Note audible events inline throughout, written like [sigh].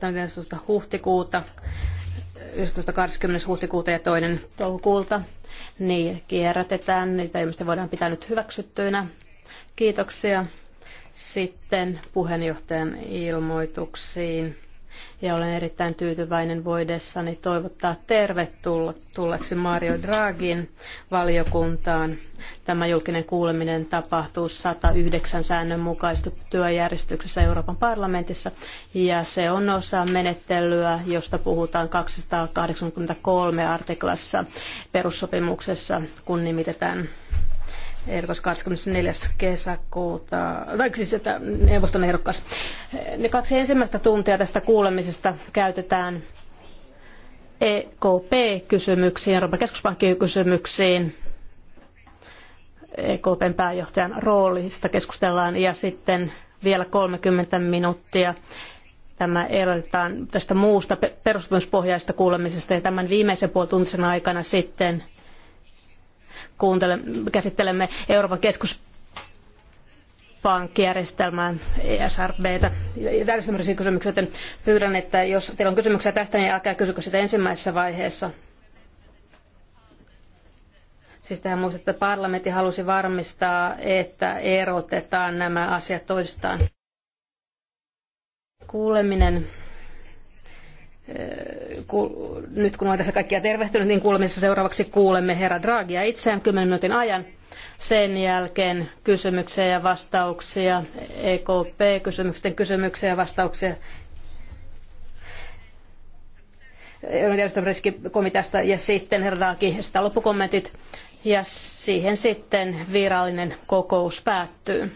14. huhtikuuta, 11.20. huhtikuuta ja toinen toukokuulta. Niin kierrätetään, niitä ilmeisesti voidaan pitää nyt hyväksyttyinä. Kiitoksia. Sitten puheenjohtajan ilmoituksiin ja olen erittäin tyytyväinen voidessani toivottaa tervetulleeksi Mario Dragin valiokuntaan. Tämä julkinen kuuleminen tapahtuu 109 säännön mukaisesti työjärjestyksessä Euroopan parlamentissa ja se on osa menettelyä, josta puhutaan 283 artiklassa perussopimuksessa, kun nimitetään ehdokas 24. kesäkuuta, tai siis että neuvoston ehdokas. Ne kaksi ensimmäistä tuntia tästä kuulemisesta käytetään EKP-kysymyksiin, Euroopan keskuspankin kysymyksiin, EKPn pääjohtajan roolista keskustellaan ja sitten vielä 30 minuuttia tämä erotetaan tästä muusta perustuspohjaisesta kuulemisesta ja tämän viimeisen puolen aikana sitten kuuntele, käsittelemme Euroopan keskus pankkijärjestelmää, ESRBtä. Tässä on kysymyksiä, joten pyydän, että jos teillä on kysymyksiä tästä, niin älkää kysykö sitä ensimmäisessä vaiheessa. Siis tähän muistatte, että parlamentti halusi varmistaa, että erotetaan nämä asiat toistaan. Kuuleminen nyt kun olen tässä kaikkia tervehtynyt, niin kuulemisessa seuraavaksi kuulemme herra Draghia itseään 10 minuutin ajan. Sen jälkeen kysymyksiä ja vastauksia, EKP-kysymysten kysymyksiä ja vastauksia. Euroopan riskikomiteasta ja sitten herra Draghi, esittää loppukommentit ja siihen sitten virallinen kokous päättyy.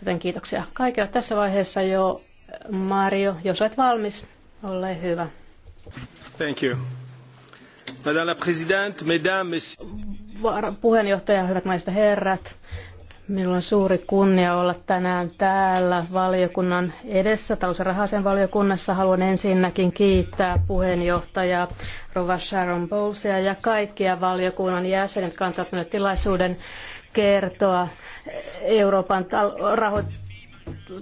Joten kiitoksia kaikille tässä vaiheessa jo Mario, jos olet valmis ole hyvä. Thank you. Madame la Présidente, mesdames, Puheenjohtaja, hyvät naiset ja herrat. Minulla on suuri kunnia olla tänään täällä valiokunnan edessä, talous- ja valiokunnassa. Haluan ensinnäkin kiittää puheenjohtajaa Rova Sharon Bowlesia ja kaikkia valiokunnan jäsenet, jotka antavat tilaisuuden kertoa Euroopan tal- raho-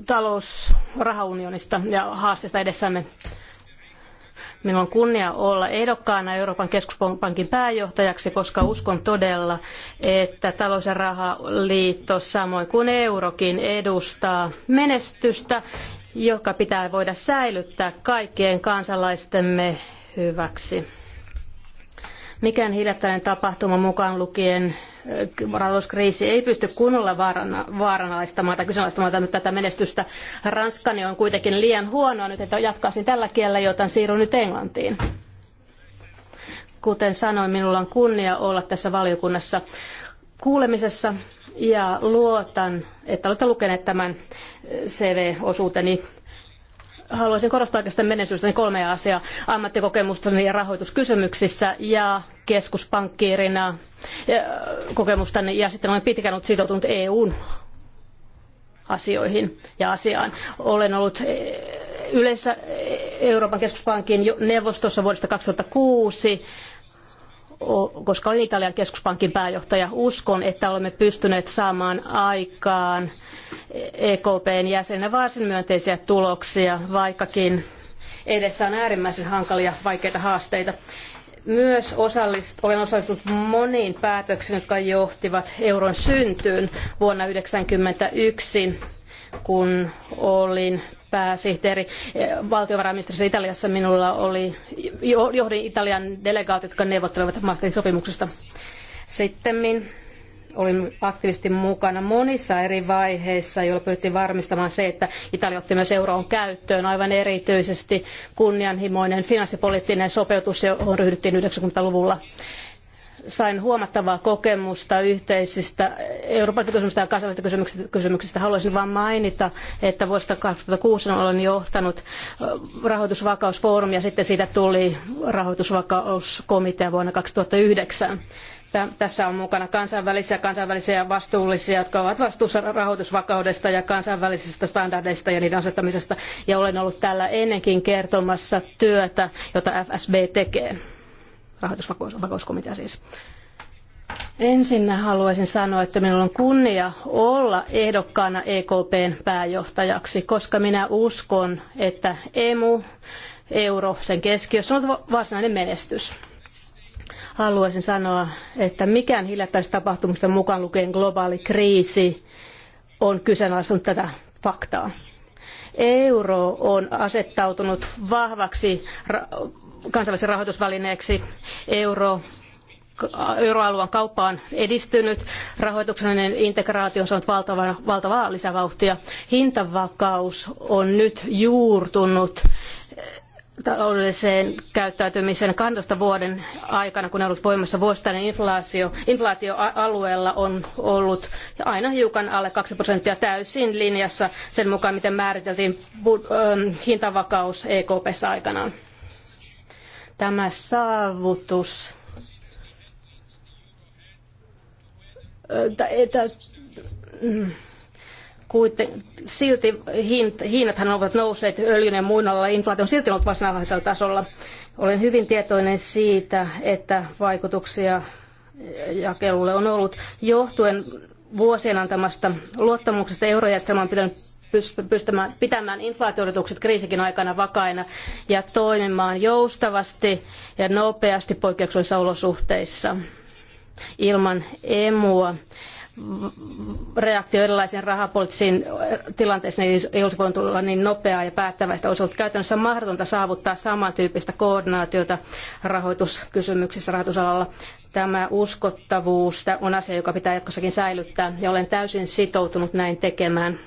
talous- rahaunionista ja haasteista edessämme. Minulla on kunnia olla ehdokkaana Euroopan keskuspankin pääjohtajaksi, koska uskon todella, että talous- ja rahaliitto samoin kuin eurokin edustaa menestystä, joka pitää voida säilyttää kaikkien kansalaistemme hyväksi. Mikään hiljattainen tapahtuma mukaan lukien talouskriisi ei pysty kunnolla vaarana, vaaranalaistamaan tai kyseenalaistamaan tätä menestystä. Ranskani on kuitenkin liian huonoa nyt, että jatkaisin tällä kielellä, joten siirryn nyt Englantiin. Kuten sanoin, minulla on kunnia olla tässä valiokunnassa kuulemisessa ja luotan, että olette lukeneet tämän CV-osuuteni haluaisin korostaa oikeastaan menneisyydestäni kolmea asiaa ammattikokemustani ja rahoituskysymyksissä ja keskuspankkiirina ja kokemustani ja sitten olen pitkään ollut sitoutunut EUn asioihin ja asiaan. Olen ollut e, yleensä e, Euroopan keskuspankin neuvostossa vuodesta 2006 koska olen Italian keskuspankin pääjohtaja, uskon, että olemme pystyneet saamaan aikaan EKPn jäsenenä varsin myönteisiä tuloksia, vaikkakin edessä on äärimmäisen hankalia vaikeita haasteita. Myös osallist, olen osallistunut moniin päätöksiin, jotka johtivat euron syntyyn vuonna 1991 kun olin pääsihteeri valtiovarainministeriössä Italiassa, minulla oli, johdin Italian delegaatiot, jotka neuvottelivat Maastrichtin sopimuksesta. Sitten olin aktiivisesti mukana monissa eri vaiheissa, joilla pyrittiin varmistamaan se, että Italia otti myös euroon käyttöön aivan erityisesti kunnianhimoinen finanssipoliittinen sopeutus, johon ryhdyttiin 90-luvulla sain huomattavaa kokemusta yhteisistä eurooppalaisista kysymyksistä ja kansainvälisistä kysymyksistä, Haluaisin vain mainita, että vuodesta 2006 olen johtanut rahoitusvakausfoorumia, sitten siitä tuli rahoitusvakauskomitea vuonna 2009. Tässä on mukana kansainvälisiä, kansainvälisiä vastuullisia, jotka ovat vastuussa rahoitusvakaudesta ja kansainvälisistä standardeista ja niiden asettamisesta. Ja olen ollut täällä ennenkin kertomassa työtä, jota FSB tekee rahoitusvakauskomitea siis. Ensin haluaisin sanoa, että minulla on kunnia olla ehdokkaana EKPn pääjohtajaksi, koska minä uskon, että EMU, euro, sen keskiössä on varsinainen menestys. Haluaisin sanoa, että mikään hiljattaisista tapahtumista mukaan lukien globaali kriisi on kyseenalaistunut tätä faktaa euro on asettautunut vahvaksi kansainväliseksi rahoitusvälineeksi. Euro euroalueen kauppa on edistynyt, rahoituksellinen integraatio on saanut valtavaa, valtavaa lisävauhtia. Hintavakaus on nyt juurtunut eh, taloudelliseen käyttäytymiseen 12 vuoden aikana, kun on ollut voimassa vuosittainen inflaatio. Inflaatioalueella alueella on ollut aina hiukan alle 2 prosenttia täysin linjassa sen mukaan, miten määriteltiin eh, hintavakaus EKPssä aikanaan. Tämä saavutus että, mm, kuiten, silti hinnathan ovat nousseet öljyn ja muun alalla, inflaatio on silti ollut varsin tasolla. Olen hyvin tietoinen siitä, että vaikutuksia jakelulle on ollut johtuen vuosien antamasta luottamuksesta eurojärjestelmä on pitänyt Pystymään pitämään inflaatiodotukset kriisikin aikana vakaina ja toimimaan joustavasti ja nopeasti poikkeuksellisissa olosuhteissa ilman emua reaktio erilaisiin rahapoliittisiin tilanteisiin ei olisi voinut olla niin nopeaa ja päättäväistä. Olisi ollut käytännössä mahdotonta saavuttaa samantyyppistä koordinaatiota rahoituskysymyksissä rahoitusalalla. Tämä uskottavuus on asia, joka pitää jatkossakin säilyttää ja olen täysin sitoutunut näin tekemään.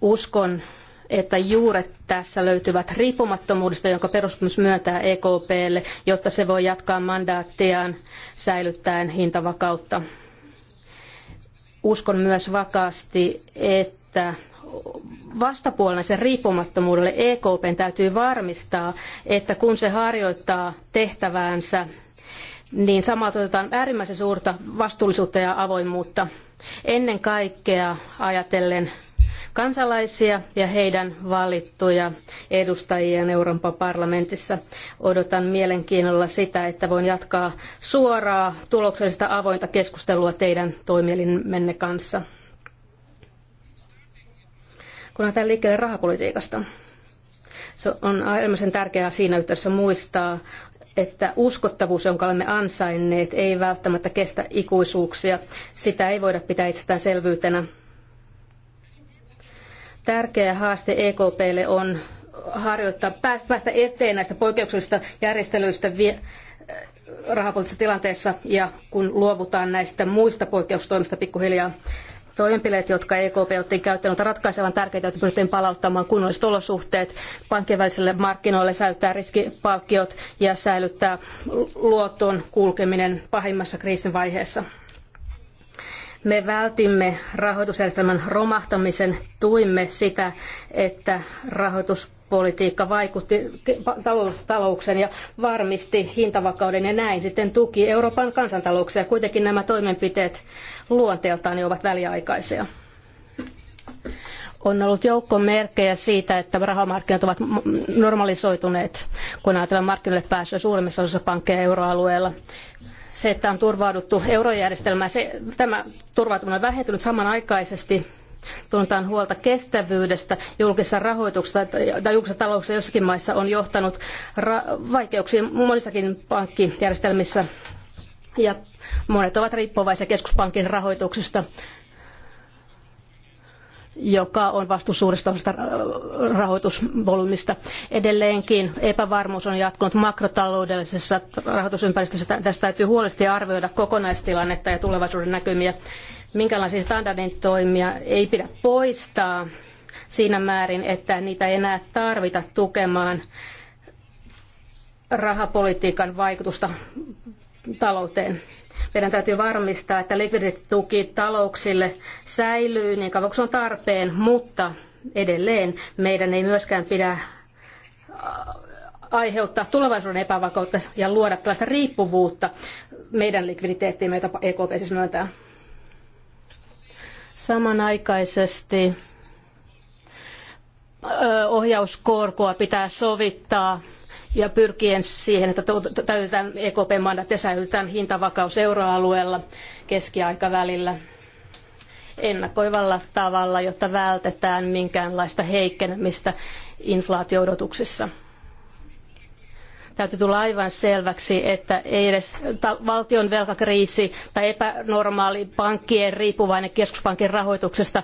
Uskon, että juuret tässä löytyvät riippumattomuudesta, jonka perustumus myöntää EKPlle, jotta se voi jatkaa mandaattiaan säilyttäen hintavakautta. Uskon myös vakaasti, että vastapuolena sen riippumattomuudelle EKPn täytyy varmistaa, että kun se harjoittaa tehtäväänsä, niin samalla otetaan äärimmäisen suurta vastuullisuutta ja avoimuutta. Ennen kaikkea ajatellen kansalaisia ja heidän valittuja edustajia Euroopan parlamentissa. Odotan mielenkiinnolla sitä, että voin jatkaa suoraa tuloksellista avointa keskustelua teidän toimielimenne kanssa. Kun lähdetään liikkeelle rahapolitiikasta, se on äärimmäisen tärkeää siinä yhteydessä muistaa, että uskottavuus, jonka olemme ansainneet, ei välttämättä kestä ikuisuuksia. Sitä ei voida pitää itsestäänselvyytenä. selvyytenä Tärkeä haaste EKPlle on harjoittaa, päästä eteen näistä poikkeuksellisista järjestelyistä vie, äh, rahapoliittisessa tilanteessa ja kun luovutaan näistä muista poikkeustoimista pikkuhiljaa toimenpiteet, jotka EKP otti käyttöön, ovat ratkaisevan tärkeitä, jotta pyrittiin palauttamaan kunnolliset olosuhteet pankkien välisille markkinoille, säilyttää riskipalkkiot ja säilyttää luoton kulkeminen pahimmassa kriisin vaiheessa. Me vältimme rahoitusjärjestelmän romahtamisen, tuimme sitä, että rahoituspolitiikka vaikutti taloustalouksen ja varmisti hintavakauden ja näin sitten tuki Euroopan kansantalouksia. Kuitenkin nämä toimenpiteet luonteeltaan ovat väliaikaisia on ollut joukko merkkejä siitä, että rahamarkkinat ovat normalisoituneet, kun ajatellaan markkinoille pääsyä suurimmassa osassa pankkeja euroalueella se, että on turvauduttu eurojärjestelmään, se, tämä turvautuminen on vähentynyt samanaikaisesti tunnetaan huolta kestävyydestä julkisessa rahoituksessa tai julkisessa talouksessa jossakin maissa on johtanut vaikeuksiin monissakin pankkijärjestelmissä ja monet ovat riippuvaisia keskuspankin rahoituksesta joka on vastuussa suuresta osasta rahoitusvolyymista. Edelleenkin epävarmuus on jatkunut makrotaloudellisessa rahoitusympäristössä. Tästä täytyy huolellisesti arvioida kokonaistilannetta ja tulevaisuuden näkymiä. Minkälaisia standardin toimia ei pidä poistaa siinä määrin, että niitä ei enää tarvita tukemaan rahapolitiikan vaikutusta talouteen. Meidän täytyy varmistaa, että likviditeettituki talouksille säilyy niin kauan kuin se on tarpeen, mutta edelleen meidän ei myöskään pidä aiheuttaa tulevaisuuden epävakautta ja luoda tällaista riippuvuutta meidän likviditeettiin, meitä EKP siis myöntää. Samanaikaisesti ohjauskorkoa pitää sovittaa ja pyrkien siihen, että täytetään EKP-mandat ja säilytetään hintavakaus euroalueella keskiaikavälillä ennakoivalla tavalla, jotta vältetään minkäänlaista heikkenemistä inflaatioodotuksissa. Täytyy tulla aivan selväksi, että ei edes valtion velkakriisi tai epänormaali pankkien riippuvainen keskuspankin rahoituksesta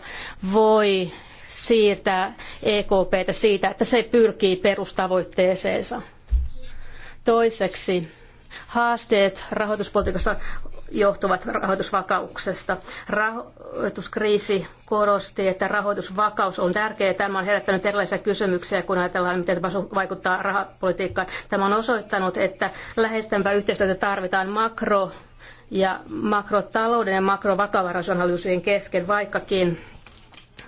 voi siirtää EKPtä siitä, että se pyrkii perustavoitteeseensa. Toiseksi haasteet rahoituspolitiikassa johtuvat rahoitusvakauksesta. Rahoituskriisi korosti, että rahoitusvakaus on tärkeä. Tämä on herättänyt erilaisia kysymyksiä, kun ajatellaan, miten tämä vaikuttaa rahapolitiikkaan. Tämä on osoittanut, että läheisempää yhteistyötä tarvitaan makro- ja makrotalouden ja makrovakavaraisuusanalyysien kesken, vaikkakin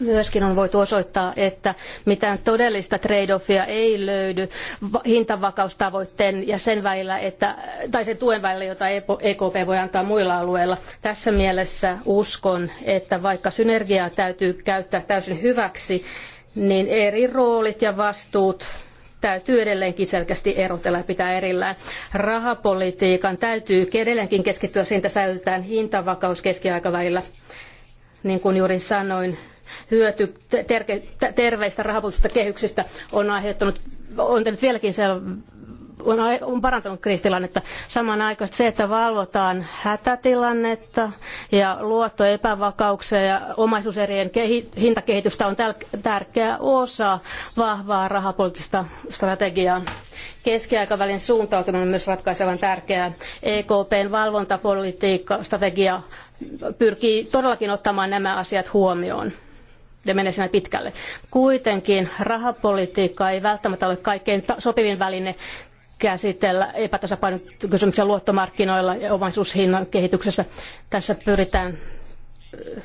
Myöskin on voitu osoittaa, että mitään todellista trade-offia ei löydy hintavakaustavoitteen ja sen välillä, että, tai sen tuen välillä, jota EKP e voi antaa muilla alueilla. Tässä mielessä uskon, että vaikka synergiaa täytyy käyttää täysin hyväksi, niin eri roolit ja vastuut täytyy edelleenkin selkeästi erotella ja pitää erillään. Rahapolitiikan täytyy edelleenkin keskittyä siihen, että säilytetään hintavakaus keskiaikavälillä. Niin kuin juuri sanoin, hyöty terveistä rahapoliittisista kehyksistä on aiheuttanut, on tehnyt vieläkin siellä on, on parantanut kriisitilannetta. Samanaikaisesti se, että valvotaan hätätilannetta ja luottoepävakauksia ja omaisuuserien hintakehitystä on tärkeä osa vahvaa rahapoliittista strategiaa. Keskiaikavälin suuntautuminen on myös ratkaisevan tärkeää. EKPn valvontapolitiikka strategia pyrkii todellakin ottamaan nämä asiat huomioon ja menee sinne pitkälle. Kuitenkin rahapolitiikka ei välttämättä ole kaikkein sopivin väline käsitellä epätasapainokysymyksiä luottomarkkinoilla ja omaisuushinnan kehityksessä. Tässä pyritään eh,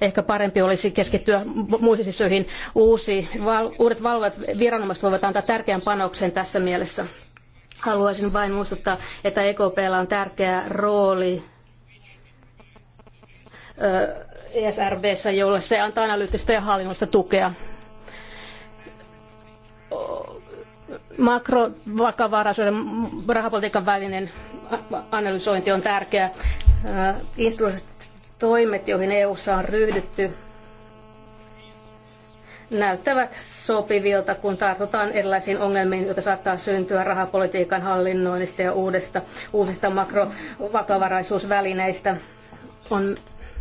ehkä parempi olisi keskittyä muihin syihin. Uusi, val, uudet valvojat viranomaiset voivat antaa tärkeän panoksen tässä mielessä. Haluaisin vain muistuttaa, että EKPllä on tärkeä rooli eh, ESRBssä, jolle se antaa analyyttistä ja hallinnollista tukea. Makrovakavaraisuuden rahapolitiikan välinen analysointi on tärkeää. Äh, Instituutiset toimet, joihin EU:ssa on ryhdytty, näyttävät sopivilta, kun tartutaan erilaisiin ongelmiin, joita saattaa syntyä rahapolitiikan hallinnoinnista ja uudesta, uusista makrovakavaraisuusvälineistä. On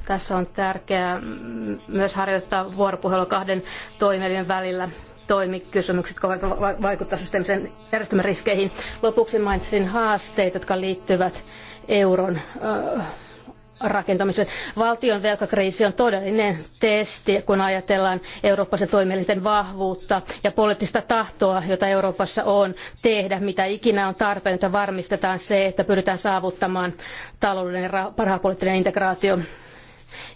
tässä on tärkeää mm, myös harjoittaa vuoropuhelua kahden toimijan välillä toimikysymykset vaikuttaa systeemisen järjestelmän riskeihin. Lopuksi mainitsin haasteet, jotka liittyvät euron rakentamiseen. Valtion velkakriisi on todellinen testi, kun ajatellaan Euroopassa toimielinten vahvuutta ja poliittista tahtoa, jota Euroopassa on tehdä, mitä ikinä on tarpeen, että varmistetaan se, että pyritään saavuttamaan taloudellinen ja rahapoliittinen integraatio.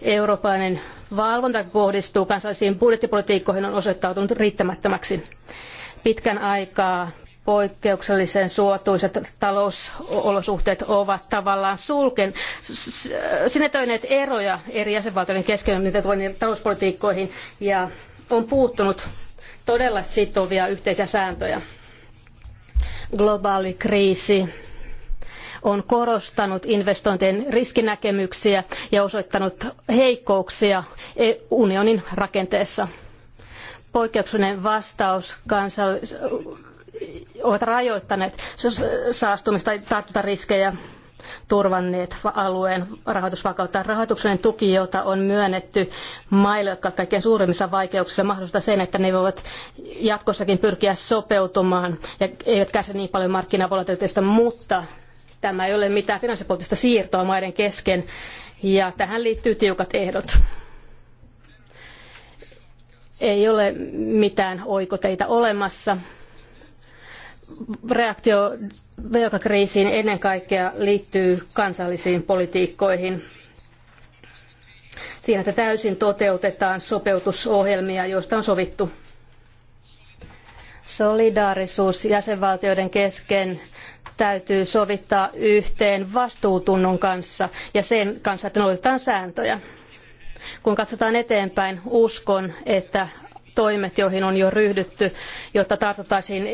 Eurooppalainen valvonta kohdistuu kansallisiin budjettipolitiikkoihin on osoittautunut riittämättömäksi. Pitkän aikaa poikkeuksellisen suotuiset talousolosuhteet ovat tavallaan sulken, sinetöineet eroja eri jäsenvaltioiden kesken, mitä tulee talouspolitiikkoihin, ja on puuttunut todella sitovia yhteisiä sääntöjä. Globaali kriisi on korostanut investointien riskinäkemyksiä ja osoittanut heikkouksia unionin rakenteessa. Poikkeuksellinen vastaus kansallis- ovat rajoittaneet saastumista tai tartuntariskejä turvanneet alueen rahoitusvakautta. Rahoituksen tuki, jota on myönnetty maille, jotka ovat kaikkein suurimmissa vaikeuksissa, mahdollistaa sen, että ne voivat jatkossakin pyrkiä sopeutumaan ja eivät kärsi niin paljon markkinavolatiliteista, mutta Tämä ei ole mitään finanssipoliittista siirtoa maiden kesken ja tähän liittyy tiukat ehdot. Ei ole mitään oikoteita olemassa. Reaktio velkakriisiin ennen kaikkea liittyy kansallisiin politiikkoihin. Siinä täysin toteutetaan sopeutusohjelmia, joista on sovittu Solidaarisuus jäsenvaltioiden kesken täytyy sovittaa yhteen vastuutunnon kanssa ja sen kanssa, että noudatetaan sääntöjä. Kun katsotaan eteenpäin, uskon, että toimet, joihin on jo ryhdytty, jotta tartuttaisiin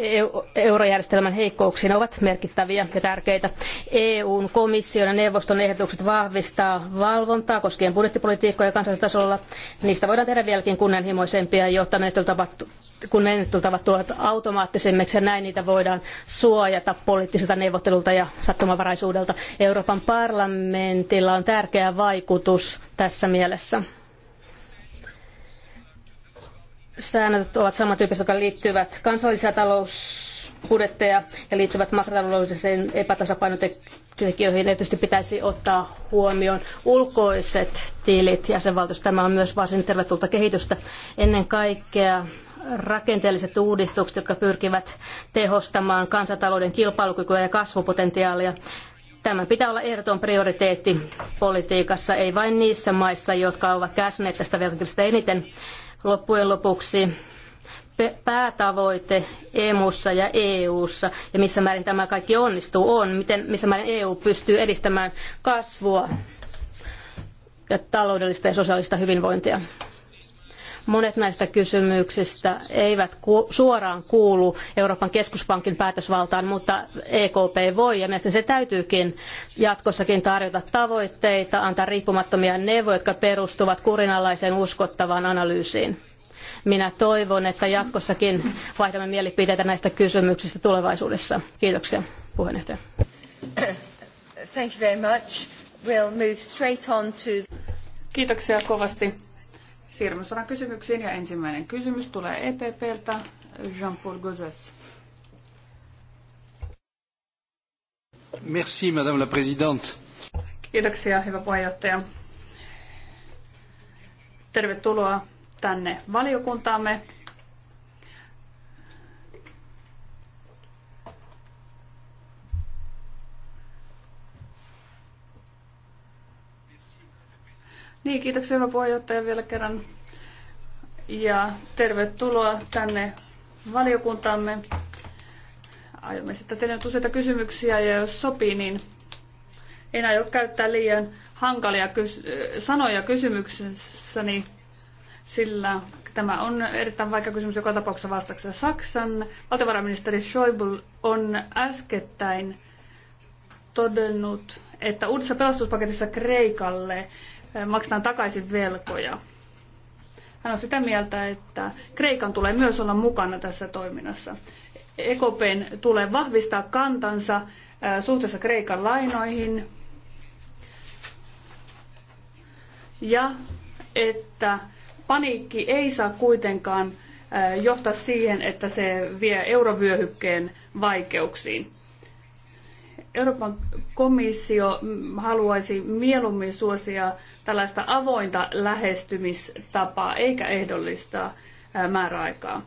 eurojärjestelmän heikkouksiin, ovat merkittäviä ja tärkeitä. EUn komission ja neuvoston ehdotukset vahvistaa valvontaa koskien budjettipolitiikkaa ja kansallistasolla. Niistä voidaan tehdä vieläkin kunnianhimoisempia, jotta menettelytavat kun menettelytavat tulevat automaattisemmiksi ja näin niitä voidaan suojata poliittisilta neuvottelulta ja sattumavaraisuudelta. Euroopan parlamentilla on tärkeä vaikutus tässä mielessä säännöt ovat samantyyppiset, jotka liittyvät kansallisia talousbudjetteja ja liittyvät makrotaloudelliseen epätasapainotekijöihin. Erityisesti pitäisi ottaa huomioon ulkoiset tilit jäsenvaltiossa. Tämä on myös varsin tervetulta kehitystä. Ennen kaikkea rakenteelliset uudistukset, jotka pyrkivät tehostamaan kansantalouden kilpailukykyä ja kasvupotentiaalia. Tämän pitää olla ehdoton prioriteetti politiikassa, ei vain niissä maissa, jotka ovat kärsineet tästä velkakriisistä eniten, loppujen lopuksi päätavoite EMUssa ja EUssa ja missä määrin tämä kaikki onnistuu on, miten, missä määrin EU pystyy edistämään kasvua ja taloudellista ja sosiaalista hyvinvointia. Monet näistä kysymyksistä eivät suoraan kuulu Euroopan keskuspankin päätösvaltaan, mutta EKP voi ja mielestäni se täytyykin jatkossakin tarjota tavoitteita, antaa riippumattomia neuvoja, jotka perustuvat kurinalaiseen uskottavaan analyysiin. Minä toivon, että jatkossakin vaihdamme mielipiteitä näistä kysymyksistä tulevaisuudessa. Kiitoksia puheenjohtaja. Thank you very much. We'll move straight on to... Kiitoksia kovasti. Siirrymme suoraan kysymyksiin ja ensimmäinen kysymys tulee EPPltä Jean-Paul Gozes. Merci, Madame la Présidente. Kiitoksia, hyvä puheenjohtaja. Tervetuloa tänne valiokuntaamme. Niin, kiitoksia hyvä puheenjohtaja vielä kerran. Ja tervetuloa tänne valiokuntaamme. Aiomme sitten teille nyt useita kysymyksiä ja jos sopii, niin en aio käyttää liian hankalia kys- sanoja kysymyksessäni, sillä tämä on erittäin vaikea kysymys joka tapauksessa vastauksessa. Saksan valtiovarainministeri Schäuble on äskettäin todennut, että uudessa pelastuspaketissa Kreikalle maksetaan takaisin velkoja. Hän on sitä mieltä, että Kreikan tulee myös olla mukana tässä toiminnassa. EKPn tulee vahvistaa kantansa suhteessa Kreikan lainoihin ja että paniikki ei saa kuitenkaan johtaa siihen, että se vie eurovyöhykkeen vaikeuksiin. Euroopan komissio haluaisi mieluummin suosia tällaista avointa lähestymistapaa eikä ehdollistaa määräaikaa.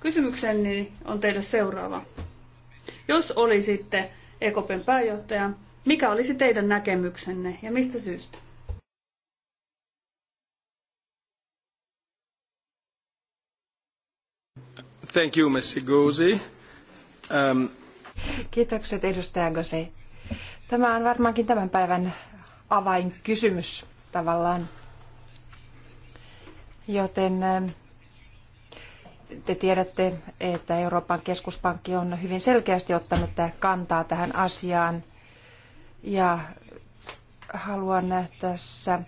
Kysymykseni on teille seuraava. Jos olisitte EKPn pääjohtaja, mikä olisi teidän näkemyksenne ja mistä syystä? Thank you, Messi Gozi. Um, Kiitokset edustaja Gose. Tämä on varmaankin tämän päivän avainkysymys tavallaan. Joten eh, te tiedätte, että Euroopan keskuspankki on hyvin selkeästi ottanut kantaa tähän asiaan. Ja haluan tässä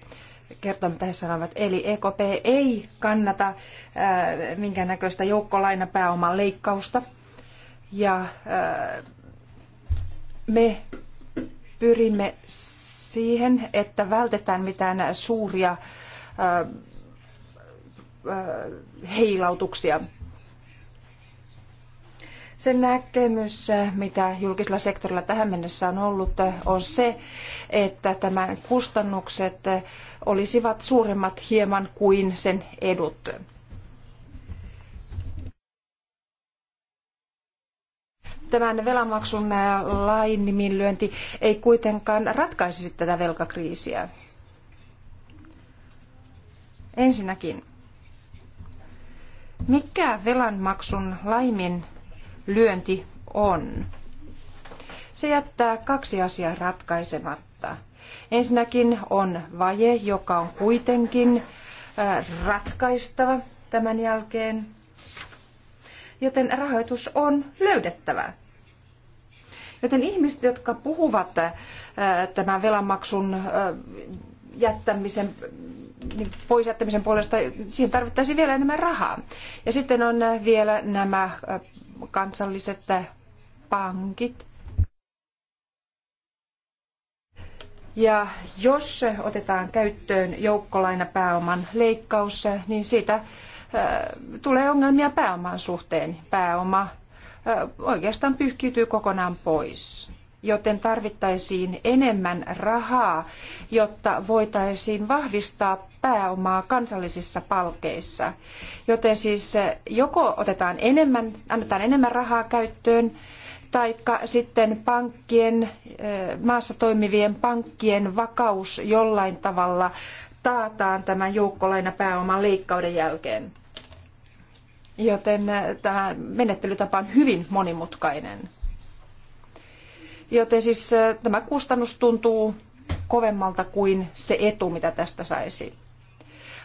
kertoa, mitä he sanovat. Eli EKP ei kannata eh, minkäännäköistä joukkolainapääoman leikkausta – ja äh, me pyrimme siihen, että vältetään mitään suuria äh, äh, heilautuksia. Se näkemys, mitä julkisella sektorilla tähän mennessä on ollut, on se, että tämän kustannukset olisivat suuremmat hieman kuin sen edut. tämän velanmaksun äh, laiminlyönti ei kuitenkaan ratkaisisi tätä velkakriisiä. Ensinnäkin, mikä velanmaksun laiminlyönti on? Se jättää kaksi asiaa ratkaisematta. Ensinnäkin on vaje, joka on kuitenkin äh, ratkaistava tämän jälkeen joten rahoitus on löydettävä. Joten ihmiset, jotka puhuvat äh, tämän velanmaksun äh, jättämisen, niin pois jättämisen puolesta, siihen tarvittaisiin vielä enemmän rahaa. Ja sitten on äh, vielä nämä kansalliset pankit. Ja jos otetaan käyttöön joukkolainapääoman leikkaus, niin siitä tulee ongelmia pääoman suhteen. Pääoma oikeastaan pyyhkiytyy kokonaan pois joten tarvittaisiin enemmän rahaa, jotta voitaisiin vahvistaa pääomaa kansallisissa palkeissa. Joten siis joko otetaan enemmän, annetaan enemmän rahaa käyttöön, taikka sitten pankkien, maassa toimivien pankkien vakaus jollain tavalla taataan tämän joukkolainapääoman leikkauden jälkeen joten äh, tämä menettelytapa on hyvin monimutkainen. Joten siis äh, tämä kustannus tuntuu kovemmalta kuin se etu, mitä tästä saisi.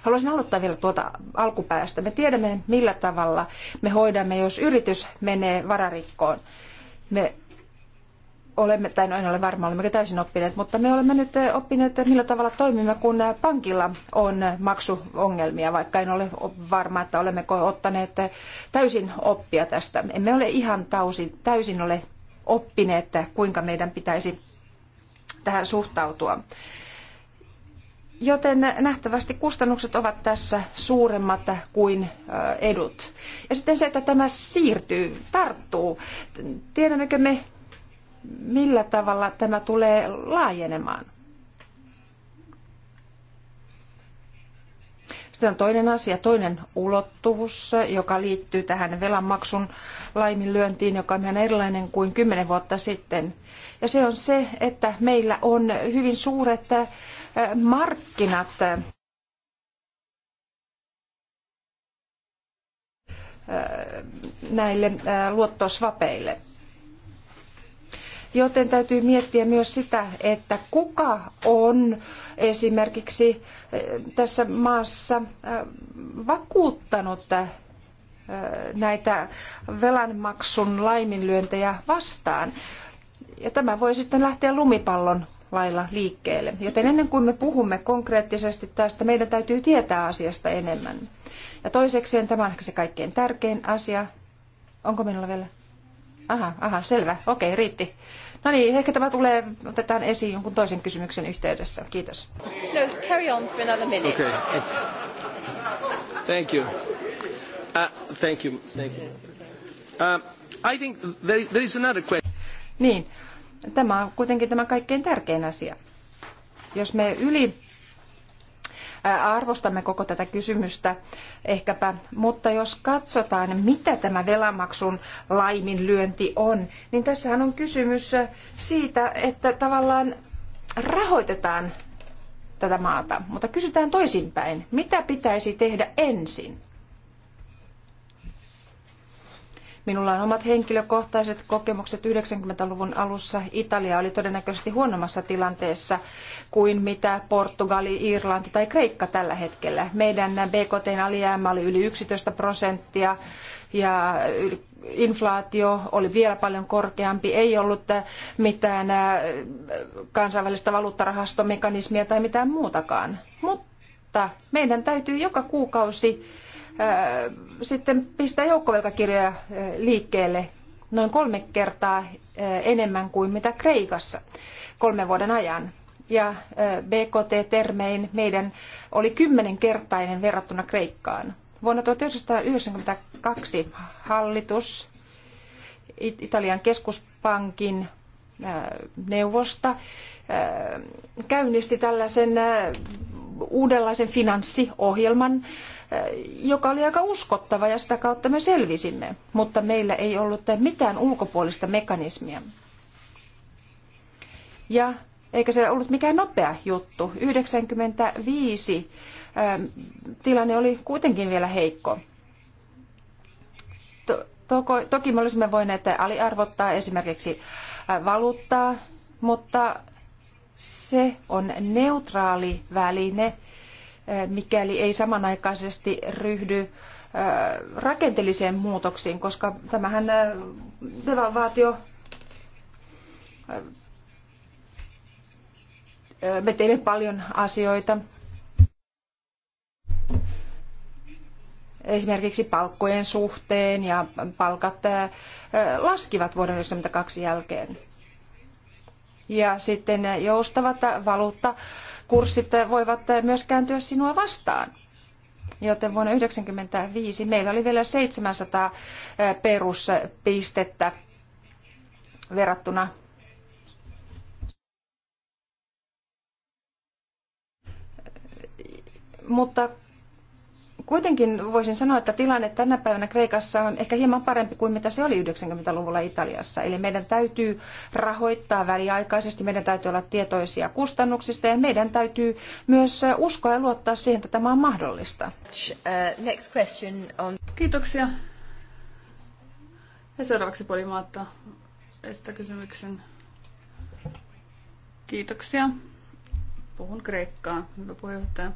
Haluaisin aloittaa vielä tuota alkupäästä. Me tiedämme, millä tavalla me hoidamme, jos yritys menee vararikkoon. Me olemme, tai no en ole varma, olemmeko täysin oppineet, mutta me olemme nyt oppineet, että millä tavalla toimimme, kun pankilla on maksuongelmia, vaikka en ole varma, että olemmeko ottaneet täysin oppia tästä. Emme ole ihan täysin, täysin ole oppineet, että kuinka meidän pitäisi tähän suhtautua. Joten nähtävästi kustannukset ovat tässä suuremmat kuin edut. Ja sitten se, että tämä siirtyy, tarttuu. Tiedämmekö me, millä tavalla tämä tulee laajenemaan. Sitten on toinen asia, toinen ulottuvuus, joka liittyy tähän velanmaksun laiminlyöntiin, joka on ihan erilainen kuin kymmenen vuotta sitten. Ja se on se, että meillä on hyvin suuret markkinat näille luottosvapeille. Joten täytyy miettiä myös sitä, että kuka on esimerkiksi eh, tässä maassa eh, vakuuttanut eh, näitä velanmaksun laiminlyöntejä vastaan. Ja tämä voi sitten lähteä lumipallon lailla liikkeelle. Joten ennen kuin me puhumme konkreettisesti tästä, meidän täytyy tietää asiasta enemmän. Ja toisekseen, tämä on ehkä se kaikkein tärkein asia. Onko minulla vielä? Aha, aha, selvä. Okei, riitti. No niin, ehkä tämä tulee, otetaan esiin jonkun toisen kysymyksen yhteydessä. Kiitos. No, carry on for another minute. Okay. Thank you. Uh, thank you. Thank you. Uh, I think there, there is another question. Niin, tämä on kuitenkin tämä kaikkein tärkein asia. Jos me yli arvostamme koko tätä kysymystä ehkäpä, mutta jos katsotaan, mitä tämä velanmaksun laiminlyönti on, niin tässähän on kysymys siitä, että tavallaan rahoitetaan tätä maata, mutta kysytään toisinpäin, mitä pitäisi tehdä ensin? Minulla on omat henkilökohtaiset kokemukset 90-luvun alussa. Italia oli todennäköisesti huonommassa tilanteessa kuin mitä Portugali, Irlanti tai Kreikka tällä hetkellä. Meidän BKTn alijäämä oli yli 11 prosenttia ja inflaatio oli vielä paljon korkeampi, ei ollut mitään äh, kansainvälistä valuuttarahastomekanismia tai mitään muutakaan. Mutta meidän täytyy joka kuukausi sitten pistää joukkovelkakirjoja liikkeelle noin kolme kertaa enemmän kuin mitä Kreikassa kolmen vuoden ajan. Ja BKT-termein meidän oli kymmenenkertainen verrattuna Kreikkaan. Vuonna 1992 hallitus Italian keskuspankin neuvosta käynnisti tällaisen uudenlaisen finanssiohjelman, eh, joka oli aika uskottava ja sitä kautta me selvisimme, mutta meillä ei ollut mitään ulkopuolista mekanismia. Ja eikä se ollut mikään nopea juttu. 95 eh, tilanne oli kuitenkin vielä heikko. Toki me olisimme voineet aliarvottaa esimerkiksi eh, valuuttaa, mutta se on neutraali väline, eh, mikäli ei samanaikaisesti ryhdy eh, rakenteelliseen muutoksiin, koska tämähän eh, devalvaatio me teemme paljon asioita. Esimerkiksi palkkojen suhteen ja palkat laskivat vuoden 1992 jälkeen. Ja sitten joustavat valuuttakurssit voivat myös kääntyä sinua vastaan. Joten vuonna 1995 meillä oli vielä 700 peruspistettä verrattuna mutta Kuitenkin voisin sanoa, että tilanne tänä päivänä Kreikassa on ehkä hieman parempi kuin mitä se oli 90-luvulla Italiassa. Eli meidän täytyy rahoittaa väliaikaisesti, meidän täytyy olla tietoisia kustannuksista ja meidän täytyy myös uskoa ja luottaa siihen, että tämä on mahdollista. Uh, next question on... Kiitoksia. Ja seuraavaksi Polimaatta esittää kysymyksen. Kiitoksia. Puhun kreikkaa, hyvä puheenjohtaja.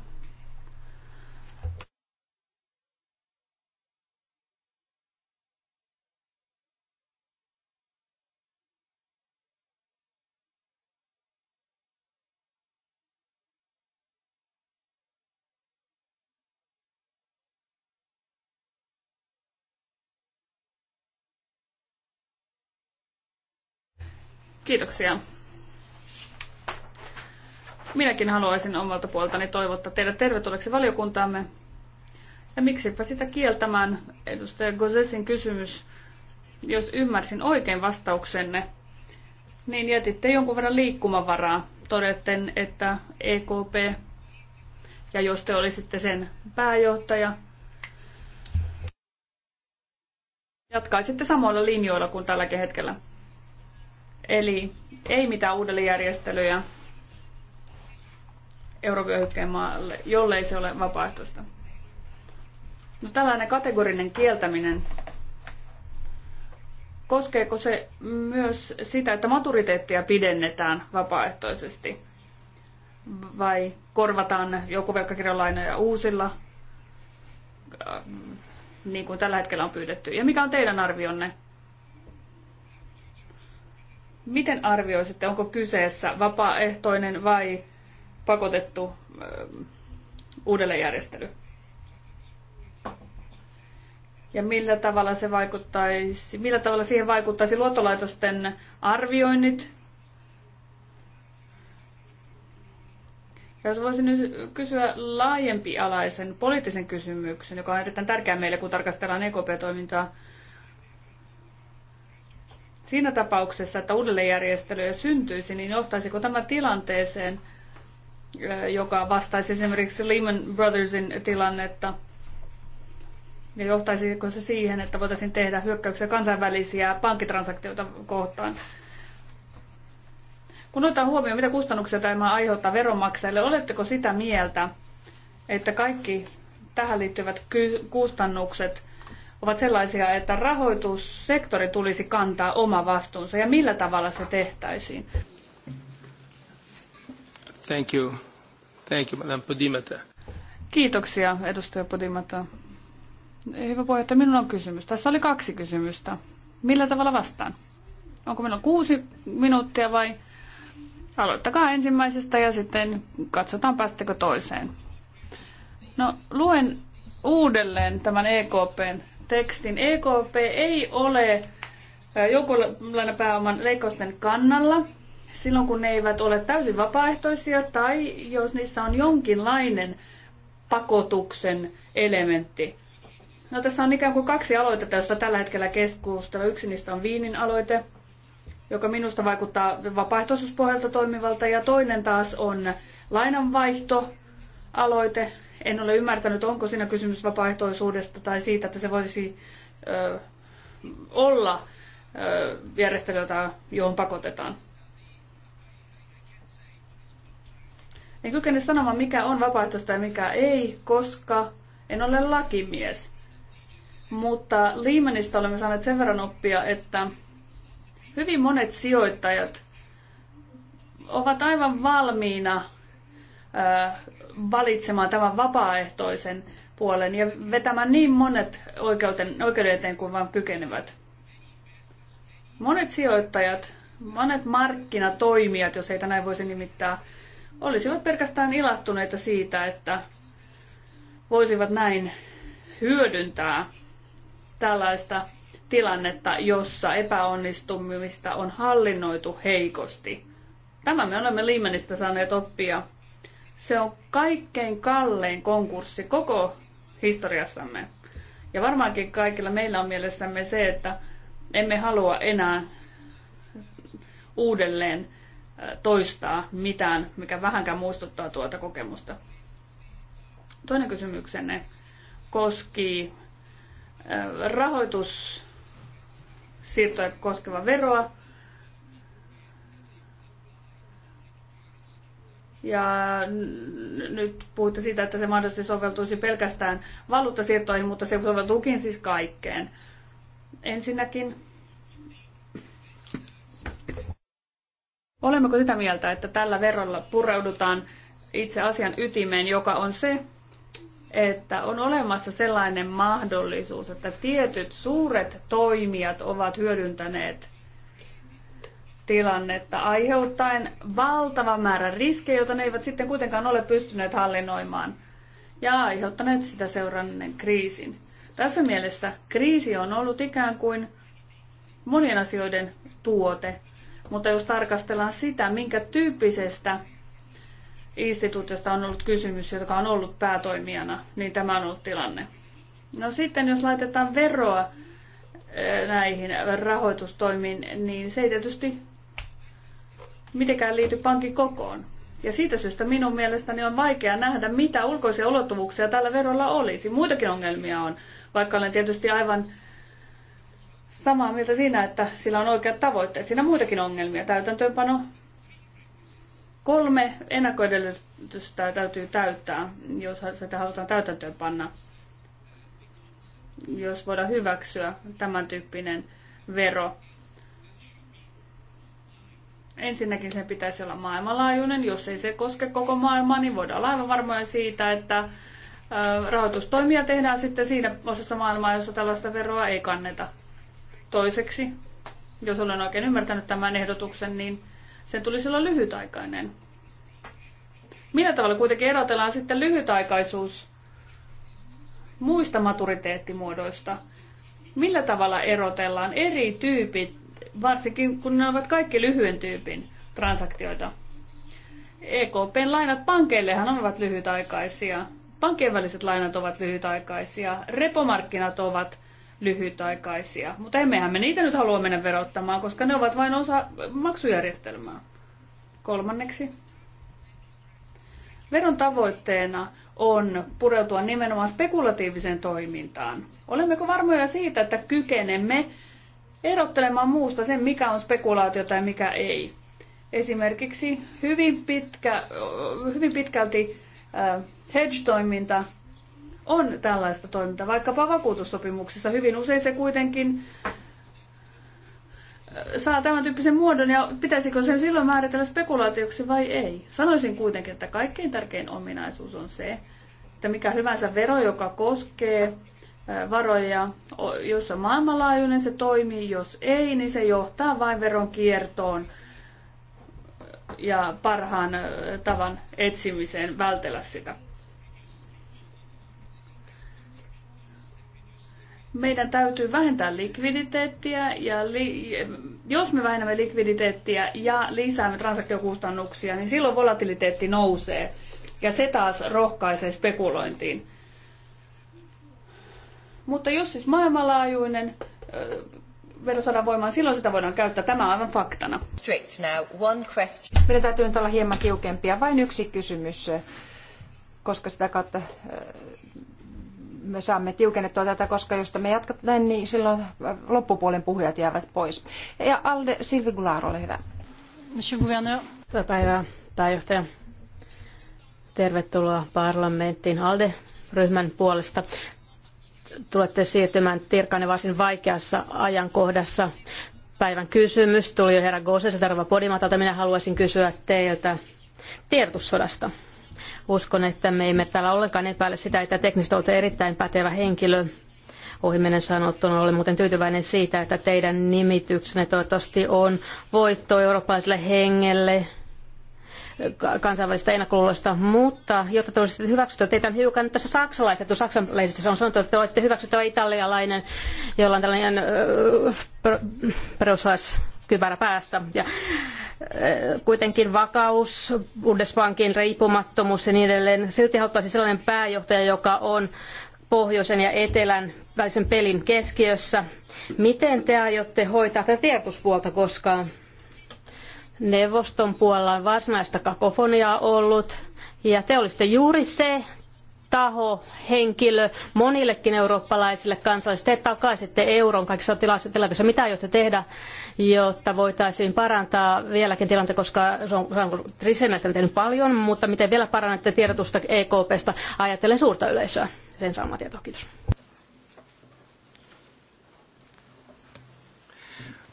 Kiitoksia. Minäkin haluaisin omalta puoltani toivottaa teidät tervetulleeksi valiokuntaamme. Ja miksipä sitä kieltämään, edustaja Gozesin kysymys, jos ymmärsin oikein vastauksenne, niin jätitte jonkun verran liikkumavaraa todetten, että EKP, ja jos te olisitte sen pääjohtaja, jatkaisitte samoilla linjoilla kuin tälläkin hetkellä. Eli ei mitään uudelleenjärjestelyjä eurovyöhykkeen maalle, jollei se ole vapaaehtoista. No tällainen kategorinen kieltäminen, koskeeko se myös sitä, että maturiteettia pidennetään vapaaehtoisesti? Vai korvataan joku velkakirjalainoja uusilla, äh, niin kuin tällä hetkellä on pyydetty? Ja mikä on teidän arvionne Miten arvioisitte, onko kyseessä vapaaehtoinen vai pakotettu uudelleenjärjestely? Ja millä tavalla, se vaikuttaisi, millä tavalla siihen vaikuttaisi luottolaitosten arvioinnit? jos voisin nyt kysyä laajempialaisen poliittisen kysymyksen, joka on erittäin tärkeä meille, kun tarkastellaan EKP-toimintaa, Siinä tapauksessa, että uudelleenjärjestelyjä syntyisi, niin johtaisiko tämä tilanteeseen, joka vastaisi esimerkiksi Lehman Brothersin tilannetta, ja johtaisiko se siihen, että voitaisiin tehdä hyökkäyksiä kansainvälisiä pankkitransaktioita kohtaan? Kun otetaan huomioon, mitä kustannuksia tämä aiheuttaa veronmaksajille, oletteko sitä mieltä, että kaikki tähän liittyvät kustannukset ovat sellaisia, että rahoitussektori tulisi kantaa oma vastuunsa ja millä tavalla se tehtäisiin? Thank you. Thank you, madam Podimata. Kiitoksia, edustaja Podimata. Hyvä puheenjohtaja, minulla on kysymys. Tässä oli kaksi kysymystä. Millä tavalla vastaan? Onko minulla kuusi minuuttia vai aloittakaa ensimmäisestä ja sitten katsotaan päästäkö toiseen. No, luen uudelleen tämän EKPn tekstin. EKP ei ole pääoman leikkausten kannalla silloin, kun ne eivät ole täysin vapaaehtoisia tai jos niissä on jonkinlainen pakotuksen elementti. No tässä on ikään kuin kaksi aloitetta, joista tällä hetkellä keskustella Yksi niistä on Viinin aloite, joka minusta vaikuttaa vapaaehtoisuuspohjalta toimivalta, ja toinen taas on lainanvaihto aloite, en ole ymmärtänyt, onko siinä kysymys vapaaehtoisuudesta tai siitä, että se voisi ö, olla ö, järjestely, jota, johon pakotetaan. En kykene sanomaan, mikä on vapaaehtoista ja mikä ei, koska en ole lakimies. Mutta Lehmanista olemme saaneet sen verran oppia, että hyvin monet sijoittajat ovat aivan valmiina valitsemaan tämän vapaaehtoisen puolen ja vetämään niin monet oikeuden, oikeuden eteen kuin vain kykenevät. Monet sijoittajat, monet markkinatoimijat, jos heitä näin voisi nimittää, olisivat pelkästään ilahtuneita siitä, että voisivat näin hyödyntää tällaista tilannetta, jossa epäonnistumista on hallinnoitu heikosti. Tämä me olemme Liimenistä saaneet oppia se on kaikkein kallein konkurssi koko historiassamme. Ja varmaankin kaikilla meillä on mielessämme se, että emme halua enää uudelleen toistaa mitään, mikä vähänkään muistuttaa tuota kokemusta. Toinen kysymyksenne koski rahoitussiirtoja koskeva veroa. Ja nyt puhutte siitä, että se mahdollisesti soveltuisi pelkästään valuuttasiirtoihin, mutta se soveltuukin siis kaikkeen. Ensinnäkin, olemmeko sitä mieltä, että tällä verolla pureudutaan itse asian ytimeen, joka on se, että on olemassa sellainen mahdollisuus, että tietyt suuret toimijat ovat hyödyntäneet tilannetta aiheuttaen valtava määrä riskejä, joita ne eivät sitten kuitenkaan ole pystyneet hallinnoimaan ja aiheuttaneet sitä seuranneen kriisin. Tässä mielessä kriisi on ollut ikään kuin monien asioiden tuote, mutta jos tarkastellaan sitä, minkä tyyppisestä instituutiosta on ollut kysymys, joka on ollut päätoimijana, niin tämä on ollut tilanne. No sitten jos laitetaan veroa eh, näihin rahoitustoimiin, niin se ei tietysti mitenkään liity pankin kokoon. Ja siitä syystä minun mielestäni on vaikea nähdä, mitä ulkoisia ulottuvuuksia tällä verolla olisi. Muitakin ongelmia on, vaikka olen tietysti aivan samaa mieltä siinä, että sillä on oikeat tavoitteet. Siinä on muitakin ongelmia. Täytäntöönpano. Kolme ennakkoedellytystä täytyy täyttää, jos sitä halutaan täytäntöönpanna. Jos voidaan hyväksyä tämän tyyppinen vero Ensinnäkin sen pitäisi olla maailmanlaajuinen. Jos ei se koske koko maailmaa, niin voidaan olla aivan varmoja siitä, että rahoitustoimia tehdään sitten siinä osassa maailmaa, jossa tällaista veroa ei kanneta. Toiseksi, jos olen oikein ymmärtänyt tämän ehdotuksen, niin sen tulisi olla lyhytaikainen. Millä tavalla kuitenkin erotellaan sitten lyhytaikaisuus muista maturiteettimuodoista? Millä tavalla erotellaan eri tyypit varsinkin kun ne ovat kaikki lyhyen tyypin transaktioita. EKPn lainat pankeillehan ovat lyhytaikaisia. Pankkien väliset lainat ovat lyhytaikaisia. Repomarkkinat ovat lyhytaikaisia. Mutta emmehän me niitä nyt halua mennä verottamaan, koska ne ovat vain osa maksujärjestelmää. Kolmanneksi. Veron tavoitteena on pureutua nimenomaan spekulatiiviseen toimintaan. Olemmeko varmoja siitä, että kykenemme erottelemaan muusta sen, mikä on spekulaatio tai mikä ei. Esimerkiksi hyvin, pitkä, hyvin pitkälti hedge-toiminta on tällaista toimintaa, vaikkapa vakuutussopimuksessa Hyvin usein se kuitenkin saa tämän tyyppisen muodon ja pitäisikö sen silloin määritellä spekulaatioksi vai ei. Sanoisin kuitenkin, että kaikkein tärkein ominaisuus on se, että mikä hyvänsä vero, joka koskee varoja. Jos on maailmanlaajuinen, se toimii. Jos ei, niin se johtaa vain veronkiertoon ja parhaan tavan etsimiseen vältellä sitä. meidän täytyy vähentää likviditeettiä ja li- jos me vähennämme likviditeettiä ja lisäämme transaktiokustannuksia, niin silloin volatiliteetti nousee ja se taas rohkaisee spekulointiin. Mutta jos siis maailmanlaajuinen vero saadaan voimaan, silloin sitä voidaan käyttää. Tämä on aivan faktana. Strict now. One question. Meidän täytyy nyt olla hieman tiukempia. Vain yksi kysymys, koska sitä kautta me saamme tiukennettua tätä, koska jos me jatketaan, niin silloin loppupuolen puhujat jäävät pois. Ja Alde Silvigular, ole hyvä. Monsieur Gouverneur. Hyvää päivää, pääjohtaja. Tervetuloa parlamenttiin Alde-ryhmän puolesta tulette siirtymään Tirkanen varsin vaikeassa ajankohdassa. Päivän kysymys tuli jo herra Goseselta, Rova Podimatalta. Minä haluaisin kysyä teiltä tiedotussodasta. Uskon, että me emme täällä ollenkaan epäile sitä, että teknisesti olette erittäin pätevä henkilö. Ohimenen sanottuna olen muuten tyytyväinen siitä, että teidän nimityksenne toivottavasti on voitto eurooppalaiselle hengelle, kansainvälistä ennakkoluuloista, mutta jotta te olisitte hyväksyttävä, teitä on hiukan tässä saksalaiset, saksalaisista on sanottu, että te olette hyväksyttävä italialainen, jolla on tällainen äh, päässä. Ja, kuitenkin vakaus, Bundesbankin riippumattomuus ja niin edelleen. Silti haluttaisiin sellainen pääjohtaja, joka on pohjoisen ja etelän välisen pelin keskiössä. Miten te aiotte hoitaa tätä tiedotuspuolta, koska Neuvoston puolella on varsinaista kakofoniaa ollut, ja te olisitte juuri se taho, henkilö monillekin eurooppalaisille kansalaisille. Te takaisitte euron kaikissa tilanteissa. Mitä aiotte tehdä, jotta voitaisiin parantaa vieläkin tilannetta, koska Jean-Claude on tehnyt paljon, mutta miten vielä parannatte tiedotusta EKPstä ajatellen suurta yleisöä? Sen saamaa tietoa. Kiitos.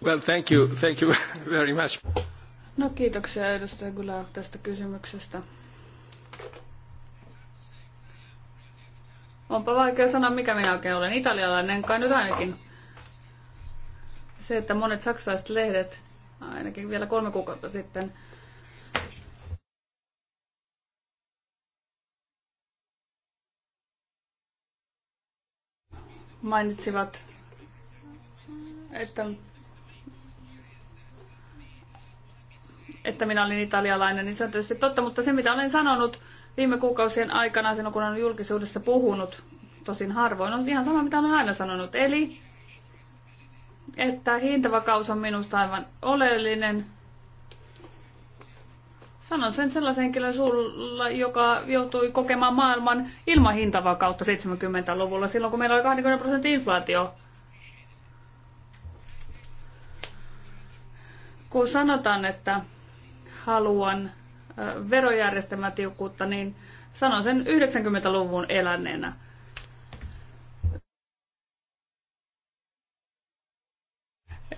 Well, thank you. Thank you [laughs] very much. No kiitoksia edustaja Gula tästä kysymyksestä. Onpa vaikea sanoa, mikä minä oikein olen. Italialainen kai nyt ainakin. Se, että monet saksalaiset lehdet, ainakin vielä kolme kuukautta sitten, mainitsivat, että että minä olin italialainen, niin se on tietysti totta, mutta se mitä olen sanonut viime kuukausien aikana, sen kun olen julkisuudessa puhunut, tosin harvoin, on ihan sama mitä olen aina sanonut. Eli, että hintavakaus on minusta aivan oleellinen. Sanon sen sellaisen henkilön suulla, joka joutui kokemaan maailman ilman hintavakautta 70-luvulla, silloin kun meillä oli 20 prosentin inflaatio. kun sanotaan, että haluan verojärjestelmän tiukkuutta, niin sanon sen 90-luvun eläneenä.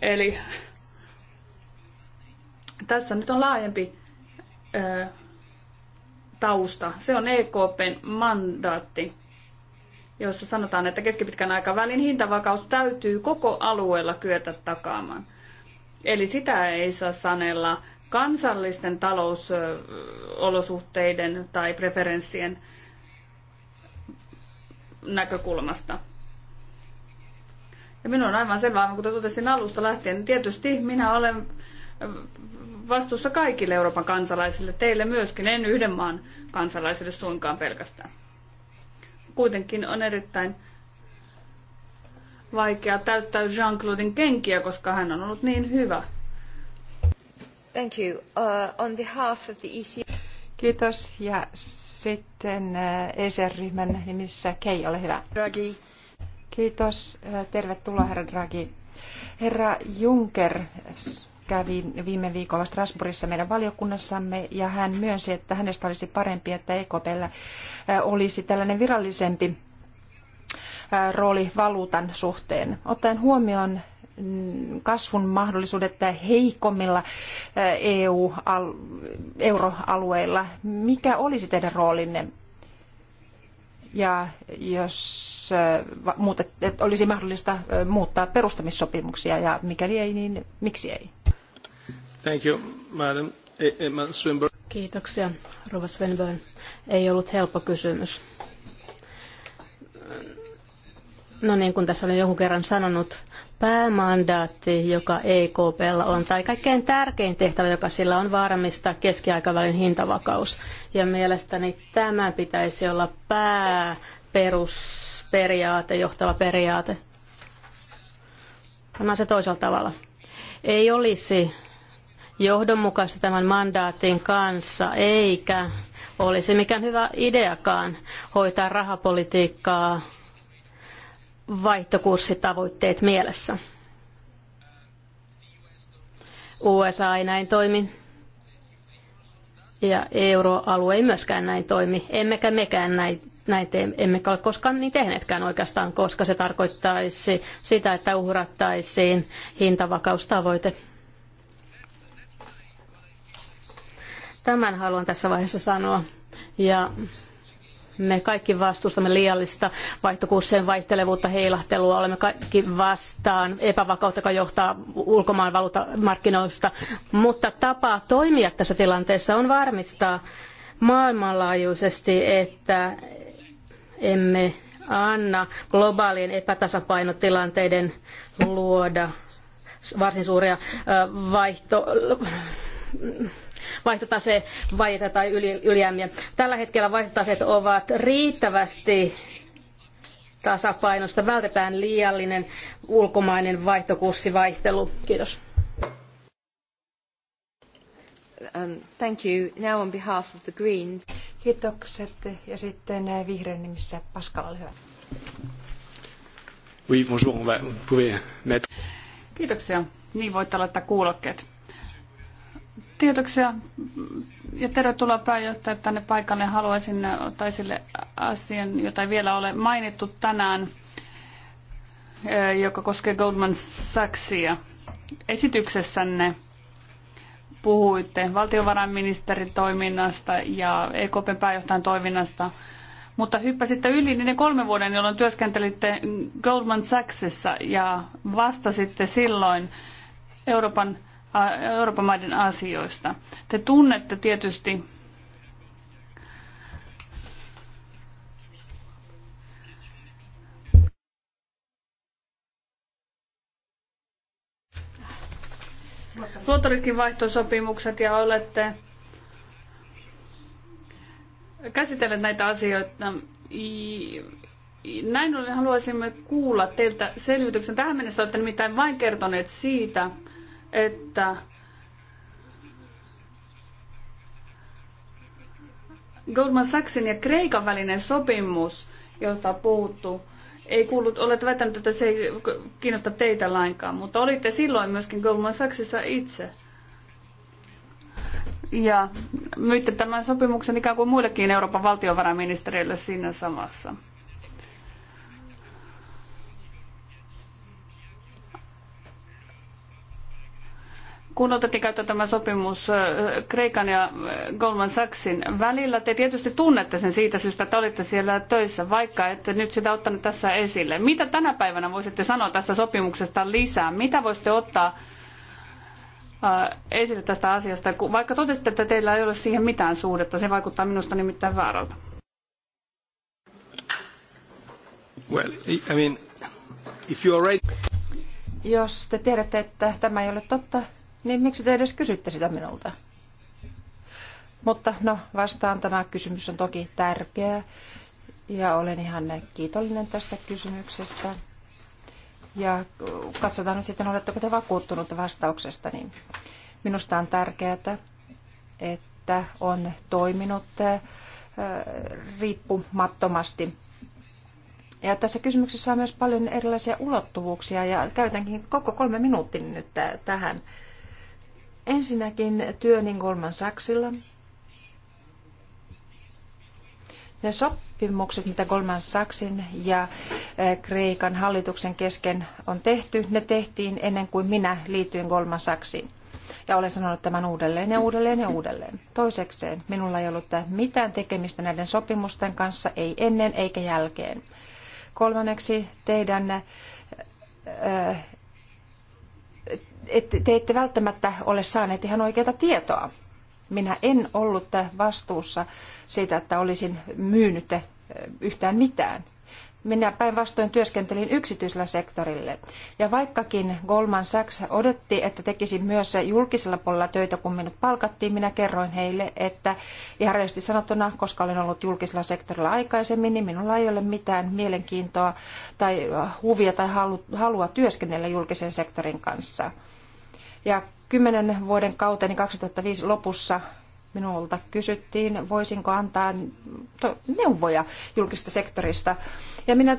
Eli tässä nyt on laajempi ö, tausta. Se on EKPn mandaatti, jossa sanotaan, että keskipitkän aikavälin hintavakaus täytyy koko alueella kyetä takaamaan. Eli sitä ei saa sanella kansallisten talousolosuhteiden tai preferenssien näkökulmasta. Ja minun on aivan selvää, aivan kuten totesin alusta lähtien, niin tietysti minä olen vastuussa kaikille Euroopan kansalaisille, teille myöskin, en yhden maan kansalaisille suinkaan pelkästään. Kuitenkin on erittäin vaikea täyttää Jean-Claudin kenkiä, koska hän on ollut niin hyvä – Thank you. Uh, on behalf of the EC... Kiitos. Ja sitten uh, ECR-ryhmän nimissä Kei, ole hyvä. Draghi. Kiitos. Uh, tervetuloa, herra Draghi. Herra Juncker kävi viime viikolla Strasbourgissa meidän valiokunnassamme ja hän myönsi, että hänestä olisi parempi, että EKPllä uh, olisi tällainen virallisempi rooli valuutan suhteen. Ottaen huomioon Mm, kasvun mahdollisuudet heikommilla eh, EU, al, euroalueilla. Mikä olisi teidän roolinne? Ja jos eh, muutet, olisi mahdollista eh, muuttaa perustamissopimuksia ja mikäli ei, niin miksi ei? Thank you, madam. E, Kiitoksia, Rova Svenberg. Ei ollut helppo kysymys. No niin kuin tässä olen joku kerran sanonut, päämandaatti, joka EKPllä on, tai kaikkein tärkein tehtävä, joka sillä on varmistaa keskiaikavälin hintavakaus. Ja mielestäni tämä pitäisi olla pääperusperiaate, johtava periaate. Tämä se toisella tavalla. Ei olisi johdonmukaista tämän mandaatin kanssa, eikä olisi mikään hyvä ideakaan hoitaa rahapolitiikkaa vaihtokurssitavoitteet mielessä. USA ei näin toimi ja euroalue ei myöskään näin toimi, emmekä mekään näin, näin tee, emmekä ole koskaan niin tehneetkään oikeastaan, koska se tarkoittaisi sitä, että uhrattaisiin hintavakaustavoite. Tämän haluan tässä vaiheessa sanoa. Ja me kaikki vastustamme liiallista vaihtokurssien vaihtelevuutta, heilahtelua. Olemme kaikki vastaan epävakautta, joka johtaa ulkomaan valuuttamarkkinoista. Mutta tapa toimia tässä tilanteessa on varmistaa maailmanlaajuisesti, että emme anna globaalien epätasapainotilanteiden luoda varsin suuria vaihto vaihtotase vaieta tai yli, ylijäämiä. Tällä hetkellä vaihtotaseet ovat riittävästi tasapainosta. Vältetään liiallinen ulkomainen vaihtokurssivaihtelu. Kiitos. Um, thank you. Now on behalf of the Greens. Kiitokset. Ja sitten eh, vihreän nimissä Pascal, ole hyvä. Oui, bonjour. On va, vous pouvez Kiitoksia. Niin voitte laittaa kuulokkeet. Kiitoksia ja tervetuloa pääjohtaja tänne paikalle. Haluaisin ottaa esille asian, jota ei vielä ole mainittu tänään, eh, joka koskee Goldman Sachsia. Esityksessänne puhuitte valtiovarainministerin toiminnasta ja EKPn pääjohtajan toiminnasta, mutta hyppäsitte yli niiden kolme vuoden, jolloin työskentelitte Goldman Sachsissa ja vastasitte silloin Euroopan Euroopan maiden asioista. Te tunnette tietysti luottoriskin vaihtosopimukset ja olette käsitelleet näitä asioita. Näin ollen haluaisimme kuulla teiltä selvityksen. Tähän mennessä olette nimittäin vain kertoneet siitä, että Goldman Sachsin ja Kreikan välinen sopimus, josta on puhuttu, ei kuullut, olet väittänyt, että se ei kiinnosta teitä lainkaan, mutta olitte silloin myöskin Goldman Sachsissa itse. Ja myitte tämän sopimuksen ikään kuin muillekin Euroopan valtiovarainministeriölle siinä samassa. kun otettiin käyttöön tämä sopimus Kreikan ja Goldman Sachsin välillä, te tietysti tunnette sen siitä syystä, että olitte siellä töissä, vaikka ette nyt sitä ottanut tässä esille. Mitä tänä päivänä voisitte sanoa tästä sopimuksesta lisää? Mitä voisitte ottaa esille tästä asiasta, vaikka totesitte, että teillä ei ole siihen mitään suhdetta. Se vaikuttaa minusta nimittäin väärältä. Well, I mean, if you are right... Jos te tiedätte, että tämä ei ole totta, niin miksi te edes kysytte sitä minulta? Mutta no, vastaan tämä kysymys on toki tärkeä ja olen ihan kiitollinen tästä kysymyksestä. Ja katsotaan nyt sitten, oletteko te vakuuttunut vastauksesta. Niin minusta on tärkeää, että on toiminut riippumattomasti. Ja tässä kysymyksessä on myös paljon erilaisia ulottuvuuksia ja käytänkin koko kolme minuuttia nyt tähän. Ensinnäkin Työnin kolman saksilla. Ne sopimukset, mitä kolman saksin ja eh, Kreikan hallituksen kesken on tehty, ne tehtiin ennen kuin minä liityin kolman saksiin. Ja olen sanonut tämän uudelleen ja uudelleen ja uudelleen. Toisekseen, minulla ei ollut mitään tekemistä näiden sopimusten kanssa, ei ennen eikä jälkeen. Kolmanneksi, teidän eh, et, te ette välttämättä ole saaneet ihan oikeata tietoa. Minä en ollut vastuussa siitä, että olisin myynyt eh, yhtään mitään. Minä päinvastoin työskentelin yksityisellä sektorille. Ja vaikkakin Goldman Sachs odotti, että tekisin myös julkisella puolella töitä, kun minut palkattiin, minä kerroin heille, että ihan reilusti sanottuna, koska olen ollut julkisella sektorilla aikaisemmin, niin minulla ei ole mitään mielenkiintoa tai huvia tai halua työskennellä julkisen sektorin kanssa. Ja kymmenen vuoden kauteni 2005 lopussa minulta kysyttiin, voisinko antaa neuvoja julkista sektorista. Ja minä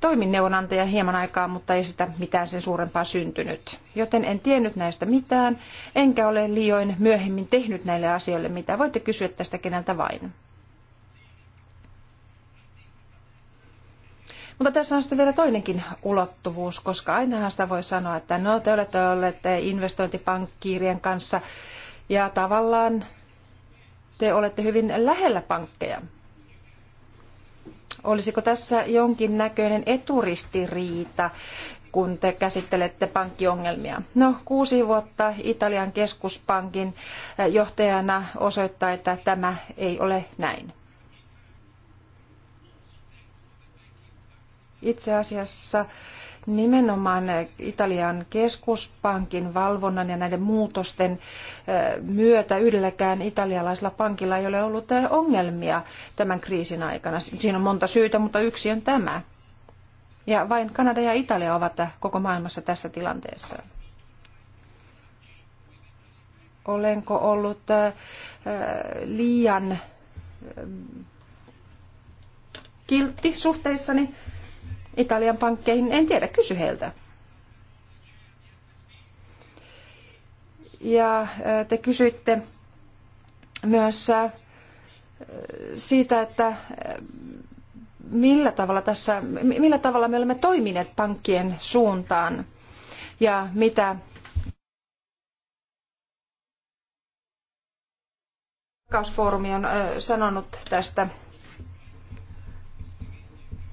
toimin neuvonantaja hieman aikaa, mutta ei sitä mitään sen suurempaa syntynyt. Joten en tiennyt näistä mitään, enkä ole liioin myöhemmin tehnyt näille asioille mitään. Voitte kysyä tästä keneltä vain. Mutta tässä on sitten vielä toinenkin ulottuvuus, koska ainahan sitä voi sanoa, että no te olette olleet investointipankkiirien kanssa ja tavallaan te olette hyvin lähellä pankkeja. Olisiko tässä jonkin näköinen eturistiriita, kun te käsittelette pankkiongelmia? No, kuusi vuotta Italian keskuspankin johtajana osoittaa, että tämä ei ole näin. itse asiassa nimenomaan Italian keskuspankin valvonnan ja näiden muutosten myötä yhdelläkään italialaisella pankilla ei ole ollut ongelmia tämän kriisin aikana. Siinä on monta syytä, mutta yksi on tämä. Ja vain Kanada ja Italia ovat koko maailmassa tässä tilanteessa. Olenko ollut liian kiltti suhteissani? Italian pankkeihin? En tiedä, kysy heiltä. Ja te kysyitte myös siitä, että millä tavalla, tässä, millä tavalla me olemme toimineet pankkien suuntaan ja mitä Vakausfoorumi on sanonut tästä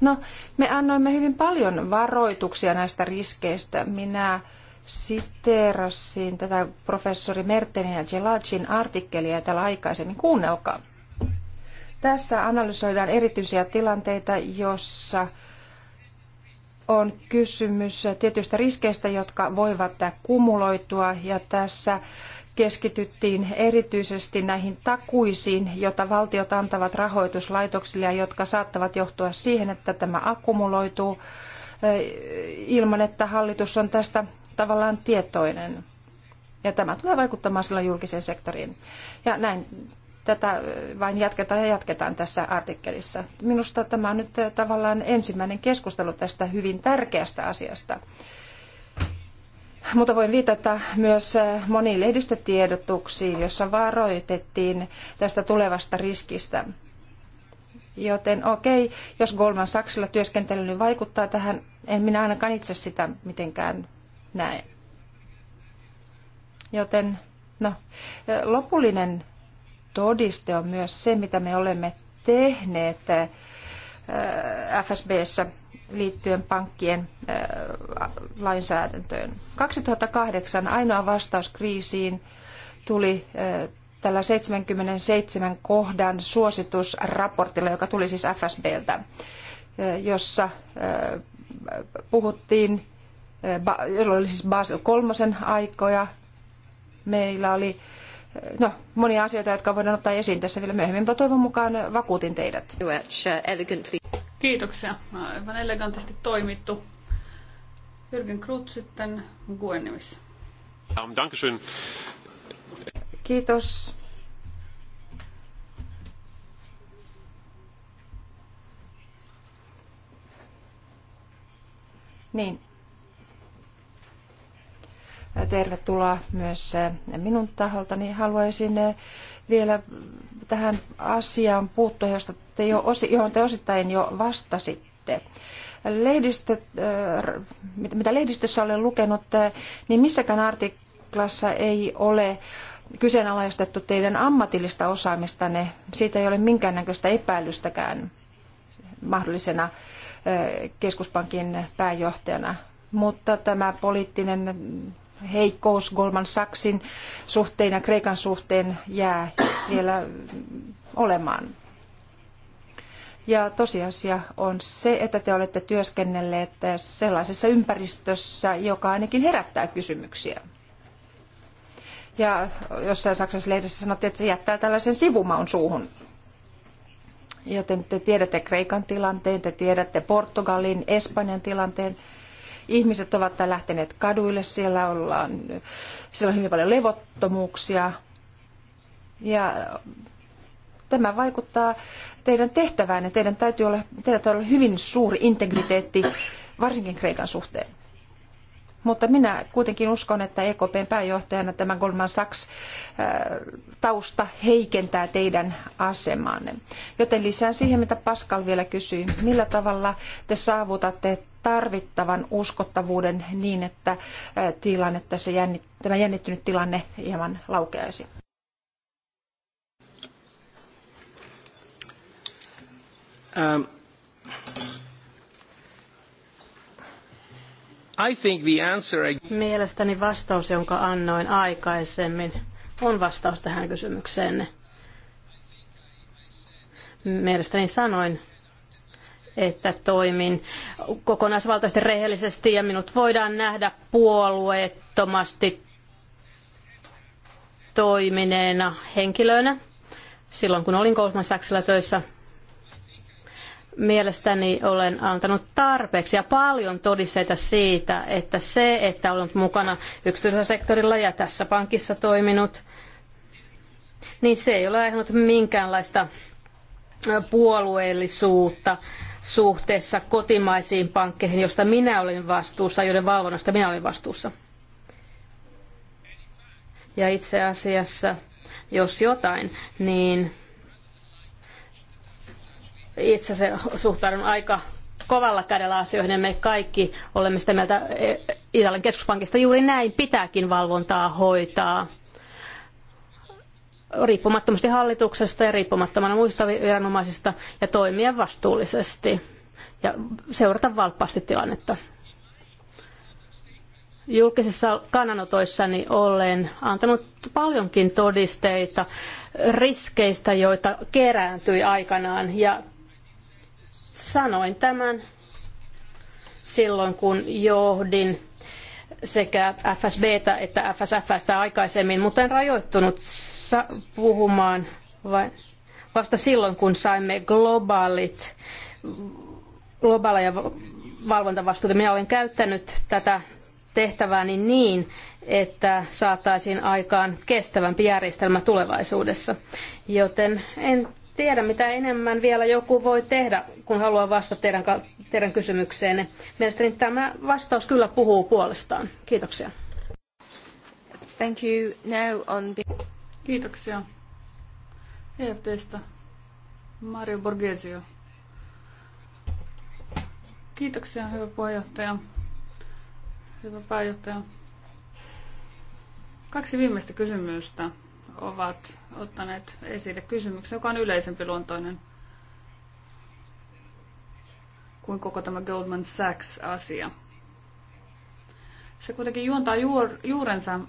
No, me annoimme hyvin paljon varoituksia näistä riskeistä. Minä siteerasin tätä professori Mertenin ja Gelagin artikkelia täällä aikaisemmin. Kuunnelkaa. Tässä analysoidaan erityisiä tilanteita, jossa on kysymys tietyistä riskeistä, jotka voivat kumuloitua ja tässä keskityttiin erityisesti näihin takuisiin, joita valtiot antavat rahoituslaitoksille ja jotka saattavat johtua siihen, että tämä akkumuloituu eh, ilman, että hallitus on tästä tavallaan tietoinen. Ja tämä tulee vaikuttamaan sillä julkiseen sektoriin. Ja näin tätä vain jatketaan ja jatketaan tässä artikkelissa. Minusta tämä on nyt eh, tavallaan ensimmäinen keskustelu tästä hyvin tärkeästä asiasta. Mutta voin viitata myös äh, moniin lehdistötiedotuksiin, jossa varoitettiin tästä tulevasta riskistä. Joten okei, okay, jos Goldman Sachsilla työskentely vaikuttaa tähän, en minä ainakaan itse sitä mitenkään näe. Joten no, äh, lopullinen todiste on myös se, mitä me olemme tehneet äh, FSBssä – liittyen pankkien lainsäädäntöön. 2008 ainoa vastaus kriisiin tuli tällä 77 kohdan suositusraportilla, joka tuli siis FSBltä, jossa puhuttiin, jolla oli siis Basel kolmosen aikoja. Meillä oli no, monia asioita, jotka voidaan ottaa esiin tässä vielä myöhemmin, mutta toivon mukaan vakuutin teidät. Kiitoksia. Aivan elegantisti toimittu. Jürgen Krut sitten Guen nimissä. Ähm, dankeschön. Kiitos. Niin, tervetuloa myös eh, minun taholtani. haluaisin eh, vielä tähän asiaan puuttua, josta te jo osi, johon te osittain jo vastasitte. Lehdistö, eh, mitä lehdistössä olen lukenut, niin missäkään artiklassa ei ole kyseenalaistettu teidän ammatillista osaamistanne. Siitä ei ole minkäännäköistä epäilystäkään mahdollisena keskuspankin pääjohtajana. Mutta tämä poliittinen heikkous Goldman Sachsin suhteen ja Kreikan suhteen jää vielä olemaan. Ja tosiasia on se, että te olette työskennelleet sellaisessa ympäristössä, joka ainakin herättää kysymyksiä. Ja jossain Saksassa lehdessä sanottiin, että se jättää tällaisen sivumaun suuhun. Joten te tiedätte Kreikan tilanteen, te tiedätte Portugalin, Espanjan tilanteen. Ihmiset ovat lähteneet kaduille, siellä, ollaan, siellä on hyvin paljon levottomuuksia. Ja tämä vaikuttaa teidän tehtäväänne. Teidän täytyy olla, teillä täytyy olla hyvin suuri integriteetti, varsinkin Kreikan suhteen. Mutta minä kuitenkin uskon, että EKPn pääjohtajana tämä Goldman Sachs tausta heikentää teidän asemaanne. Joten lisään siihen, mitä Pascal vielä kysyi. Millä tavalla te saavutatte tarvittavan uskottavuuden niin, että tilanne, tässä jännit, tämä jännittynyt tilanne hieman laukeaisi? Um. Mielestäni vastaus, jonka annoin aikaisemmin, on vastaus tähän kysymykseenne. Mielestäni sanoin, että toimin kokonaisvaltaisesti rehellisesti ja minut voidaan nähdä puolueettomasti toimineena henkilönä silloin, kun olin Goldman Sachsilla töissä Mielestäni olen antanut tarpeeksi ja paljon todisteita siitä, että se, että olen mukana yksityisellä sektorilla ja tässä pankissa toiminut, niin se ei ole aiheuttanut minkäänlaista puolueellisuutta suhteessa kotimaisiin pankkeihin, joista minä olen vastuussa, joiden valvonnasta minä olen vastuussa. Ja itse asiassa, jos jotain, niin itse se suhtaudun aika kovalla kädellä asioihin ja me kaikki olemme sitä mieltä e, Italian keskuspankista juuri näin pitääkin valvontaa hoitaa riippumattomasti hallituksesta ja riippumattomana muista viranomaisista ja toimia vastuullisesti ja seurata valppaasti tilannetta. Julkisissa kannanotoissani olen antanut paljonkin todisteita riskeistä, joita kerääntyi aikanaan ja Sanoin tämän silloin, kun johdin sekä FSBtä että FSFstä aikaisemmin, mutta en rajoittunut puhumaan vasta silloin, kun saimme globaalit, globaaleja valvontavastuuta. Minä olen käyttänyt tätä tehtävääni niin, että saataisiin aikaan kestävämpi järjestelmä tulevaisuudessa. Joten en tiedä, mitä enemmän vielä joku voi tehdä, kun haluaa vastata teidän, teidän kysymykseenne. Mielestäni tämä vastaus kyllä puhuu puolestaan. Kiitoksia. Thank you. Now on... Kiitoksia. EFTstä. Mario Borgesio. Kiitoksia, hyvä puheenjohtaja. Hyvä pääjohtaja. Kaksi viimeistä kysymystä ovat ottaneet esille kysymyksen, joka on yleisempi luontoinen kuin koko tämä Goldman Sachs-asia. Se kuitenkin juontaa juor, juurensa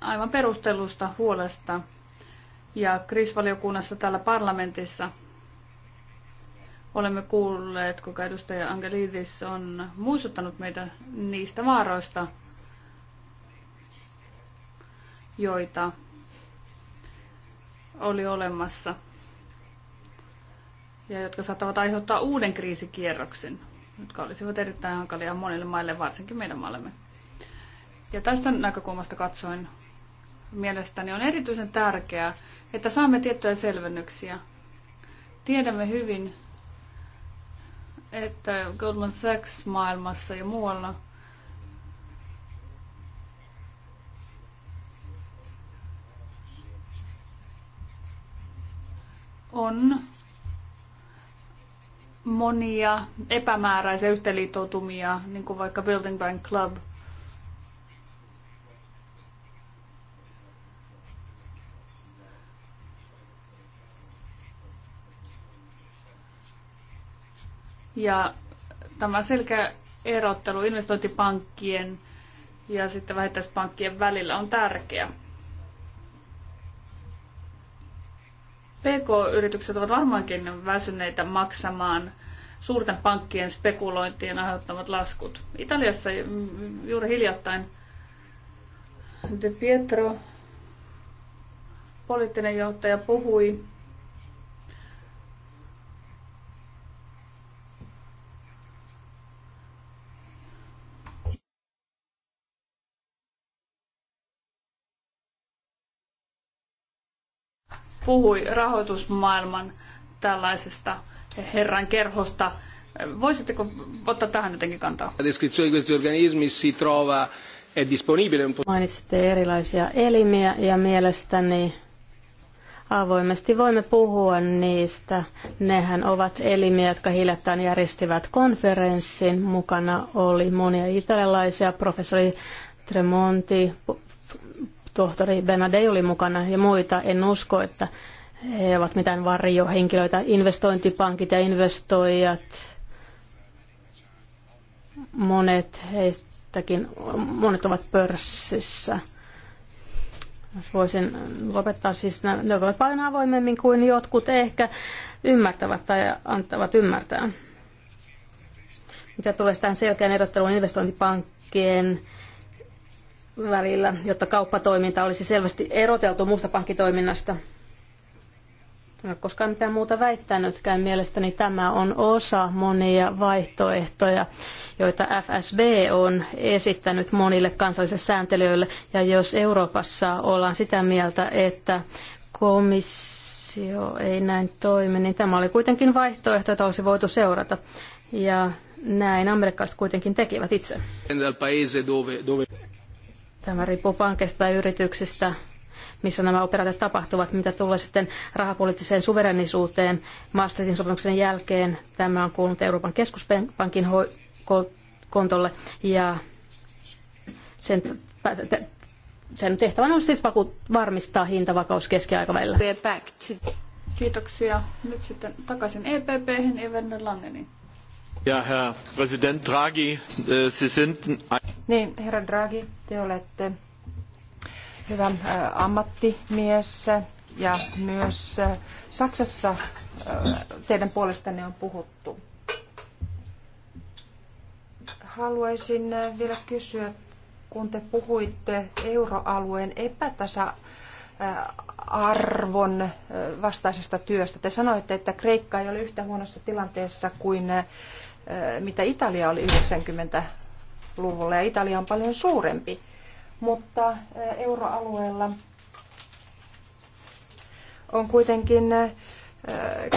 aivan perustellusta huolesta. Ja kriisivaliokunnassa täällä parlamentissa olemme kuulleet, kuinka edustaja Angelidis on muistuttanut meitä niistä vaaroista, joita oli olemassa ja jotka saattavat aiheuttaa uuden kriisikierroksen, jotka olisivat erittäin hankalia monille maille, varsinkin meidän maallemme. Ja tästä näkökulmasta katsoen mielestäni on erityisen tärkeää, että saamme tiettyjä selvennyksiä. Tiedämme hyvin, että Goldman Sachs maailmassa ja muualla – on monia epämääräisiä yhteenliittoutumia, niin kuin vaikka Building Bank Club. Ja tämä selkeä erottelu investointipankkien ja sitten vähittäispankkien välillä on tärkeä. PK-yritykset ovat varmaankin väsyneitä maksamaan suurten pankkien spekulointien aiheuttamat laskut. Italiassa juuri hiljattain De Pietro, poliittinen johtaja, puhui puhui rahoitusmaailman tällaisesta herran kerhosta. Voisitteko ottaa tähän jotenkin kantaa? Mainitsitte erilaisia elimiä ja mielestäni avoimesti voimme puhua niistä. Nehän ovat elimiä, jotka hiljattain järjestivät konferenssin. Mukana oli monia italialaisia, professori Tremonti, tohtori Bernadei oli mukana ja muita. En usko, että he ovat mitään varjohenkilöitä. Investointipankit ja investoijat, monet heistäkin, monet ovat pörssissä. Jos voisin lopettaa, siis ne ovat paljon avoimemmin kuin jotkut ehkä ymmärtävät tai antavat ymmärtää. Mitä tulee tähän selkeän erotteluun investointipankkien välillä, jotta kauppatoiminta olisi selvästi eroteltu muusta pankkitoiminnasta. En ole koskaan mitään muuta väittänytkään. Mielestäni tämä on osa monia vaihtoehtoja, joita FSB on esittänyt monille kansallisille sääntelijöille. Ja jos Euroopassa ollaan sitä mieltä, että komissio ei näin toimi, niin tämä oli kuitenkin vaihtoehto, jota olisi voitu seurata. Ja näin amerikkalaiset kuitenkin tekivät itse. Tämä riippuu pankeista ja yrityksistä, missä nämä operaatiot tapahtuvat, mitä tulee sitten rahapoliittiseen suverenisuuteen Maastrichtin sopimuksen jälkeen. Tämä on kuulunut Euroopan keskuspankin kontolle ja sen, sen tehtävänä on siis varmistaa hintavakaus keskiaikavälillä. Kiitoksia. Nyt sitten takaisin EPP-hen Everner Langenin herra Draghi, äh, Sie sind... Niin, herra Draghi, te olette hyvä äh, ammattimies ja myös äh, Saksassa teidän puolestanne on puhuttu. Haluaisin vielä kysyä, kun te puhuitte euroalueen epätasa arvon vastaisesta työstä. Te sanoitte, että Kreikka ei ole yhtä huonossa tilanteessa kuin mitä Italia oli 90-luvulla, ja Italia on paljon suurempi. Mutta euroalueella on kuitenkin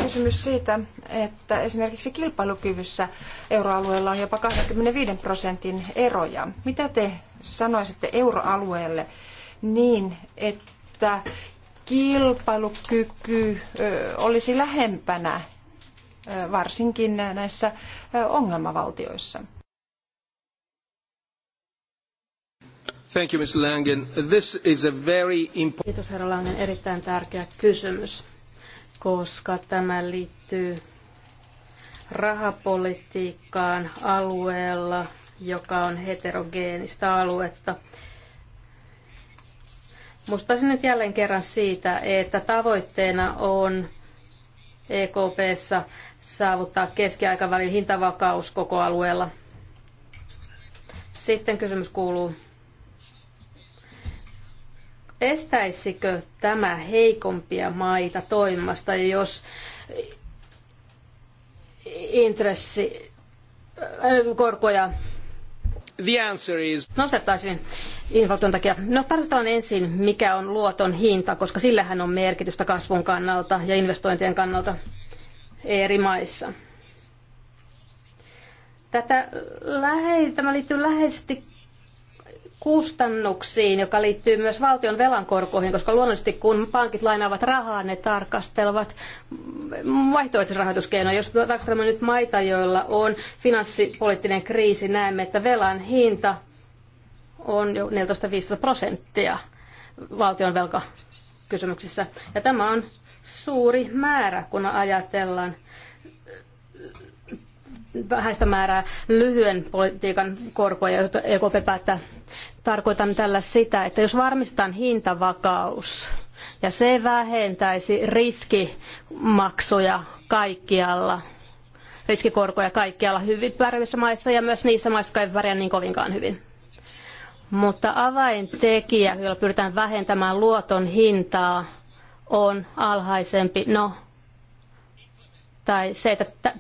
kysymys siitä, että esimerkiksi kilpailukyvyssä euroalueella on jopa 25 prosentin eroja. Mitä te sanoisitte euroalueelle niin, että kilpailukyky olisi lähempänä varsinkin näissä ongelmavaltioissa. Thank you, Ms. Langen. This is a very important... Kiitos, herra Langen. Erittäin tärkeä kysymys, koska tämä liittyy rahapolitiikkaan alueella, joka on heterogeenista aluetta. Muistaisin nyt jälleen kerran siitä, että tavoitteena on EKPssä saavuttaa keskiaikavälin hintavakaus koko alueella. Sitten kysymys kuuluu, estäisikö tämä heikompia maita toimimasta, ja jos intressi, äh, korkoja The answer is... nostettaisiin niin, inflaation takia. No tarkastellaan ensin, mikä on luoton hinta, koska sillähän on merkitystä kasvun kannalta ja investointien kannalta eri maissa. Tätä lähe, tämä liittyy läheisesti kustannuksiin, joka liittyy myös valtion velan korkoihin, koska luonnollisesti kun pankit lainaavat rahaa, ne tarkastelevat vaihtoehtoisrahoituskeinoja. Jos tarkastelemme nyt maita, joilla on finanssipoliittinen kriisi, näemme, että velan hinta on jo 14-15 prosenttia valtion velkakysymyksissä. Ja tämä on suuri määrä, kun ajatellaan vähäistä määrää lyhyen politiikan korkoja, joita EKP päättää. Tarkoitan tällä sitä, että jos varmistetaan hintavakaus ja se vähentäisi riskimaksuja kaikkialla, riskikorkoja kaikkialla hyvin pärjäävissä maissa ja myös niissä maissa, jotka eivät pärjää niin kovinkaan hyvin. Mutta avaintekijä, jolla pyritään vähentämään luoton hintaa, on alhaisempi. No, tai se, että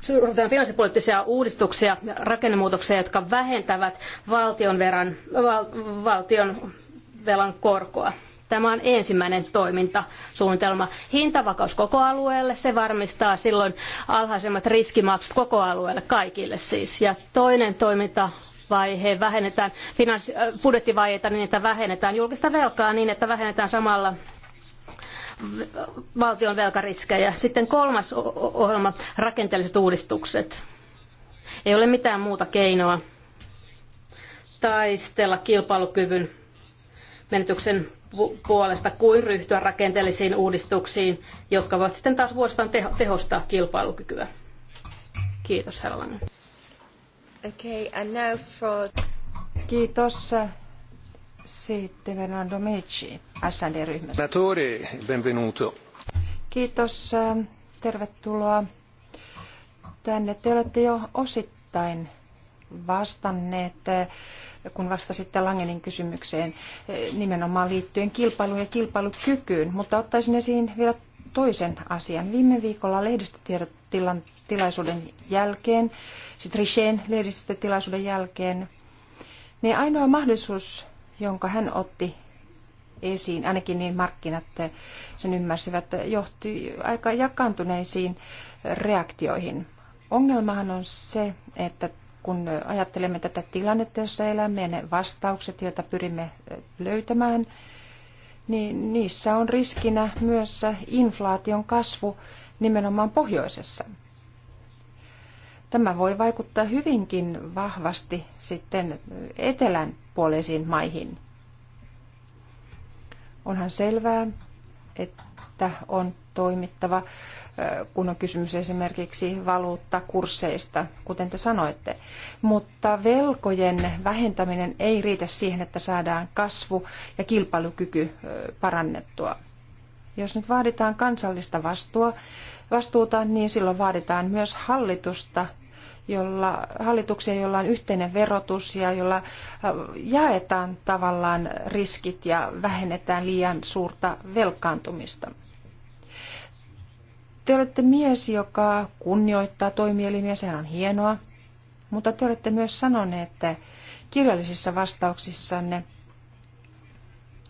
suurutetaan finanssipoliittisia uudistuksia ja rakennemuutoksia, jotka vähentävät valtion, verran, val, valtion velan korkoa. Tämä on ensimmäinen toimintasuunnitelma. Hintavakaus koko alueelle, se varmistaa silloin alhaisemmat riskimaksut koko alueelle, kaikille siis. Ja toinen toiminta vaihe, vähennetään finanssi- budjettivajeita niin, että vähennetään julkista velkaa niin, että vähennetään samalla valtion velkariskejä. Sitten kolmas ohjelma, rakenteelliset uudistukset. Ei ole mitään muuta keinoa taistella kilpailukyvyn menetyksen puolesta kuin ryhtyä rakenteellisiin uudistuksiin, jotka voivat sitten taas vuosittain tehostaa kilpailukykyä. Kiitos, herra Langen. Okay, and now for... Kiitos. Sitten Fernando Meci, SND-ryhmästä. benvenuto. Kiitos, tervetuloa tänne. Te olette jo osittain vastanneet, kun vastasitte Langenin kysymykseen nimenomaan liittyen kilpailuun ja kilpailukykyyn, mutta ottaisin esiin vielä toisen asian. Viime viikolla lehdistötiedot tilaisuuden jälkeen, Trichén lehdistötilaisuuden jälkeen, niin ainoa mahdollisuus, jonka hän otti esiin, ainakin niin markkinat sen ymmärsivät, johti aika jakantuneisiin reaktioihin. Ongelmahan on se, että kun ajattelemme tätä tilannetta, jossa elämme ja ne vastaukset, joita pyrimme löytämään, niin niissä on riskinä myös inflaation kasvu nimenomaan pohjoisessa. Tämä voi vaikuttaa hyvinkin vahvasti sitten etelän puoleisiin maihin. Onhan selvää, että on toimittava, kun on kysymys esimerkiksi kursseista, kuten te sanoitte. Mutta velkojen vähentäminen ei riitä siihen, että saadaan kasvu ja kilpailukyky parannettua. Jos nyt vaaditaan kansallista vastuua vastuuta, niin silloin vaaditaan myös hallitusta, jolla, hallituksia, jolla on yhteinen verotus ja jolla äh, jaetaan tavallaan riskit ja vähennetään liian suurta velkaantumista. Te olette mies, joka kunnioittaa toimielimiä, sehän on hienoa, mutta te olette myös sanoneet että kirjallisissa vastauksissanne,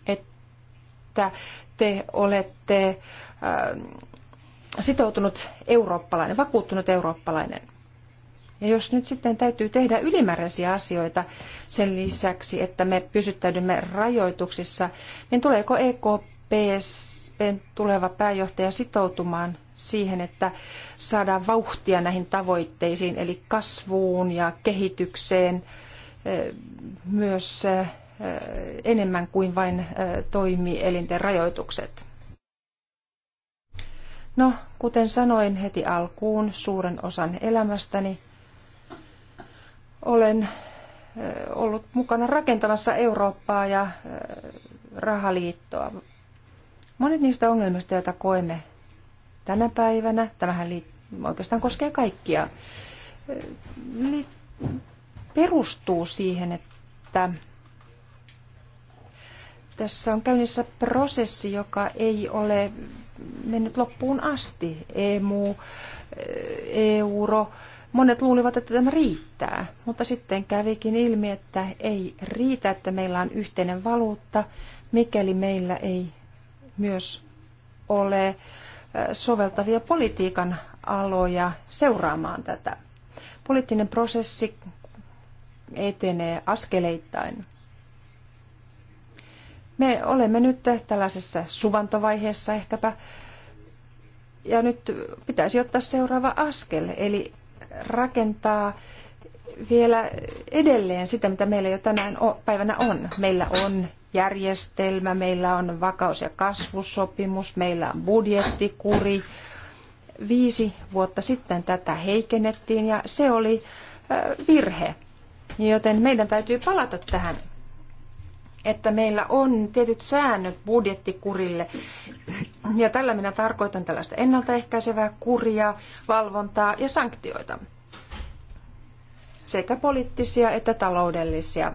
että te olette äh, sitoutunut eurooppalainen, vakuuttunut eurooppalainen. Ja jos nyt sitten täytyy tehdä ylimääräisiä asioita sen lisäksi, että me pysyttäydymme rajoituksissa, niin tuleeko EKPn tuleva pääjohtaja sitoutumaan siihen, että saadaan vauhtia näihin tavoitteisiin, eli kasvuun ja kehitykseen myös enemmän kuin vain toimielinten rajoitukset? No, kuten sanoin heti alkuun, suuren osan elämästäni olen ollut mukana rakentamassa Eurooppaa ja rahaliittoa. Monet niistä ongelmista, joita koemme tänä päivänä, tämähän oikeastaan koskee kaikkia, perustuu siihen, että tässä on käynnissä prosessi, joka ei ole mennyt loppuun asti. EMU, euro, monet luulivat, että tämä riittää, mutta sitten kävikin ilmi, että ei riitä, että meillä on yhteinen valuutta, mikäli meillä ei myös ole soveltavia politiikan aloja seuraamaan tätä. Poliittinen prosessi etenee askeleittain. Me olemme nyt tällaisessa suvantovaiheessa ehkäpä, ja nyt pitäisi ottaa seuraava askel, eli rakentaa vielä edelleen sitä, mitä meillä jo tänään päivänä on. Meillä on järjestelmä, meillä on vakaus- ja kasvusopimus, meillä on budjettikuri. Viisi vuotta sitten tätä heikennettiin ja se oli virhe. Joten meidän täytyy palata tähän että meillä on tietyt säännöt budjettikurille. Ja tällä minä tarkoitan tällaista ennaltaehkäisevää kuria, valvontaa ja sanktioita. Sekä poliittisia että taloudellisia,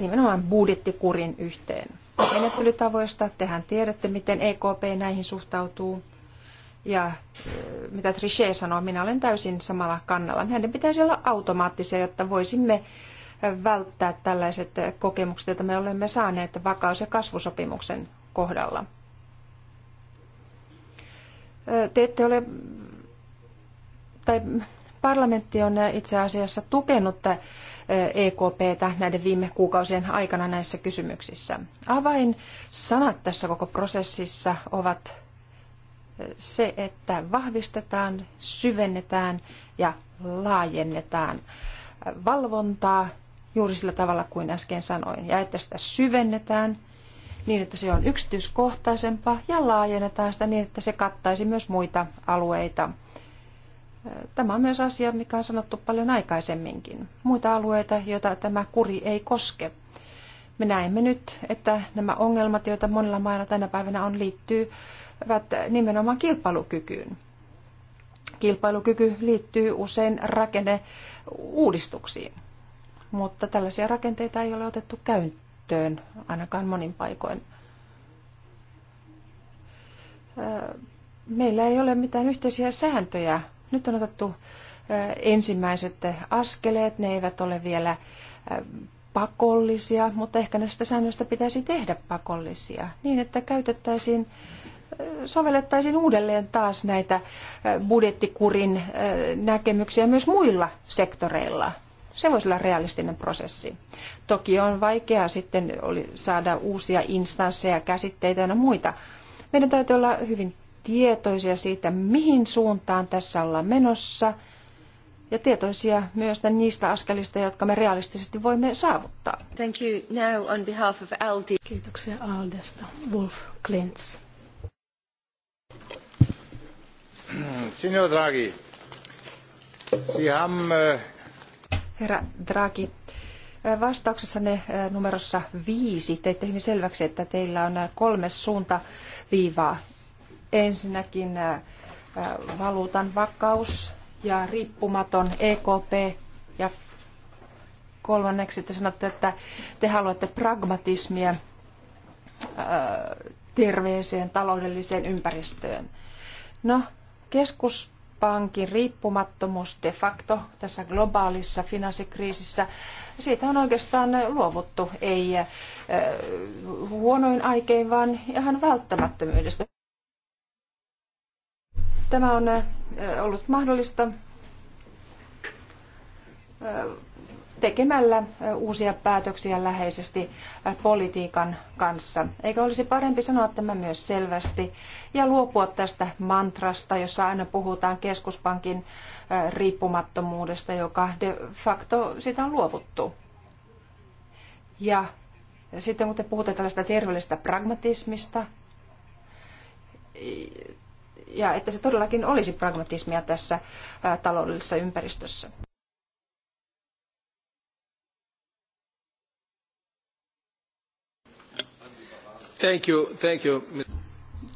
nimenomaan budjettikurin yhteen. Menettelytavoista tehän tiedätte, miten EKP näihin suhtautuu. Ja mitä Trichet sanoo, minä olen täysin samalla kannalla. Hänen pitäisi olla automaattisia, jotta voisimme välttää tällaiset kokemukset, joita me olemme saaneet vakaus- ja kasvusopimuksen kohdalla. Te ette ole, tai parlamentti on itse asiassa tukenut EKPtä näiden viime kuukausien aikana näissä kysymyksissä. Avain sanat tässä koko prosessissa ovat se, että vahvistetaan, syvennetään ja laajennetaan valvontaa juuri sillä tavalla kuin äsken sanoin, ja että sitä syvennetään niin, että se on yksityiskohtaisempaa ja laajennetaan sitä niin, että se kattaisi myös muita alueita. Tämä on myös asia, mikä on sanottu paljon aikaisemminkin. Muita alueita, joita tämä kuri ei koske. Me näemme nyt, että nämä ongelmat, joita monilla mailla tänä päivänä on, liittyvät nimenomaan kilpailukykyyn. Kilpailukyky liittyy usein rakenneuudistuksiin mutta tällaisia rakenteita ei ole otettu käyttöön ainakaan monin paikoin. Meillä ei ole mitään yhteisiä sääntöjä. Nyt on otettu ensimmäiset askeleet, ne eivät ole vielä pakollisia, mutta ehkä näistä säännöistä pitäisi tehdä pakollisia, niin että käytettäisiin, sovellettaisiin uudelleen taas näitä budjettikurin näkemyksiä myös muilla sektoreilla – se voisi olla realistinen prosessi. Toki on vaikeaa sitten saada uusia instansseja, käsitteitä ja muita. Meidän täytyy olla hyvin tietoisia siitä, mihin suuntaan tässä ollaan menossa, ja tietoisia myös niistä askelista, jotka me realistisesti voimme saavuttaa. Thank you. Now on behalf of Aldi. Kiitoksia Aldesta. Wolf Klintz. Signor Draghi, Sie haben äh, Herra Draghi, vastauksessanne numerossa viisi teitte hyvin selväksi, että teillä on kolme suuntaviivaa. Ensinnäkin valuutan vakaus ja riippumaton EKP ja kolmanneksi te sanotte, että te haluatte pragmatismia terveeseen taloudelliseen ympäristöön. No, keskus pankin riippumattomuus de facto tässä globaalissa finanssikriisissä, siitä on oikeastaan luovuttu, ei huonoin aikein, vaan ihan välttämättömyydestä. Tämä on ollut mahdollista tekemällä uusia päätöksiä läheisesti politiikan kanssa. Eikö olisi parempi sanoa tämä myös selvästi ja luopua tästä mantrasta, jossa aina puhutaan keskuspankin riippumattomuudesta, joka de facto sitä on luovuttu. Ja sitten kun te puhutte tällaista terveellisestä pragmatismista, ja että se todellakin olisi pragmatismia tässä taloudellisessa ympäristössä. Thank you, thank you.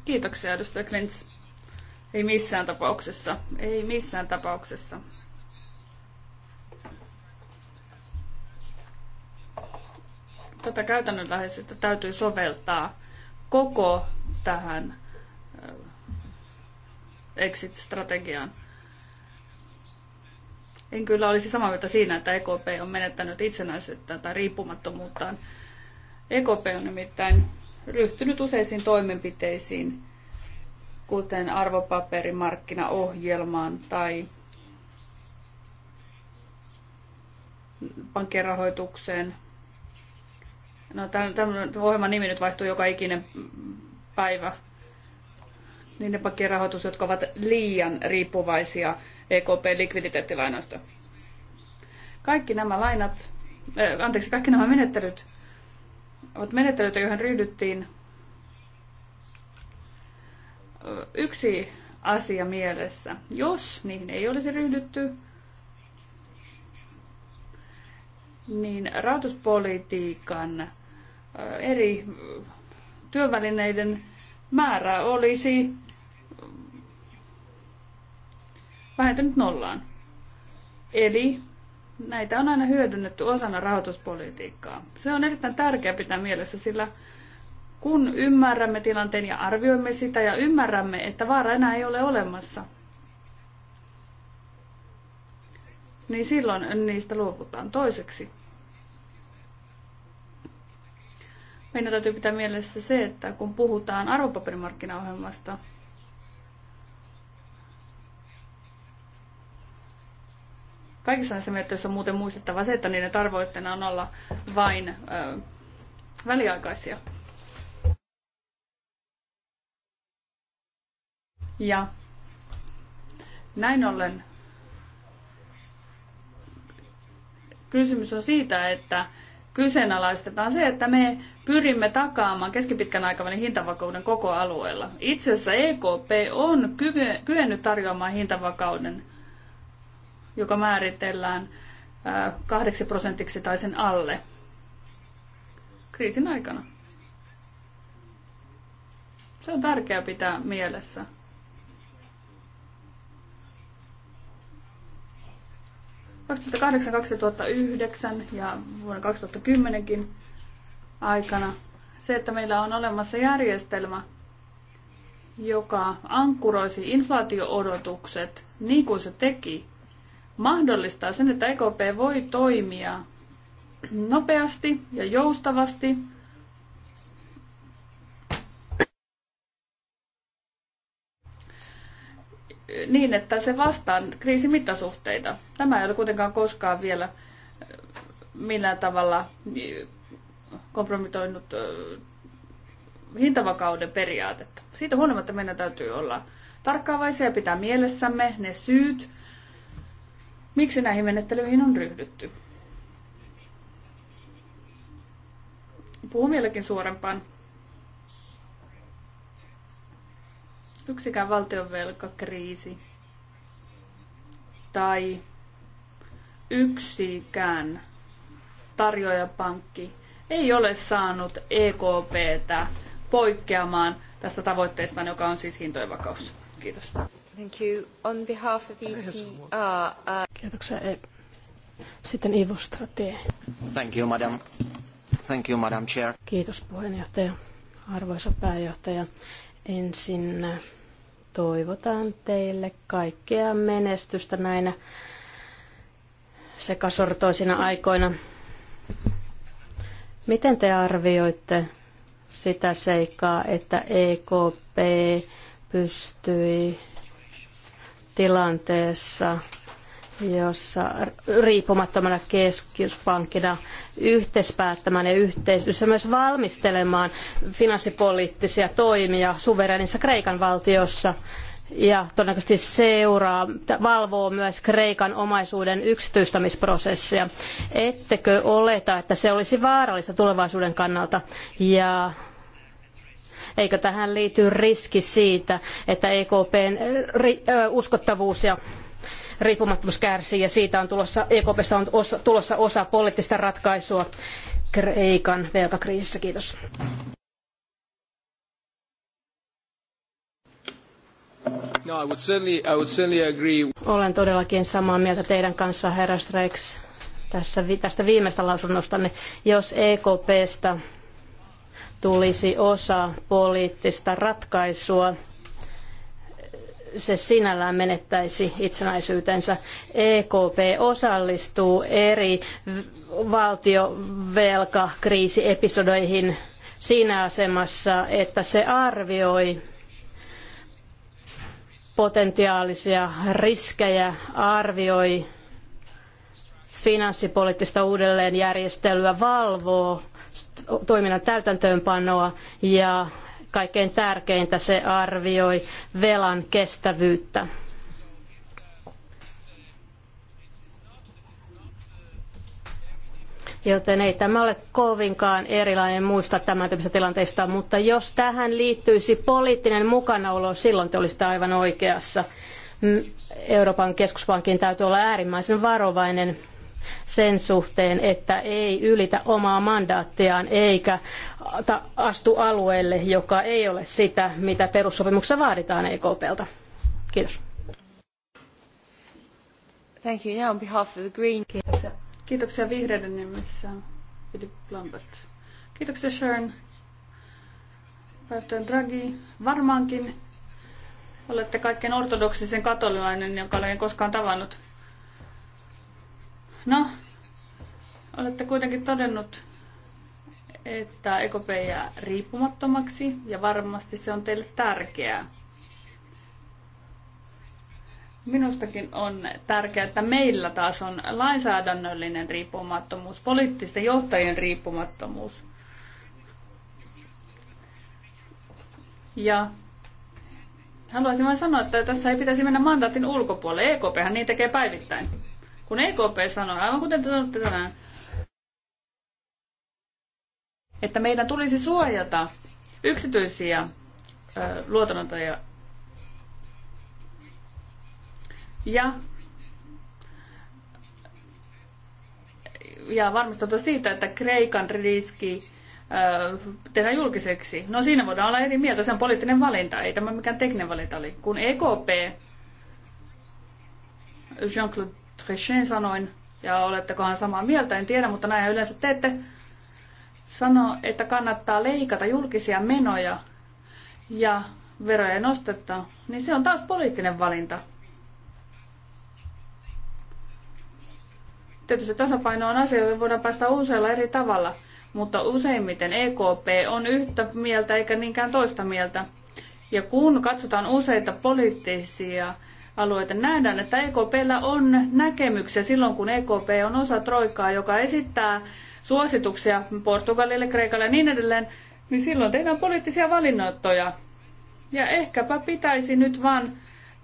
Kiitoksia, edustaja Klintz. Ei missään tapauksessa. Ei missään tapauksessa. Tätä käytännönläheisyyttä täytyy soveltaa koko tähän äh, exit-strategiaan. En kyllä olisi samaa mieltä siinä, että EKP on menettänyt itsenäisyyttä tai riippumattomuuttaan. EKP on nimittäin ryhtynyt useisiin toimenpiteisiin, kuten arvopaperimarkkinaohjelmaan tai pankkien rahoitukseen. No, tämän ohjelman nimi nyt vaihtuu joka ikinen päivä. Niin ne pankkien rahoitus, jotka ovat liian riippuvaisia EKP-likviditeettilainoista. Kaikki nämä lainat, äh, anteeksi, kaikki nämä menettelyt ovat menettelyitä, joihin ryhdyttiin yksi asia mielessä. Jos niihin ei olisi ryhdytty, niin rahoituspolitiikan eri työvälineiden määrä olisi vähentynyt nollaan. Eli Näitä on aina hyödynnetty osana rahoituspolitiikkaa. Se on erittäin tärkeää pitää mielessä, sillä kun ymmärrämme tilanteen ja arvioimme sitä ja ymmärrämme, että vaara enää ei ole olemassa, niin silloin niistä luovutaan toiseksi. Meidän täytyy pitää mielessä se, että kun puhutaan arvopaperimarkkinaohjelmasta – Kaikissa näissä mietinnöissä on muuten muistettava se, että niiden tarvoitteena on olla vain ö, väliaikaisia. Ja näin ollen kysymys on siitä, että kyseenalaistetaan se, että me pyrimme takaamaan keskipitkän aikavälin hintavakauden koko alueella. Itse asiassa EKP on kyennyt tarjoamaan hintavakauden joka määritellään kahdeksi prosentiksi tai sen alle kriisin aikana. Se on tärkeää pitää mielessä. 2008 2009 ja vuonna 2010kin aikana se, että meillä on olemassa järjestelmä, joka ankkuroisi inflaatioodotukset niin kuin se teki mahdollistaa sen, että EKP voi toimia nopeasti ja joustavasti niin, että se vastaa kriisimittasuhteita. Tämä ei ole kuitenkaan koskaan vielä äh, millään tavalla äh, kompromitoinut äh, hintavakauden periaatetta. Siitä huolimatta meidän täytyy olla tarkkaavaisia ja pitää mielessämme ne syyt, Miksi näihin menettelyihin on ryhdytty? Puhun vieläkin suorempaan. Yksikään valtionvelkakriisi tai yksikään tarjoajapankki ei ole saanut EKPtä poikkeamaan tästä tavoitteesta, joka on siis hintojen vakaus. Kiitos. Thank you. On behalf of ECR, e uh, uh, Kiitoksia. E- sitten Ivo Stratie. Thank you, madam. Thank you, madam chair. Kiitos puheenjohtaja. Arvoisa pääjohtaja, ensin toivotan teille kaikkea menestystä näinä sekasortoisina aikoina. Miten te arvioitte sitä seikkaa, että EKP pystyi tilanteessa, jossa riippumattomana keskuspankkina yhteispäättämään ja yhteistyössä myös valmistelemaan finanssipoliittisia toimia suverenissa Kreikan valtiossa ja todennäköisesti seuraa, valvoo myös Kreikan omaisuuden yksityistämisprosessia. Ettekö oleta, että se olisi vaarallista tulevaisuuden kannalta ja Eikö tähän liity riski siitä, että EKPn uskottavuus ja riippumattomuus kärsii ja siitä on tulossa, EKPstä on tulossa osa poliittista ratkaisua Kreikan velkakriisissä. Kiitos. No, I would certainly, I would certainly agree. Olen todellakin samaa mieltä teidän kanssa, herra Streks, tässä, tästä viimeistä lausunnostanne. Jos EKPstä tulisi osa poliittista ratkaisua. Se sinällään menettäisi itsenäisyytensä. EKP osallistuu eri valtiovelkakriisiepisodoihin siinä asemassa, että se arvioi potentiaalisia riskejä, arvioi finanssipoliittista uudelleenjärjestelyä, valvoo toiminnan täytäntöönpanoa ja kaikkein tärkeintä se arvioi velan kestävyyttä. Joten ei tämä ole kovinkaan erilainen muista tämän tyyppisistä tilanteista, mutta jos tähän liittyisi poliittinen mukanaolo, silloin te olisitte aivan oikeassa. Mm, Euroopan keskuspankin täytyy olla äärimmäisen varovainen sen suhteen, että ei ylitä omaa mandaattiaan eikä astu alueelle, joka ei ole sitä, mitä perussopimuksessa vaaditaan EKPltä. Kiitos. Thank you. Now on behalf of the Green. Kiitoksia. Kiitoksia vihreiden nimessä, Philip Lambert. Kiitoksia Sharon. Päivittäin Draghi. Varmaankin olette kaikkein ortodoksisen katolilainen, joka olen koskaan tavannut. No, olette kuitenkin todennut, että EKP jää riippumattomaksi ja varmasti se on teille tärkeää. Minustakin on tärkeää, että meillä taas on lainsäädännöllinen riippumattomuus, poliittisten johtajien riippumattomuus. Ja haluaisin vain sanoa, että tässä ei pitäisi mennä mandaatin ulkopuolelle. EKP: niin tekee päivittäin. Kun EKP sanoi, aivan kuten te sanotte tänään, että meidän tulisi suojata yksityisiä luotonantajia ja, ja varmistautua siitä, että Kreikan riski tehdä julkiseksi. No siinä voidaan olla eri mieltä, se on poliittinen valinta, ei tämä mikään tekninen valinta oli. Kun EKP, Jean-Claude Trishin sanoin, ja olettekohan samaa mieltä, en tiedä, mutta näin yleensä teette, sano, että kannattaa leikata julkisia menoja ja veroja nostetta, niin se on taas poliittinen valinta. Tietysti tasapaino on asia, jota voidaan päästä useilla eri tavalla, mutta useimmiten EKP on yhtä mieltä eikä niinkään toista mieltä. Ja kun katsotaan useita poliittisia alueita. Nähdään, että EKPllä on näkemyksiä silloin, kun EKP on osa troikaa, joka esittää suosituksia Portugalille, Kreikalle ja niin edelleen, niin silloin tehdään poliittisia valinnoittoja. Ja ehkäpä pitäisi nyt vaan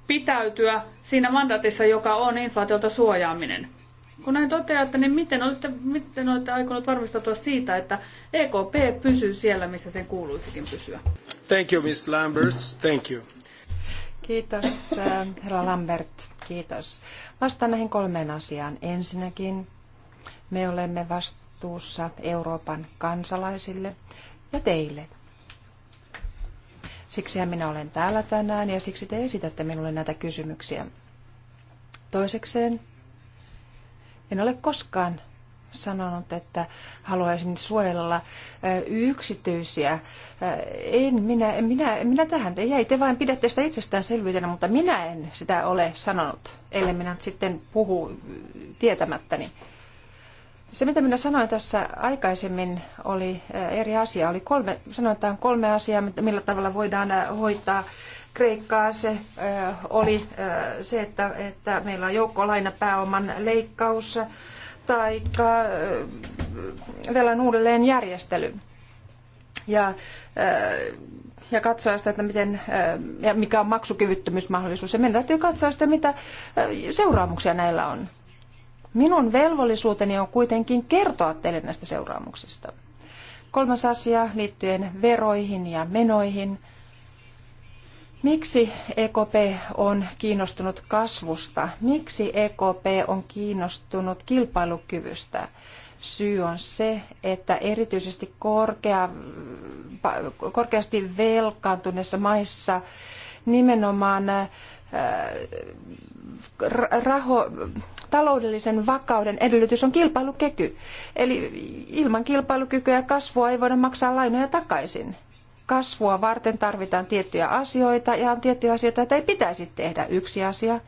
pitäytyä siinä mandaatissa, joka on inflaatiolta suojaaminen. Kun näin toteatte, niin miten olette, miten olette aikonut varmistautua siitä, että EKP pysyy siellä, missä sen kuuluisikin pysyä? Thank you, Ms. Lambert. Thank you. Kiitos, äh, herra Lambert. Kiitos. Vastaan näihin kolmeen asiaan. Ensinnäkin me olemme vastuussa Euroopan kansalaisille ja teille. Siksihän minä olen täällä tänään ja siksi te esitätte minulle näitä kysymyksiä. Toisekseen, en ole koskaan sanonut, että haluaisin suojella yksityisiä. En minä, en minä, en minä tähän te jäi. Te vain pidätte sitä itsestäänselvyytenä, mutta minä en sitä ole sanonut, ellei minä sitten puhu tietämättäni. Se, mitä minä sanoin tässä aikaisemmin, oli eri asia. Oli kolme, sanotaan kolme asiaa, millä tavalla voidaan hoitaa Kreikkaa. Se oli se, että, että meillä on joukkolainapääoman leikkaus tai velan uudelleen järjestely. Ja, ja katsoa sitä, että miten, ja mikä on maksukyvyttömyysmahdollisuus. Ja meidän täytyy katsoa sitä, mitä seuraamuksia näillä on. Minun velvollisuuteni on kuitenkin kertoa teille näistä seuraamuksista. Kolmas asia liittyen veroihin ja menoihin – Miksi EKP on kiinnostunut kasvusta? Miksi EKP on kiinnostunut kilpailukyvystä? Syy on se, että erityisesti korkea, korkeasti velkaantuneissa maissa nimenomaan äh, raho, taloudellisen vakauden edellytys on kilpailukyky. Eli ilman kilpailukykyä ja kasvua ei voida maksaa lainoja takaisin kasvua varten tarvitaan tiettyjä asioita ja on tiettyjä asioita, joita ei pitäisi tehdä. Yksi asia,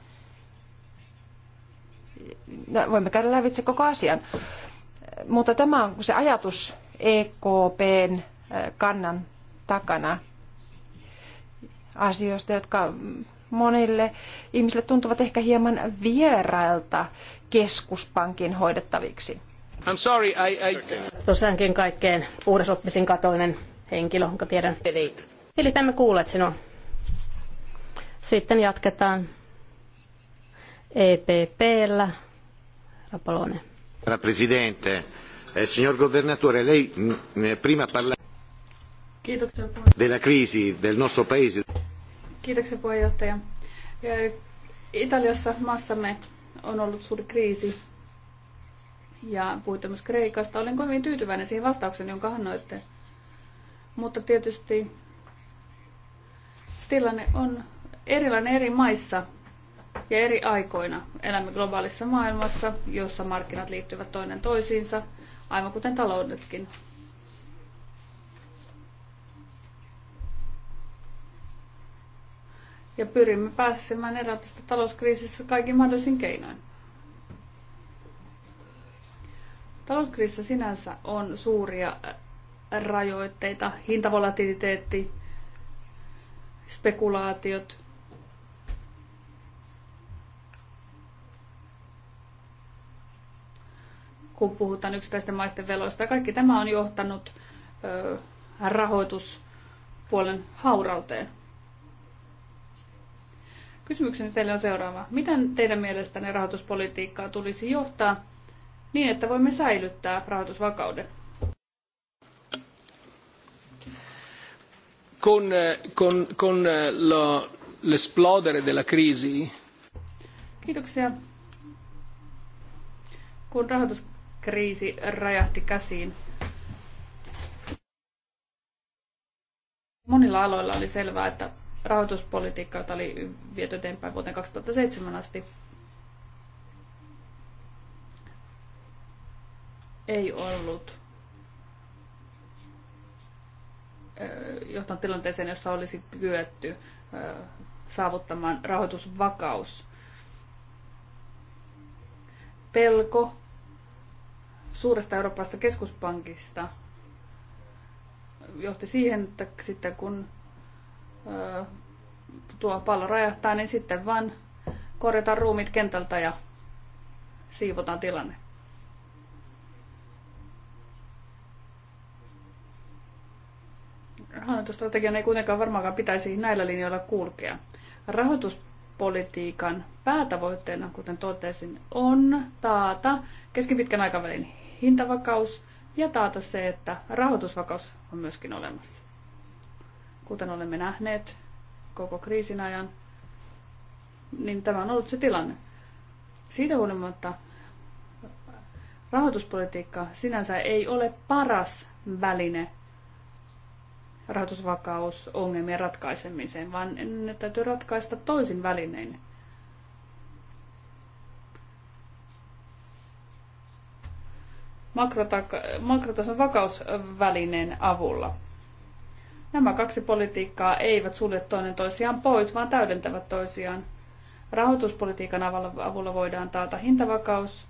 no, voimme käydä lävitse koko asian, mutta tämä on se ajatus EKPn kannan takana asioista, jotka monille ihmisille tuntuvat ehkä hieman vierailta keskuspankin hoidettaviksi. I'm sorry, I, I... Tosiaankin kaikkein puhdasoppisin katoinen henkilö, jonka tiedän. Eli, Eli kuulet sinua. Sitten jatketaan EPP: llä Rapalone. Herra presidente, eh, signor governatore, lei mm, eh, prima parla della crisi del nostro paese. Kiitoksia puheenjohtaja. Eh, Italiassa maassamme on ollut suuri kriisi ja puhuitte myös Kreikasta. Olen kovin tyytyväinen siihen vastaukseen, jonka annoitte mutta tietysti tilanne on erilainen eri maissa ja eri aikoina. Elämme globaalissa maailmassa, jossa markkinat liittyvät toinen toisiinsa, aivan kuten taloudetkin. Ja pyrimme pääsemään eroon tästä talouskriisistä kaikin mahdollisin keinoin. Talouskriisissä sinänsä on suuria rajoitteita, hintavolatiliteetti, spekulaatiot. kun puhutaan yksittäisten maisten veloista. Kaikki tämä on johtanut ö, rahoituspuolen haurauteen. Kysymykseni teille on seuraava. Miten teidän mielestänne rahoituspolitiikkaa tulisi johtaa niin, että voimme säilyttää rahoitusvakauden? Eh, con, con, con eh, lo, l'esplodere della crisi. Kiitoksia. Kun rahoituskriisi räjähti käsiin, monilla aloilla oli selvää, että rahoituspolitiikka, jota oli viety eteenpäin vuoteen 2007 asti, ei ollut Eh, johtanut tilanteeseen, jossa olisi kyetty eh, saavuttamaan rahoitusvakaus. Pelko suuresta eurooppalaisesta keskuspankista johti siihen, että sitten kun eh, tuo pallo räjähtää, niin sitten vaan korjataan ruumit kentältä ja siivotaan tilanne. Rahoitusstrategian ei kuitenkaan varmaankaan pitäisi näillä linjoilla kulkea. Rahoituspolitiikan päätavoitteena, kuten totesin, on taata keskipitkän aikavälin hintavakaus ja taata se, että rahoitusvakaus on myöskin olemassa. Kuten olemme nähneet koko kriisin ajan, niin tämä on ollut se tilanne. Siitä huolimatta rahoituspolitiikka sinänsä ei ole paras väline rahoitusvakausongelmien ratkaisemiseen, vaan ne täytyy ratkaista toisin välinein. makrotason vakausvälineen avulla. Nämä kaksi politiikkaa eivät sulje toinen toisiaan pois, vaan täydentävät toisiaan. Rahoituspolitiikan avulla voidaan taata hintavakaus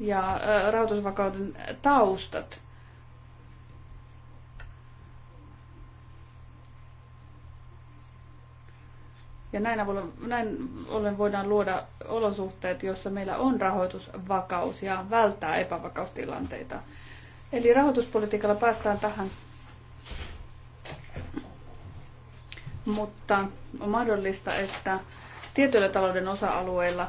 ja rahoitusvakauden taustat Ja näin, avulla, näin ollen voidaan luoda olosuhteet, joissa meillä on rahoitusvakaus ja välttää epävakaustilanteita. Eli rahoituspolitiikalla päästään tähän. Mutta on mahdollista, että tietyillä talouden osa-alueilla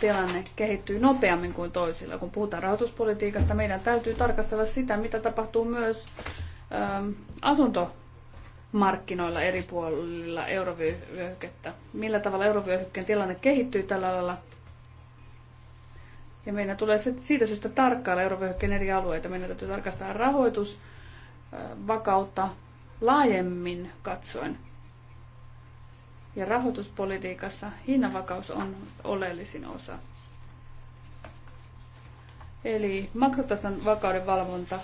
tilanne kehittyy nopeammin kuin toisilla. Kun puhutaan rahoituspolitiikasta, meidän täytyy tarkastella sitä, mitä tapahtuu myös ähm, asunto markkinoilla eri puolilla eurovyöhykettä. Millä tavalla eurovyöhykkeen tilanne kehittyy tällä alalla? Ja meidän tulee siitä syystä tarkkailla eurovyöhykkeen eri alueita. Meidän täytyy tarkastaa rahoitus, vakautta laajemmin katsoen. Ja rahoituspolitiikassa hinnanvakaus on oleellisin osa. Eli makrotason vakauden valvonta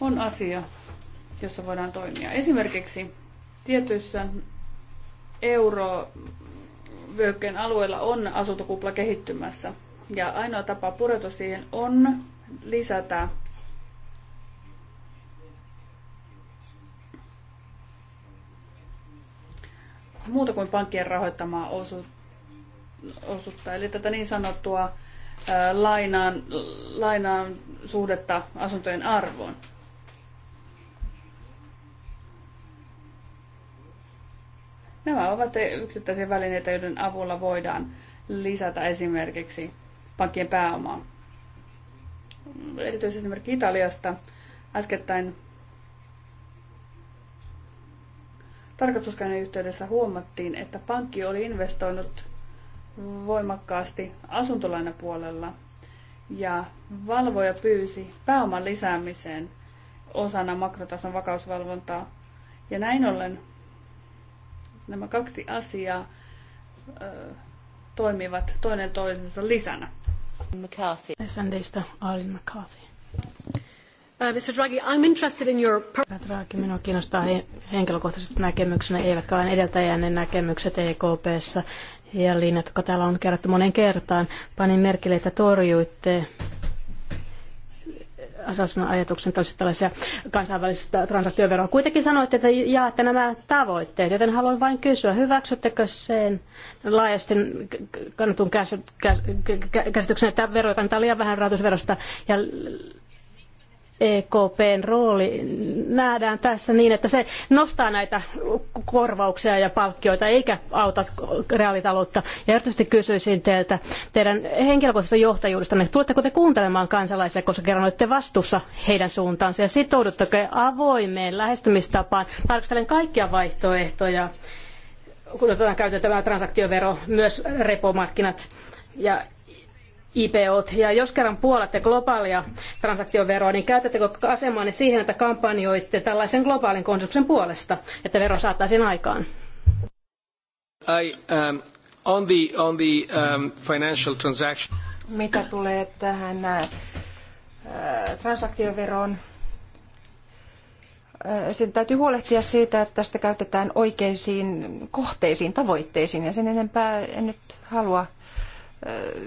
on asia, jossa voidaan toimia. Esimerkiksi tietyissä eurovyöhykkeen alueilla on asuntokupla kehittymässä. Ja ainoa tapa pureutua siihen on lisätä muuta kuin pankkien rahoittamaa osuutta, eli tätä niin sanottua lainaan, lainaan suhdetta asuntojen arvoon. Nämä ovat yksittäisiä välineitä, joiden avulla voidaan lisätä esimerkiksi pankkien pääomaa. Erityisesimerkki Italiasta äskettäin tarkastuskäynnin yhteydessä huomattiin, että pankki oli investoinut voimakkaasti asuntolainapuolella ja valvoja pyysi pääoman lisäämiseen osana makrotason vakausvalvontaa. Ja näin ollen Nämä kaksi asiaa ö, toimivat toinen toisensa lisänä. McCarthy. SNDstä Arlene McCarthy. Uh, Mr. Draghi, I'm interested in your... Draghi, minua kiinnostaa he, henkilökohtaiset eivätkä vain edeltäjänne näkemykset EKPssä ja linjat, jotka täällä on kerrottu monen kertaan. Panin merkille, että torjuitte sellaisen ajatuksen tällaisia kansainvälistä transaktioveroa. Kuitenkin sanoitte, että jaatte nämä tavoitteet, joten haluan vain kysyä, hyväksyttekö sen laajasti kannatun käsityksen, että veroja kannattaa liian vähän rahoitusverosta ja EKPn rooli nähdään tässä niin, että se nostaa näitä korvauksia ja palkkioita eikä auta reaalitaloutta. Ja erityisesti kysyisin teiltä teidän henkilökohtaisesta johtajuudestanne. Tuletteko te kuuntelemaan kansalaisia, koska kerran olette vastuussa heidän suuntaansa ja sitoudutteko avoimeen lähestymistapaan? Tarkastelen kaikkia vaihtoehtoja, kun otetaan käyttöön tämä transaktiovero, myös repomarkkinat ja IPOt. Ja jos kerran puolatte globaalia transaktioveroa, niin käytättekö asemaanne siihen, että kampanjoitte tällaisen globaalin konsensuksen puolesta, että vero saataisiin aikaan? I, um, on the, on the um, financial transaction. Mitä tulee tähän äh, transaktioveroon, äh, sen täytyy huolehtia siitä, että tästä käytetään oikeisiin kohteisiin, tavoitteisiin ja sen enempää en nyt halua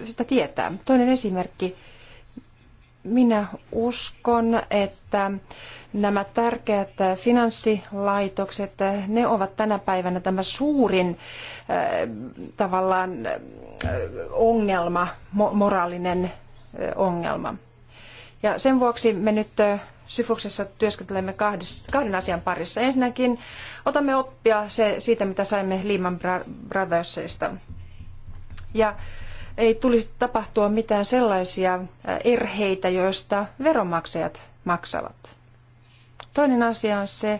sitä tietää. Toinen esimerkki. Minä uskon, että nämä tärkeät finanssilaitokset, ne ovat tänä päivänä tämä suurin tavallaan ongelma, moraalinen ongelma. Ja sen vuoksi me nyt Syfuksessa työskentelemme kahden asian parissa. Ensinnäkin otamme oppia se siitä, mitä saimme Lehman Brothersista. Ja ei tulisi tapahtua mitään sellaisia erheitä, joista veronmaksajat maksavat. Toinen asia on se,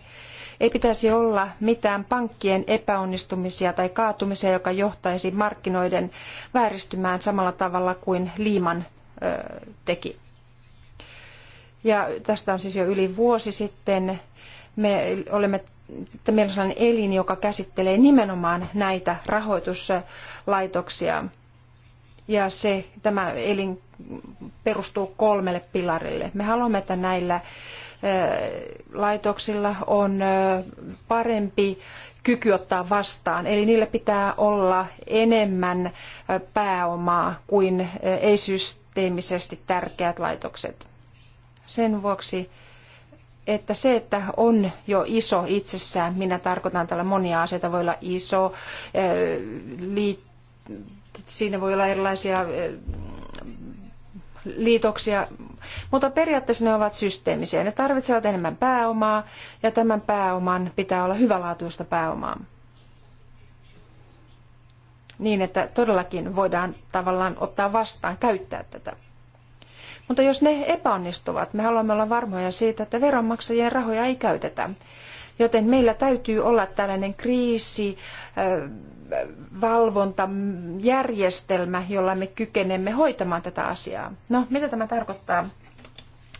ei pitäisi olla mitään pankkien epäonnistumisia tai kaatumisia, joka johtaisi markkinoiden vääristymään samalla tavalla kuin Liiman teki. Ja tästä on siis jo yli vuosi sitten. Me olemme meillä on sellainen elin, joka käsittelee nimenomaan näitä rahoituslaitoksia ja se, tämä elin perustuu kolmelle pilarille. Me haluamme, että näillä laitoksilla on parempi kyky ottaa vastaan. Eli niillä pitää olla enemmän pääomaa kuin ei-systeemisesti tärkeät laitokset. Sen vuoksi, että se, että on jo iso itsessään, minä tarkoitan tällä monia asioita, voi olla iso liitto, siinä voi olla erilaisia eh, liitoksia, mutta periaatteessa ne ovat systeemisiä. Ne tarvitsevat enemmän pääomaa ja tämän pääoman pitää olla hyvälaatuista pääomaa. Niin, että todellakin voidaan tavallaan ottaa vastaan, käyttää tätä. Mutta jos ne epäonnistuvat, me haluamme olla varmoja siitä, että veronmaksajien rahoja ei käytetä. Joten meillä täytyy olla tällainen kriisi, eh, valvontajärjestelmä, jolla me kykenemme hoitamaan tätä asiaa. No, mitä tämä tarkoittaa?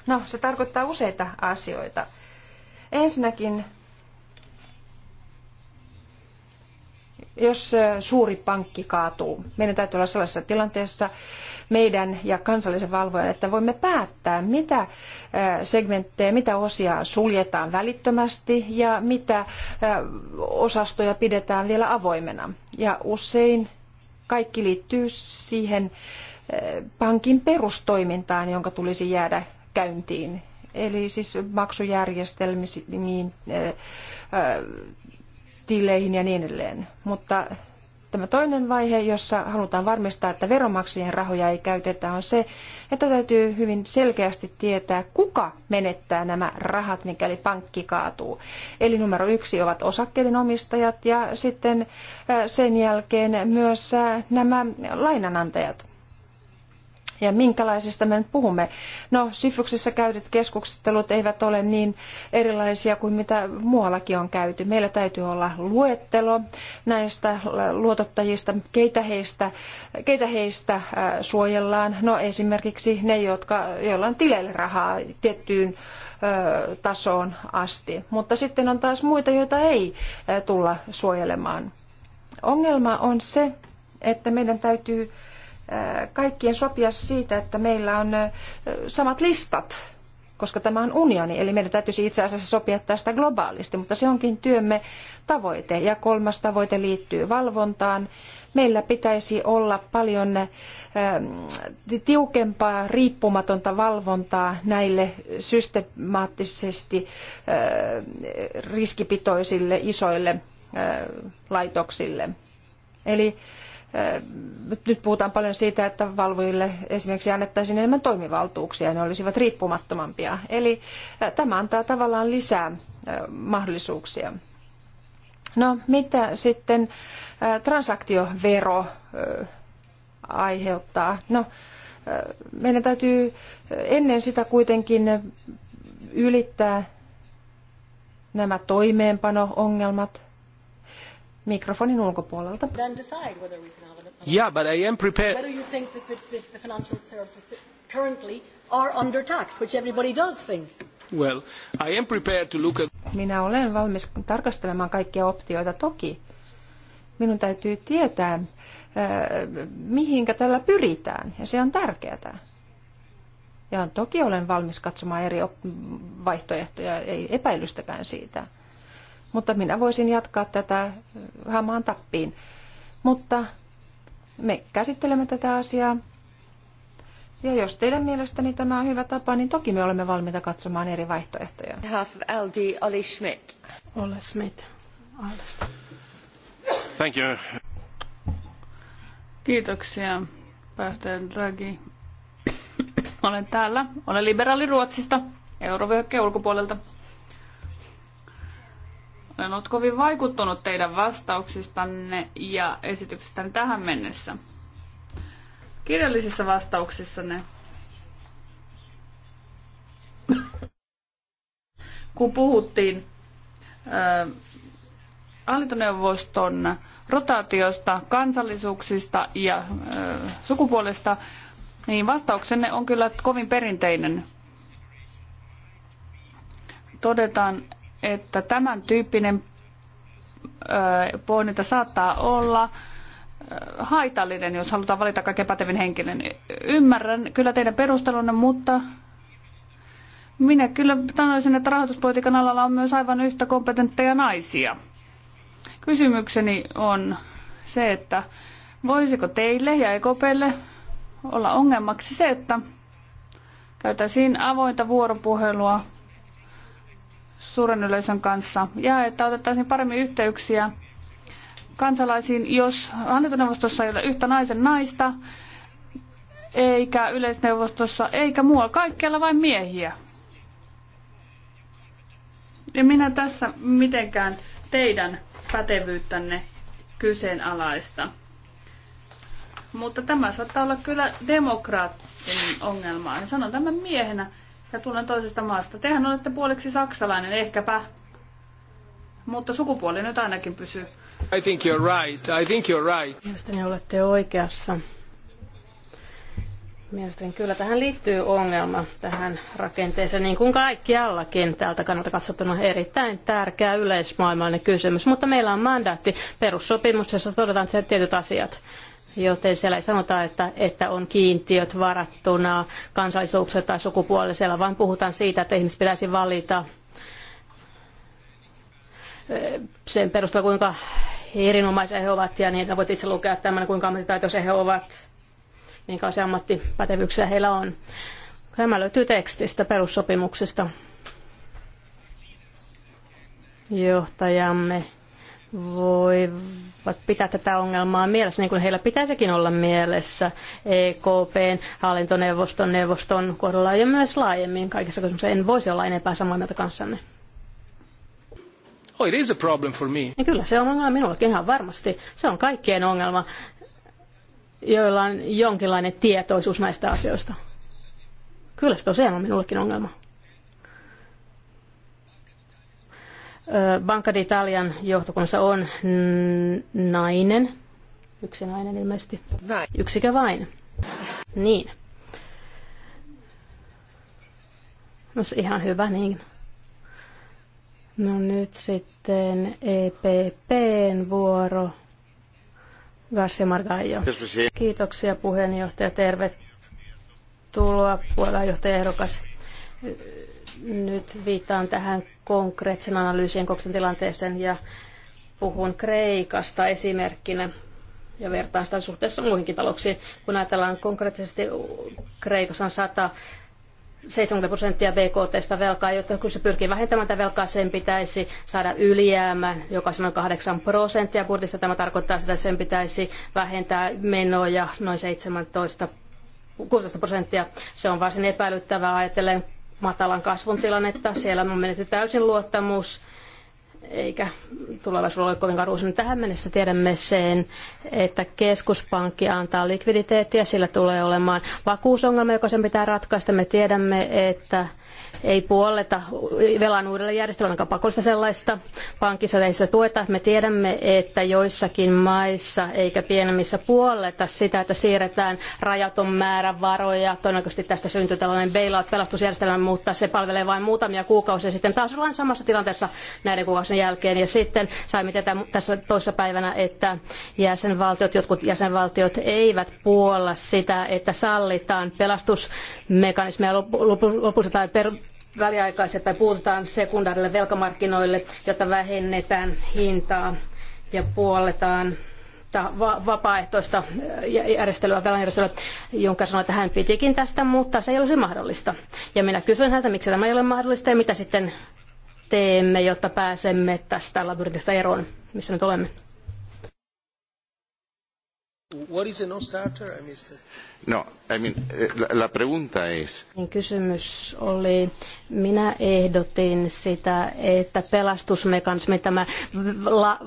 No, se tarkoittaa useita asioita. Ensinnäkin jos suuri pankki kaatuu, meidän täytyy olla sellaisessa tilanteessa meidän ja kansallisen valvojan, että voimme päättää, mitä segmenttejä, mitä osia suljetaan välittömästi ja mitä osastoja pidetään vielä avoimena. Ja usein kaikki liittyy siihen pankin perustoimintaan, jonka tulisi jäädä käyntiin. Eli siis maksujärjestelmiin, tileihin ja niin edelleen. Mutta tämä toinen vaihe, jossa halutaan varmistaa, että veronmaksajien rahoja ei käytetä, on se, että täytyy hyvin selkeästi tietää, kuka menettää nämä rahat, mikäli pankki kaatuu. Eli numero yksi ovat osakkeiden omistajat ja sitten sen jälkeen myös nämä lainanantajat ja minkälaisista me nyt puhumme. No, Syfyksessä käydyt keskustelut eivät ole niin erilaisia kuin mitä muuallakin on käyty. Meillä täytyy olla luettelo näistä luotottajista, keitä heistä, keitä heistä äh, suojellaan. No esimerkiksi ne, jotka, joilla on tileille rahaa tiettyyn äh, tasoon asti. Mutta sitten on taas muita, joita ei äh, tulla suojelemaan. Ongelma on se, että meidän täytyy kaikkien sopia siitä, että meillä on samat listat, koska tämä on unioni. Eli meidän täytyisi itse asiassa sopia tästä globaalisti, mutta se onkin työmme tavoite. Ja kolmas tavoite liittyy valvontaan. Meillä pitäisi olla paljon tiukempaa, riippumatonta valvontaa näille systemaattisesti riskipitoisille isoille laitoksille. Eli nyt puhutaan paljon siitä, että valvojille esimerkiksi annettaisiin enemmän toimivaltuuksia ja ne olisivat riippumattomampia. Eli tämä antaa tavallaan lisää mahdollisuuksia. No mitä sitten transaktiovero aiheuttaa? No meidän täytyy ennen sitä kuitenkin ylittää nämä toimeenpano-ongelmat mikrofonin ulkopuolelta. Then decide whether we Yeah, but I am prepared. Whether you think that the, that the financial services currently are under tax, which everybody does think. Well, I am prepared to look at... Minä olen valmis tarkastelemaan kaikkia optioita toki. Minun täytyy tietää, äh, mihinkä tällä pyritään, ja se on tärkeää. Ja toki olen valmis katsomaan eri vaihtoehtoja, ei epäilystäkään siitä. Mutta minä voisin jatkaa tätä hamaan tappiin. Mutta me käsittelemme tätä asiaa. Ja jos teidän mielestäni tämä on hyvä tapa, niin toki me olemme valmiita katsomaan eri vaihtoehtoja. LD Oli Schmidt. Ole Schmidt. Allesta. Thank you. Kiitoksia, päästöjä Draghi. Olen täällä. Olen liberaali Ruotsista, eurovyöhykkeen ulkopuolelta. Olen ollut kovin vaikuttunut teidän vastauksistanne ja esityksistänne tähän mennessä. Kirjallisissa vastauksissanne kun puhuttiin äh, hallintoneuvoston rotaatiosta, kansallisuuksista ja äh, sukupuolesta, niin vastauksenne on kyllä kovin perinteinen. Todetaan, että tämän tyyppinen pohdinta saattaa olla haitallinen, jos halutaan valita kaikkein pätevin henkilön. Ymmärrän kyllä teidän perustelunne, mutta minä kyllä sanoisin, että rahoituspolitiikan alalla on myös aivan yhtä kompetentteja naisia. Kysymykseni on se, että voisiko teille ja EKPlle olla ongelmaksi se, että käytäisiin avointa vuoropuhelua suuren yleisön kanssa ja että otettaisiin paremmin yhteyksiä kansalaisiin, jos hallintoneuvostossa ei ole yhtä naisen naista, eikä yleisneuvostossa, eikä muualla, kaikkialla vain miehiä. Ja minä tässä mitenkään teidän pätevyyttänne kyseenalaista. Mutta tämä saattaa olla kyllä demokraattinen ongelma. Ja sanon tämän miehenä, ja tulen toisesta maasta. Tehän olette puoliksi saksalainen, ehkäpä. Mutta sukupuoli nyt ainakin pysyy. I think you're right. I think you're right. Mielestäni olette oikeassa. Mielestäni kyllä tähän liittyy ongelma tähän rakenteeseen, niin kuin kaikkiallakin tältä kannalta katsottuna erittäin tärkeä yleismaailmallinen kysymys. Mutta meillä on mandaatti perussopimuksessa, todetaan sen tietyt asiat joten siellä ei sanota, että, että on kiintiöt varattuna kansallisuuksella tai sukupuolisella, vaan puhutaan siitä, että ihmiset pitäisi valita sen perusteella, kuinka erinomaisia he ovat, ja niin, että voit itse lukea tämän, kuinka ammattitaitoisia he ovat, minkälaisia ammattipätevyyksiä heillä on. Tämä löytyy tekstistä perussopimuksesta. Johtajamme voi pitää tätä ongelmaa mielessä, niin kuin heillä pitäisikin olla mielessä EKPn, hallintoneuvoston, neuvoston kohdalla ja myös laajemmin kaikissa kysymyksissä. En voisi olla enempää samaa mieltä kanssanne. Oh, it is a problem for me. Ja kyllä se on ongelma minullekin ihan varmasti. Se on kaikkien ongelma, joilla on jonkinlainen tietoisuus näistä asioista. Kyllä se tosiaan on minullekin ongelma. Banca d'Italian johtokunnassa on nainen. Yksi nainen ilmeisesti. Vain. Yksikä vain. Niin. No se ihan hyvä, niin. No nyt sitten EPPn vuoro. Garcia Margallo. Kiitoksia puheenjohtaja. Tervetuloa puheenjohtaja ehdokas. Nyt viittaan tähän konkreettisen analyysien koksen tilanteeseen ja puhun Kreikasta esimerkkinä ja vertaan sitä suhteessa muihinkin talouksiin. Kun ajatellaan konkreettisesti Kreikassa on 100 70 prosenttia BKTstä velkaa, jotta kun se pyrkii vähentämään tätä velkaa, sen pitäisi saada ylijäämään, joka on noin 8 prosenttia budjetista. Tämä tarkoittaa sitä, että sen pitäisi vähentää menoja noin 17 16 prosenttia. Se on varsin epäilyttävää ajatellen matalan kasvun tilannetta. Siellä on menetty täysin luottamus, eikä tulevaisuudella ole kovin karuus. Tähän mennessä tiedämme sen, että keskuspankki antaa likviditeettiä, sillä tulee olemaan vakuusongelma, joka sen pitää ratkaista. Me tiedämme, että ei puolleta velan uudelle järjestelmän pakollista sellaista. Pankissa ei sitä tueta. Me tiedämme, että joissakin maissa eikä pienemmissä puolleta sitä, että siirretään rajaton määrä varoja. Todennäköisesti tästä syntyy tällainen bailout-pelastusjärjestelmä, mutta se palvelee vain muutamia kuukausia. Sitten taas ollaan samassa tilanteessa näiden kuukausien jälkeen. Ja sitten saimme tätä tässä toissa päivänä, että jäsenvaltiot, jotkut jäsenvaltiot eivät puolla sitä, että sallitaan pelastusmekanismeja lopussa tai per, väliaikaiset tai puututaan sekundaarille velkamarkkinoille, jotta vähennetään hintaa ja puoletaan vapaaehtoista eh, järjestelyä, velanjärjestelyä, jonka sanoi, että hän pitikin tästä, mutta se ei olisi mahdollista. Ja minä kysyin häneltä, miksi tämä ei ole mahdollista ja mitä sitten teemme, jotta pääsemme tästä labyrintistä eroon, missä nyt olemme. What is a no-starter? I missed it. No, I mean, eh, la pregunta es... Niin, kysymys oli, minä ehdotin sitä, että pelastusmekanismi, tämä la,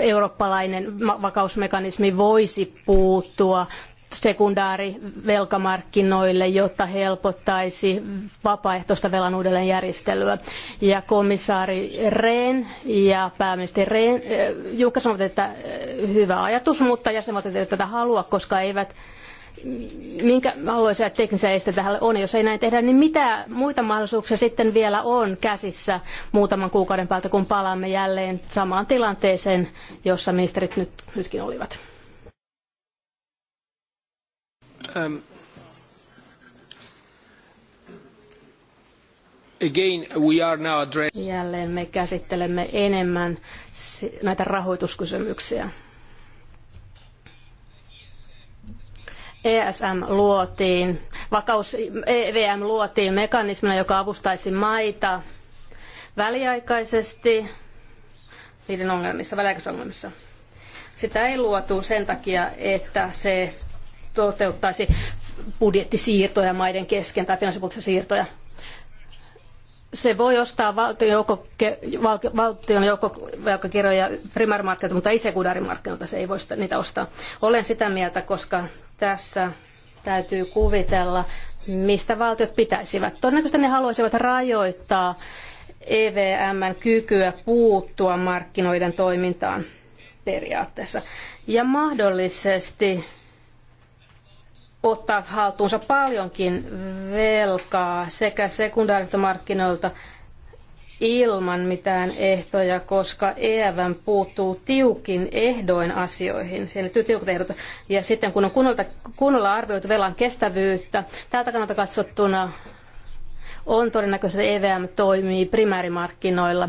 eurooppalainen vakausmekanismi voisi puuttua sekundaarivelkamarkkinoille, jotta helpottaisi vapaaehtoista velan uudelleenjärjestelyä. Ja komissaari Rehn ja pääministeri Rehn, eh, Jukka sanoivat, että eh, hyvä ajatus, mutta jäsenvaltiot eivät tätä halua, koska eivät minkä haluaisin, että teknisiä esteitä tähän on. Jos ei näin tehdä, niin mitä muita mahdollisuuksia sitten vielä on käsissä muutaman kuukauden päältä, kun palaamme jälleen samaan tilanteeseen, jossa ministerit nyt, nytkin olivat? Um, again, we are now Jälleen me käsittelemme enemmän näitä rahoituskysymyksiä. ESM luotiin, vakaus, EVM luotiin mekanismina, joka avustaisi maita väliaikaisesti niiden ongelmissa, väliaikaisongelmissa. Sitä ei luotu sen takia, että se toteuttaisi budjettisiirtoja maiden kesken tai finanssipoliittisia siirtoja. Se voi ostaa valtion, joukko, valtion joukkovelkakirjoja primäärimarkkinoilta, mutta ei sekundaarimarkkinoilta. Se ei voi sitä, niitä ostaa. Olen sitä mieltä, koska tässä täytyy kuvitella, mistä valtiot pitäisivät. Todennäköisesti ne haluaisivat rajoittaa EVMn kykyä puuttua markkinoiden toimintaan periaatteessa. Ja mahdollisesti ottaa haltuunsa paljonkin velkaa sekä sekundaarilta markkinoilta ilman mitään ehtoja, koska EVM puuttuu tiukin ehdoin asioihin. Siellä löytyy tiukat ehdot. Ja sitten kun on kunnolla, kunnolla arvioitu velan kestävyyttä, tältä kannalta katsottuna on todennäköistä, että EVM toimii primäärimarkkinoilla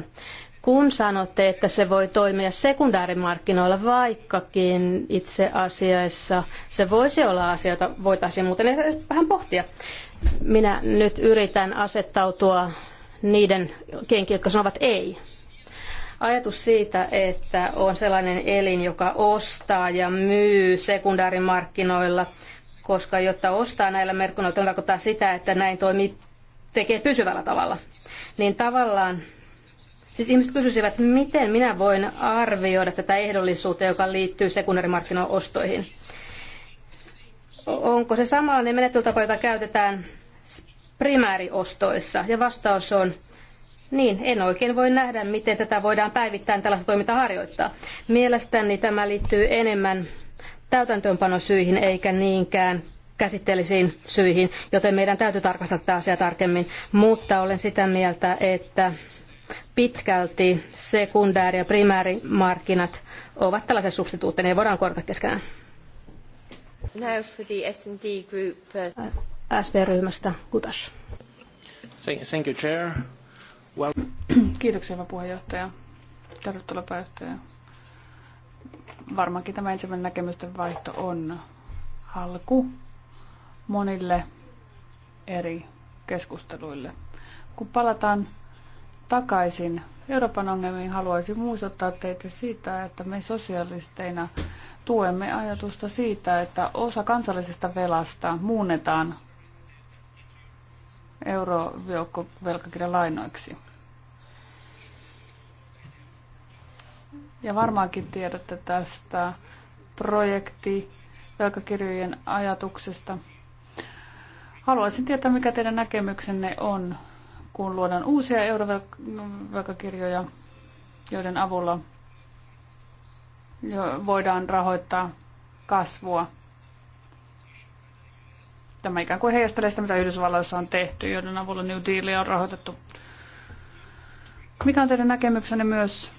kun sanotte, että se voi toimia sekundaarimarkkinoilla, vaikkakin itse asiassa se voisi olla asioita, voitaisiin muuten vähän pohtia. Minä nyt yritän asettautua niiden kenkiin, jotka sanovat ei. Ajatus siitä, että on sellainen elin, joka ostaa ja myy sekundaarimarkkinoilla, koska jotta ostaa näillä merkkinoilla, tarkoittaa sitä, että näin toimii, tekee pysyvällä tavalla. Niin tavallaan Siis ihmiset kysyisivät, miten minä voin arvioida tätä ehdollisuutta, joka liittyy sekundaarimarkkinoiden ostoihin. Onko se samanlainen menettelytapa, jota käytetään primääriostoissa? Ja vastaus on, niin, en oikein voi nähdä, miten tätä voidaan päivittäin tällaista toimintaa harjoittaa. Mielestäni tämä liittyy enemmän täytäntöönpanosyihin eikä niinkään käsitteellisiin syihin, joten meidän täytyy tarkastaa tämä asia tarkemmin. Mutta olen sitä mieltä, että pitkälti sekundääri- ja primäärimarkkinat ovat tällaisia substituutteja, ne voidaan korvata keskenään. Now for the S&D group. Uh, SD-ryhmästä Kutas. Thank you, Chair. Well... [clears throat] Kiitoksia, hyvä puheenjohtaja. Tervetuloa pääjohtaja. Varmaankin tämä ensimmäinen näkemysten vaihto on alku monille eri keskusteluille. Kun palataan takaisin Euroopan ongelmiin, haluaisin muistuttaa teitä siitä, että me sosialisteina tuemme ajatusta siitä, että osa kansallisesta velasta muunnetaan eurovelkakirjan lainoiksi. Ja varmaankin tiedätte tästä projekti velkakirjojen ajatuksesta. Haluaisin tietää, mikä teidän näkemyksenne on kun luodaan uusia eurovelkakirjoja, joiden avulla voidaan rahoittaa kasvua. Tämä ikään kuin heijastelee sitä, mitä Yhdysvalloissa on tehty, joiden avulla New Deal on rahoitettu. Mikä on teidän näkemyksenne myös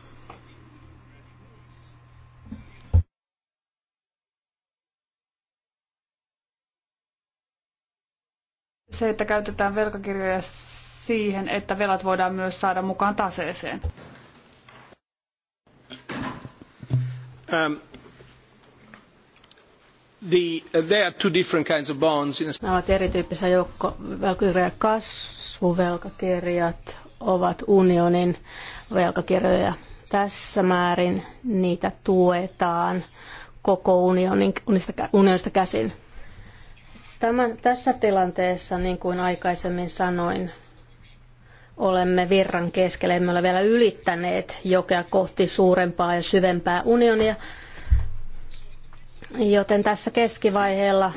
se, että käytetään velkakirjoja siihen, että velat voidaan myös saada mukaan taseeseen? Um. The, uh, there are two different kinds of bonds. Nämä ovat erityyppisiä velkakirjoja. Kasvuvelkakirjat ovat unionin velkakirjoja. Tässä määrin niitä tuetaan koko unionin, unionista käsin. Tämän, tässä tilanteessa, niin kuin aikaisemmin sanoin, olemme virran keskellä, emme ole vielä ylittäneet jokea kohti suurempaa ja syvempää unionia. Joten tässä keskivaiheella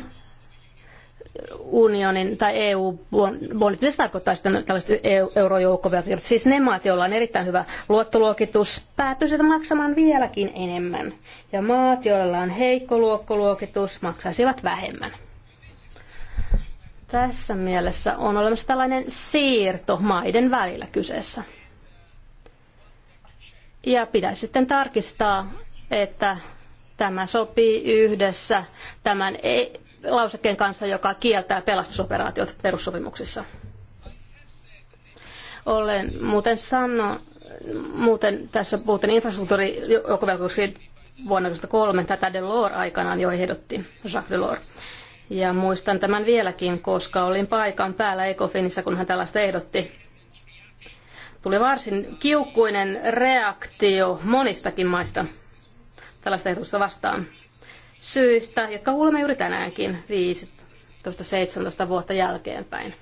unionin tai EU, poliittisesti tarkoittaa sitten no, tällaiset e eurojoukkovelkakirjat, siis ne maat, joilla on erittäin hyvä luottoluokitus, päätyisivät maksamaan vieläkin enemmän. Ja maat, joilla on heikko luottoluokitus, maksaisivat vähemmän. Tässä mielessä on olemassa tällainen siirto maiden välillä kyseessä. Ja pitäisi sitten tarkistaa, että tämä sopii yhdessä tämän e- lausekkeen kanssa, joka kieltää pelastusoperaatiot perussopimuksissa. Olen muuten sanonut, muuten tässä puhuttiin infrastruktuurijoukkovelvollisuuksiin vuonna 2003 tätä Delors aikanaan jo ehdotti, Jacques Delors. Ja muistan tämän vieläkin, koska olin paikan päällä Ecofinissa, kun hän tällaista ehdotti. Tuli varsin kiukkuinen reaktio monistakin maista tällaista ehdotusta vastaan. Syistä, jotka kuulemme juuri tänäänkin 15-17 vuotta jälkeenpäin.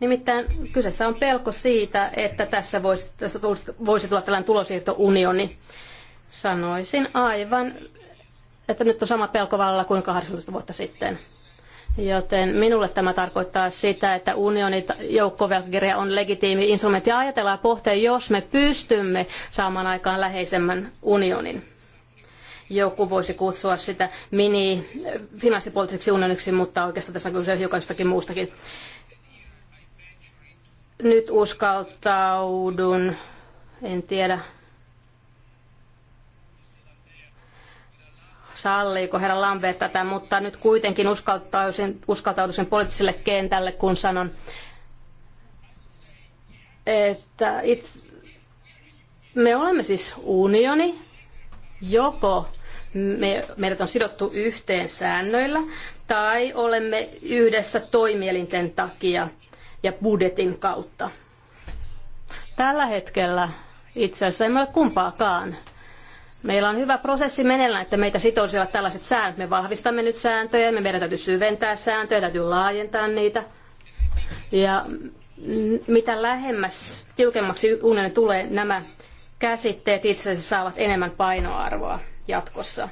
Nimittäin kyseessä on pelko siitä, että tässä voisi, tässä voisi tulla tällainen tulosiirtounioni. Sanoisin aivan että nyt on sama pelko vallalla kuin 18 vuotta sitten. Joten minulle tämä tarkoittaa sitä, että unionin joukkovelkakirja on legitiimi instrumentti. Ja ajatellaan pohtia, jos me pystymme saamaan aikaan läheisemmän unionin. Joku voisi kutsua sitä mini-finanssipoliittiseksi eh, unioniksi, mutta oikeastaan tässä on kyse hiukan jostakin muustakin. Nyt uskaltaudun, en tiedä salliiko herra Lambert tätä, mutta nyt kuitenkin uskaltautuisin, uskaltautuisin poliittiselle kentälle, kun sanon, että itse, me olemme siis unioni, joko me, meidät on sidottu yhteen säännöillä, tai olemme yhdessä toimielinten takia ja budjetin kautta. Tällä hetkellä itse asiassa emme ole kumpaakaan. Meillä on hyvä prosessi meneillään, että meitä sitoisivat tällaiset säännöt. Me vahvistamme nyt sääntöjä, me meidän täytyy syventää sääntöjä, täytyy laajentaa niitä. Ja mitä lähemmäs, tiukemmaksi unioni tulee, nämä käsitteet itse asiassa saavat enemmän painoarvoa jatkossa.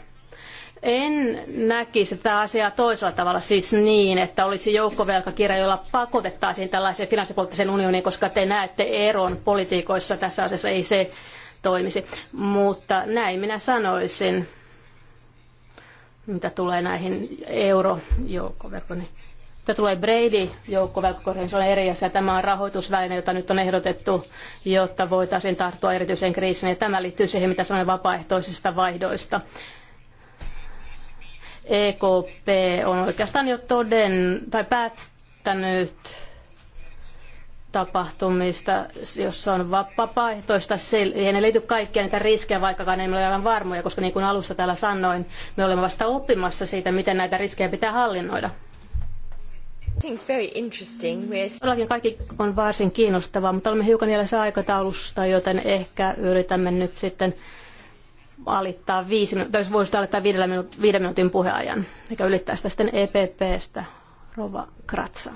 En näkisi tätä asiaa toisella tavalla siis niin, että olisi joukkovelkakirja, jolla pakotettaisiin tällaiseen finanssipoliittiseen unioniin, koska te näette eron politiikoissa tässä asiassa. Ei se toimisi. Mutta näin minä sanoisin, mitä tulee näihin eurojoukkoverkkoihin. Mitä tulee Brady joukkoverkkoihin, niin se on eri asia. Tämä on rahoitusväline, jota nyt on ehdotettu, jotta voitaisiin tarttua erityiseen kriisiin. Ja tämä liittyy siihen, mitä sanoin vapaaehtoisista vaihdoista. EKP on oikeastaan jo toden, tai päättänyt tapahtumista, jossa on vapaaehtoista. Siihen ei liity kaikkia niitä riskejä, vaikkakaan emme ole aivan varmoja, koska niin kuin alussa täällä sanoin, me olemme vasta oppimassa siitä, miten näitä riskejä pitää hallinnoida. Todellakin kaikki on varsin kiinnostavaa, mutta olemme hiukan jäljessä aikataulusta, joten ehkä yritämme nyt sitten alittaa viisi, tai jos voisi alittaa viiden minuutin, viiden minuutin puheajan, eikä ylittää sitä sitten EPPstä. Rova Kratsa.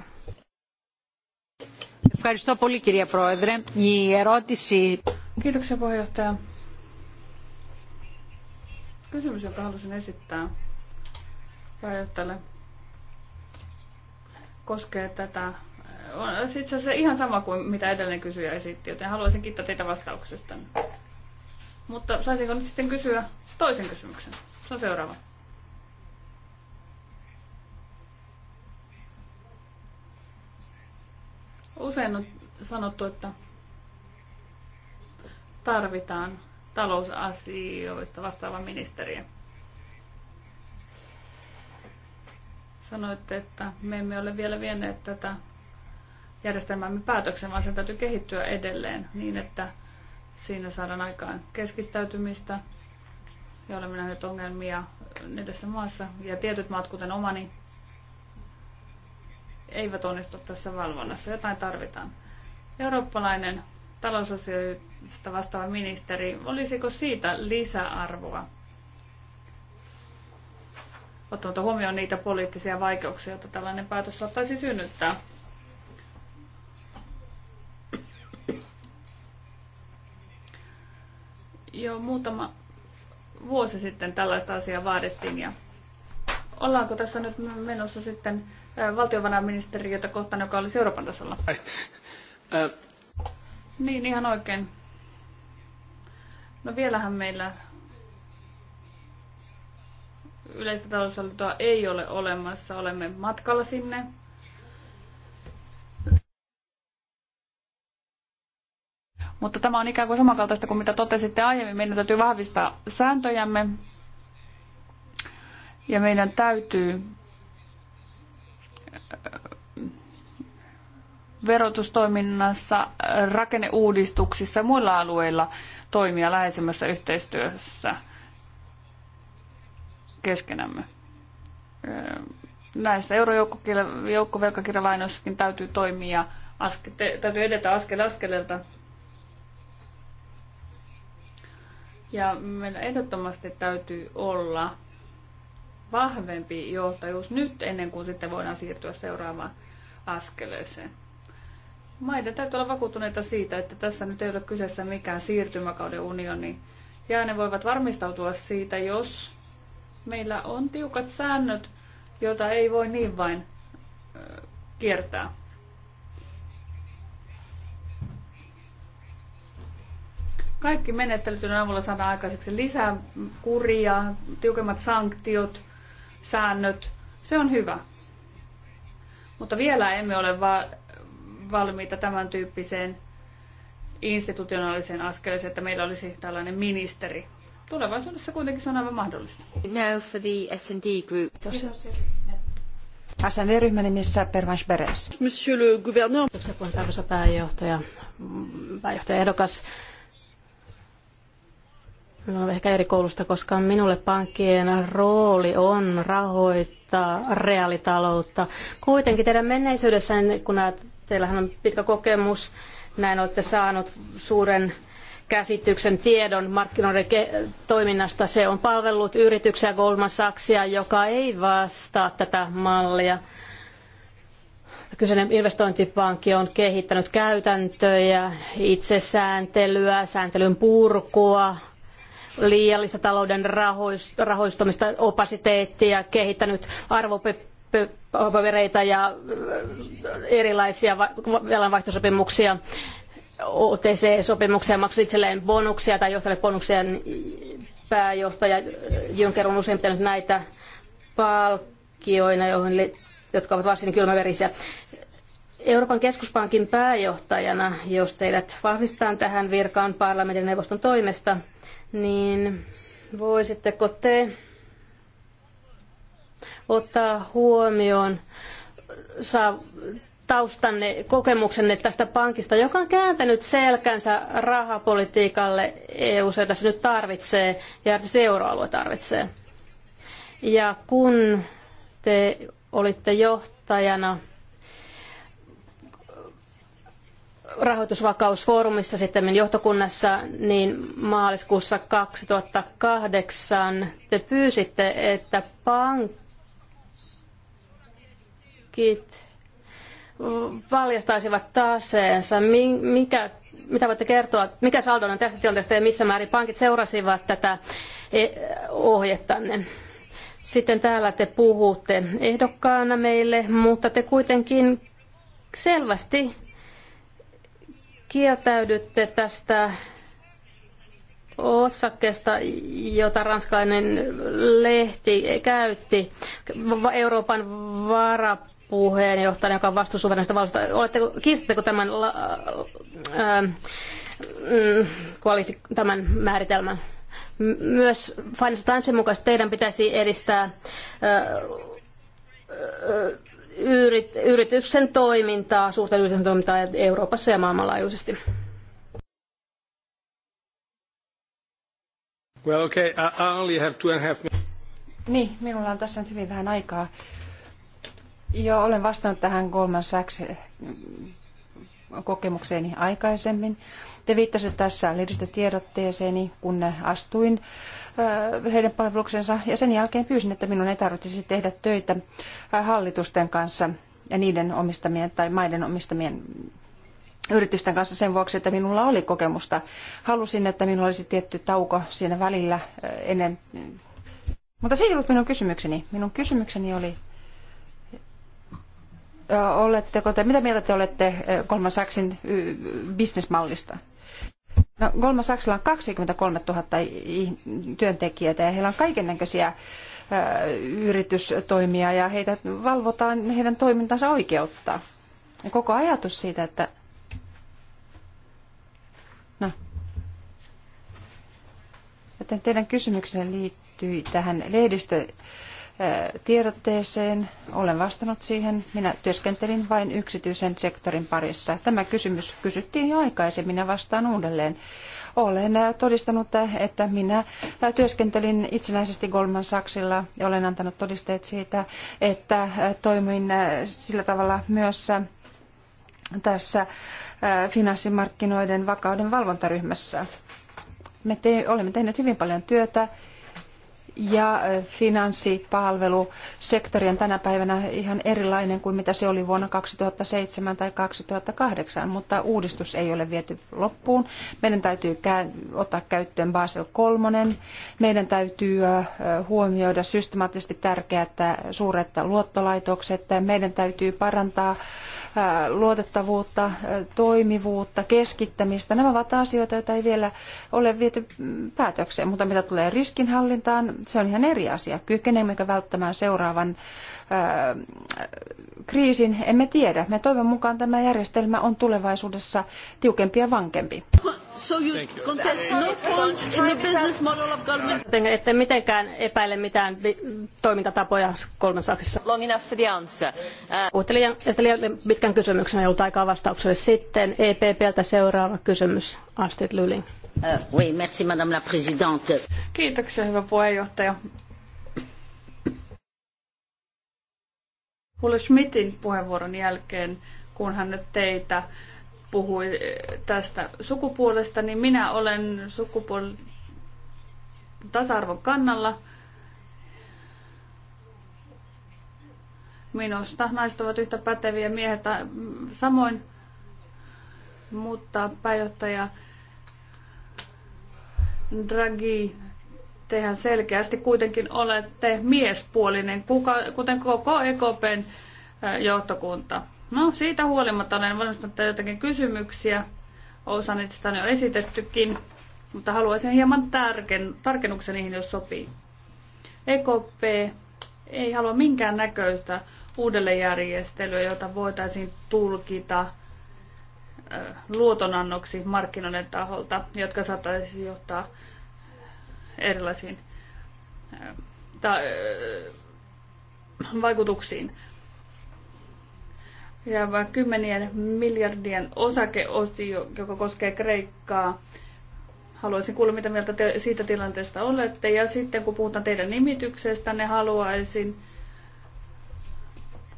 Ευχαριστώ πολύ κυρία Πρόεδρε. Η ερώτηση... puheenjohtaja. Kysymys, jonka halusin esittää pääjohtajalle, koskee tätä. On itse asiassa ihan sama kuin mitä edellinen kysyjä esitti, joten haluaisin kiittää teitä vastauksesta. Mutta saisinko nyt sitten kysyä toisen kysymyksen? Se on seuraava. Usein on sanottu, että tarvitaan talousasioista vastaava ministeriä. Sanoitte, että me emme ole vielä vieneet tätä järjestelmämme päätöksen, vaan sen täytyy kehittyä edelleen niin, että siinä saadaan aikaan keskittäytymistä ja olemme nähneet ongelmia tässä maassa. Ja tietyt maat, kuten omani, eivät onnistu tässä valvonnassa. Jotain tarvitaan. Eurooppalainen talousasioista vastaava ministeri, olisiko siitä lisäarvoa? Ottamatta huomioon niitä poliittisia vaikeuksia, joita tällainen päätös saattaisi synnyttää. Jo muutama vuosi sitten tällaista asiaa vaadittiin ja Ollaanko tässä nyt menossa sitten valtiovarainministeriötä kohtaan, joka olisi Euroopan tasolla? Niin, ihan oikein. No vielähän meillä yleistä taloushallintoa ei ole olemassa. Olemme matkalla sinne. Mutta tämä on ikään kuin samankaltaista kuin mitä totesitte aiemmin. Meidän täytyy vahvistaa sääntöjämme ja meidän täytyy äh, verotustoiminnassa, äh, rakenneuudistuksissa ja muilla alueilla toimia läheisemmässä yhteistyössä keskenämme. Äh, näissä eurojoukkovelkakirjalainoissakin täytyy toimia, aske, täytyy edetä askel askeleelta. Ja meillä ehdottomasti täytyy olla vahvempi johtajuus nyt ennen kuin sitten voidaan siirtyä seuraavaan askeleeseen. Maiden täytyy olla vakuuttuneita siitä, että tässä nyt ei ole kyseessä mikään siirtymäkauden unioni. Ja ne voivat varmistautua siitä, jos meillä on tiukat säännöt, joita ei voi niin vain kiertää. Kaikki menettelytyön avulla saadaan aikaiseksi lisää kuria, tiukemmat sanktiot – säännöt, se on hyvä. Mutta vielä emme ole va- valmiita tämän tyyppiseen institutionaaliseen askeleeseen, että meillä olisi tällainen ministeri. Tulevaisuudessa kuitenkin se on aivan mahdollista. Now for the S&D group. Kiitos. SND-ryhmän nimissä Pervans Beres. Monsieur le gouverneur. Arvoisa pääjohtaja, pääjohtaja ehdokas. No ehkä eri koulusta, koska minulle pankkien rooli on rahoittaa reaalitaloutta. Kuitenkin teidän menneisyydessä, kun näet, teillähän on pitkä kokemus, näin olette saanut suuren käsityksen tiedon markkinoiden toiminnasta. Se on palvellut yrityksiä Goldman Sachsia, joka ei vastaa tätä mallia. Kyseinen investointipankki on kehittänyt käytäntöjä, itsesääntelyä, sääntelyn purkua, liiallista talouden rahoistumista, opasiteettia, kehittänyt arvopapereita ja erilaisia velanvaihtosopimuksia, OTC-sopimuksia, maksoi itselleen bonuksia tai johtajalle bonuksia. Niin pääjohtaja Juncker on usein pitänyt näitä palkkioina, joihin jotka ovat varsin kylmäverisiä. Euroopan keskuspankin pääjohtajana, jos teidät vahvistetaan tähän virkaan parlamentin neuvoston toimesta, niin voisitteko te ottaa huomioon saa taustanne, kokemuksenne tästä pankista, joka on kääntänyt selkänsä rahapolitiikalle EU, jota se nyt tarvitsee ja erityisesti euroalue tarvitsee. Ja kun te olitte johtajana rahoitusvakausfoorumissa sitten johtokunnassa, niin maaliskuussa 2008 te pyysitte, että pankit valjastaisivat taseensa. Mikä, mitä voitte kertoa, mikä saldo on tästä tilanteesta ja missä määrin pankit seurasivat tätä e, ohjettanne? Sitten täällä te puhutte ehdokkaana meille, mutta te kuitenkin selvästi kieltäydytte tästä otsakkeesta, jota ranskalainen lehti käytti, Euroopan varapuheenjohtaja, joka vastuu suverenista valtiosta. Oletteko, tämän, ää, mm, tämän määritelmän? Myös Financial Timesin mukaisesti teidän pitäisi edistää ää, ää, yrit, yrityksen toimintaa, suurten yritysten toimintaa Euroopassa ja maailmanlaajuisesti? Well, okay. I only have two and a half niin, minulla on tässä nyt hyvin vähän aikaa. Joo, olen vastannut tähän Goldman Sachs kokemukseeni aikaisemmin. Te viittasitte tässä lehdistötiedotteeseeni, kun astuin äh, heidän palveluksensa ja sen jälkeen pyysin, että minun ei tarvitsisi tehdä töitä äh, hallitusten kanssa ja niiden omistamien tai maiden omistamien yritysten kanssa sen vuoksi, että minulla oli kokemusta. Halusin, että minulla olisi tietty tauko siinä välillä äh, ennen. Mutta se ei ollut minun kysymykseni. Minun kysymykseni oli oletteko te, mitä mieltä te olette Goldman Sachsin bisnesmallista? No, Goldman Sachsilla on 23 000 työntekijää ja heillä on kaikennäköisiä yritystoimia ja heitä valvotaan heidän toimintansa oikeutta. Ja koko ajatus siitä, että... No. Joten teidän kysymyksenne liittyy tähän lehdistö tiedotteeseen. Olen vastannut siihen. Minä työskentelin vain yksityisen sektorin parissa. Tämä kysymys kysyttiin jo aikaisemmin ja vastaan uudelleen. Olen todistanut, että minä työskentelin itsenäisesti Goldman Sachsilla ja olen antanut todisteet siitä, että toimin sillä tavalla myös tässä finanssimarkkinoiden vakauden valvontaryhmässä. Me te, olemme tehneet hyvin paljon työtä ja finanssipalvelusektori on tänä päivänä ihan erilainen kuin mitä se oli vuonna 2007 tai 2008, mutta uudistus ei ole viety loppuun. Meidän täytyy ottaa käyttöön Basel III. Meidän täytyy huomioida systemaattisesti tärkeät suuret luottolaitokset. Meidän täytyy parantaa luotettavuutta, toimivuutta, keskittämistä. Nämä ovat asioita, joita ei vielä ole viety päätökseen, mutta mitä tulee riskinhallintaan, se on ihan eri asia. Kykenemmekö välttämään seuraavan ää, kriisin, emme tiedä. Me toivon mukaan tämä järjestelmä on tulevaisuudessa tiukempi ja vankempi. No Ette mitenkään epäile mitään toimintatapoja kolmansaaksissa. Long enough for the answer. Puhutte liian, liian pitkän kysymyksen, ei ollut aikaa vastaukselle. Sitten EPPltä seuraava kysymys, Astrid Lyling. Euh, oui, merci, madame la présidente. Kiitoksia, hyvä puheenjohtaja. Schmidtin puheenvuoron jälkeen, kun hän nyt teitä puhui eh, tästä sukupuolesta, niin minä olen sukupuolen tasa-arvon kannalla. Minusta naiset ovat yhtä päteviä miehet samoin, mutta pääjohtaja Draghi, tehän selkeästi kuitenkin olette miespuolinen, kuka, kuten koko EKPn johtokunta. No, siitä huolimatta olen valmistunut jotakin kysymyksiä. Osa niistä on jo esitettykin, mutta haluaisin hieman tarken, tarkennuksen niihin, jos sopii. EKP ei halua minkään näköistä uudelleenjärjestelyä, jota voitaisiin tulkita Äh, luotonannoksi markkinoiden taholta, jotka saattaisi johtaa erilaisiin äh, ta, äh, vaikutuksiin. Ja kymmenien miljardien osakeosio, joka koskee Kreikkaa. Haluaisin kuulla, mitä mieltä te siitä tilanteesta olette. Ja sitten kun puhutaan teidän nimityksestä, ne haluaisin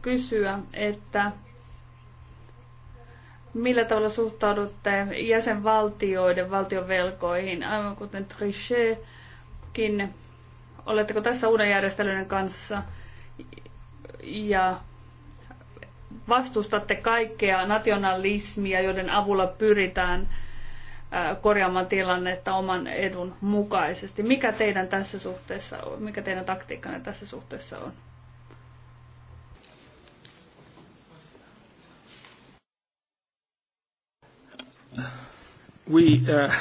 kysyä, että millä tavalla suhtaudutte jäsenvaltioiden valtionvelkoihin, aivan kuten Trichetkin. Oletteko tässä uuden järjestelyn kanssa ja vastustatte kaikkea nationalismia, joiden avulla pyritään korjaamaan tilannetta oman edun mukaisesti. Mikä teidän tässä suhteessa on? Mikä teidän taktiikkanne tässä suhteessa on? We, uh,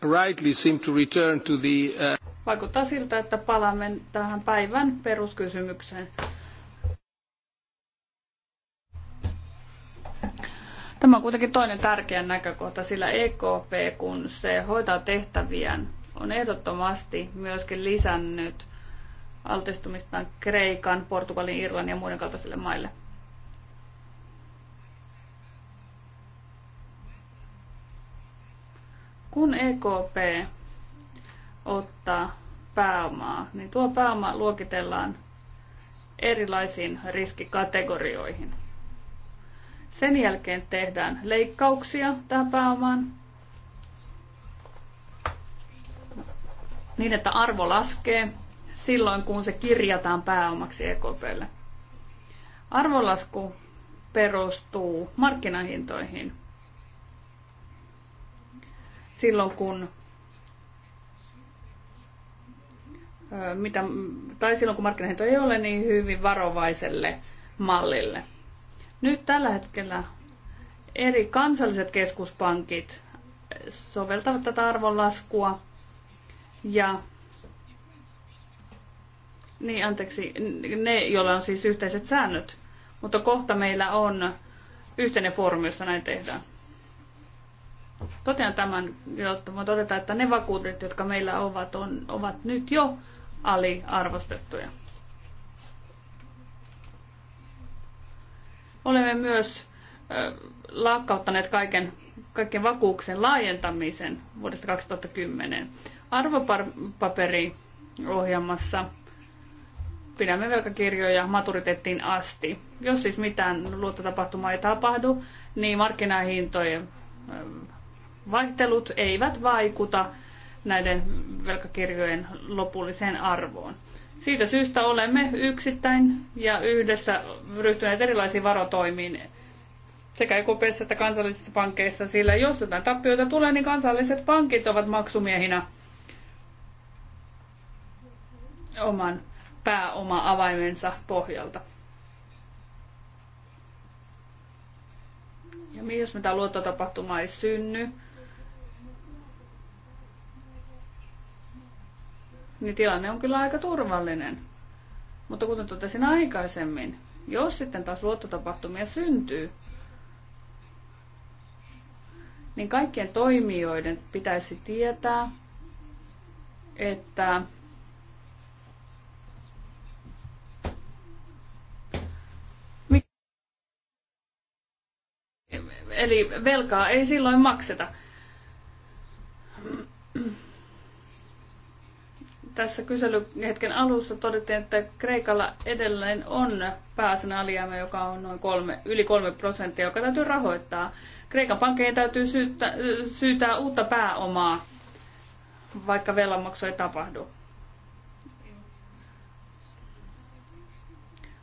rightly seem to return to the, uh... Vaikuttaa siltä, että palaamme tähän päivän peruskysymykseen. Tämä on kuitenkin toinen tärkeä näkökohta, sillä EKP, kun se hoitaa tehtäviään, on ehdottomasti myöskin lisännyt altistumistaan Kreikan, Portugalin, Irlannin ja muiden kaltaisille maille. Kun EKP ottaa pääomaa, niin tuo pääoma luokitellaan erilaisiin riskikategorioihin. Sen jälkeen tehdään leikkauksia tähän pääomaan niin, että arvo laskee silloin, kun se kirjataan pääomaksi EKPlle. Arvolasku perustuu markkinahintoihin silloin, kun mitä, tai silloin kun markkinahinto ei ole niin hyvin varovaiselle mallille. Nyt tällä hetkellä eri kansalliset keskuspankit soveltavat tätä arvonlaskua ja niin, anteeksi, ne, joilla on siis yhteiset säännöt, mutta kohta meillä on yhteinen foorumi, jossa näin tehdään. Totean tämän, jotta voin todeta, että ne vakuudet, jotka meillä ovat, on, ovat nyt jo aliarvostettuja. Olemme myös äh, lakkauttaneet kaiken, kaiken vakuuksen laajentamisen vuodesta 2010. Arvopaperiohjelmassa pidämme velkakirjoja maturiteettiin asti. Jos siis mitään luottotapahtumaa ei tapahdu, niin markkinahintojen vaihtelut eivät vaikuta näiden velkakirjojen lopulliseen arvoon. Siitä syystä olemme yksittäin ja yhdessä ryhtyneet erilaisiin varotoimiin sekä EKPssä että kansallisissa pankeissa, sillä jos jotain tappioita tulee, niin kansalliset pankit ovat maksumiehinä oman pääoma-avaimensa pohjalta. Ja jos mitä luottotapahtumaa ei synny, niin tilanne on kyllä aika turvallinen. Mutta kuten totesin aikaisemmin, jos sitten taas luottotapahtumia syntyy, niin kaikkien toimijoiden pitäisi tietää, että Eli velkaa ei silloin makseta tässä kyselyhetken alussa todettiin, että Kreikalla edelleen on pääsen alijäämä, joka on noin kolme, yli kolme prosenttia, joka täytyy rahoittaa. Kreikan pankkeen täytyy syyttä, syytää uutta pääomaa, vaikka velanmaksu ei tapahdu.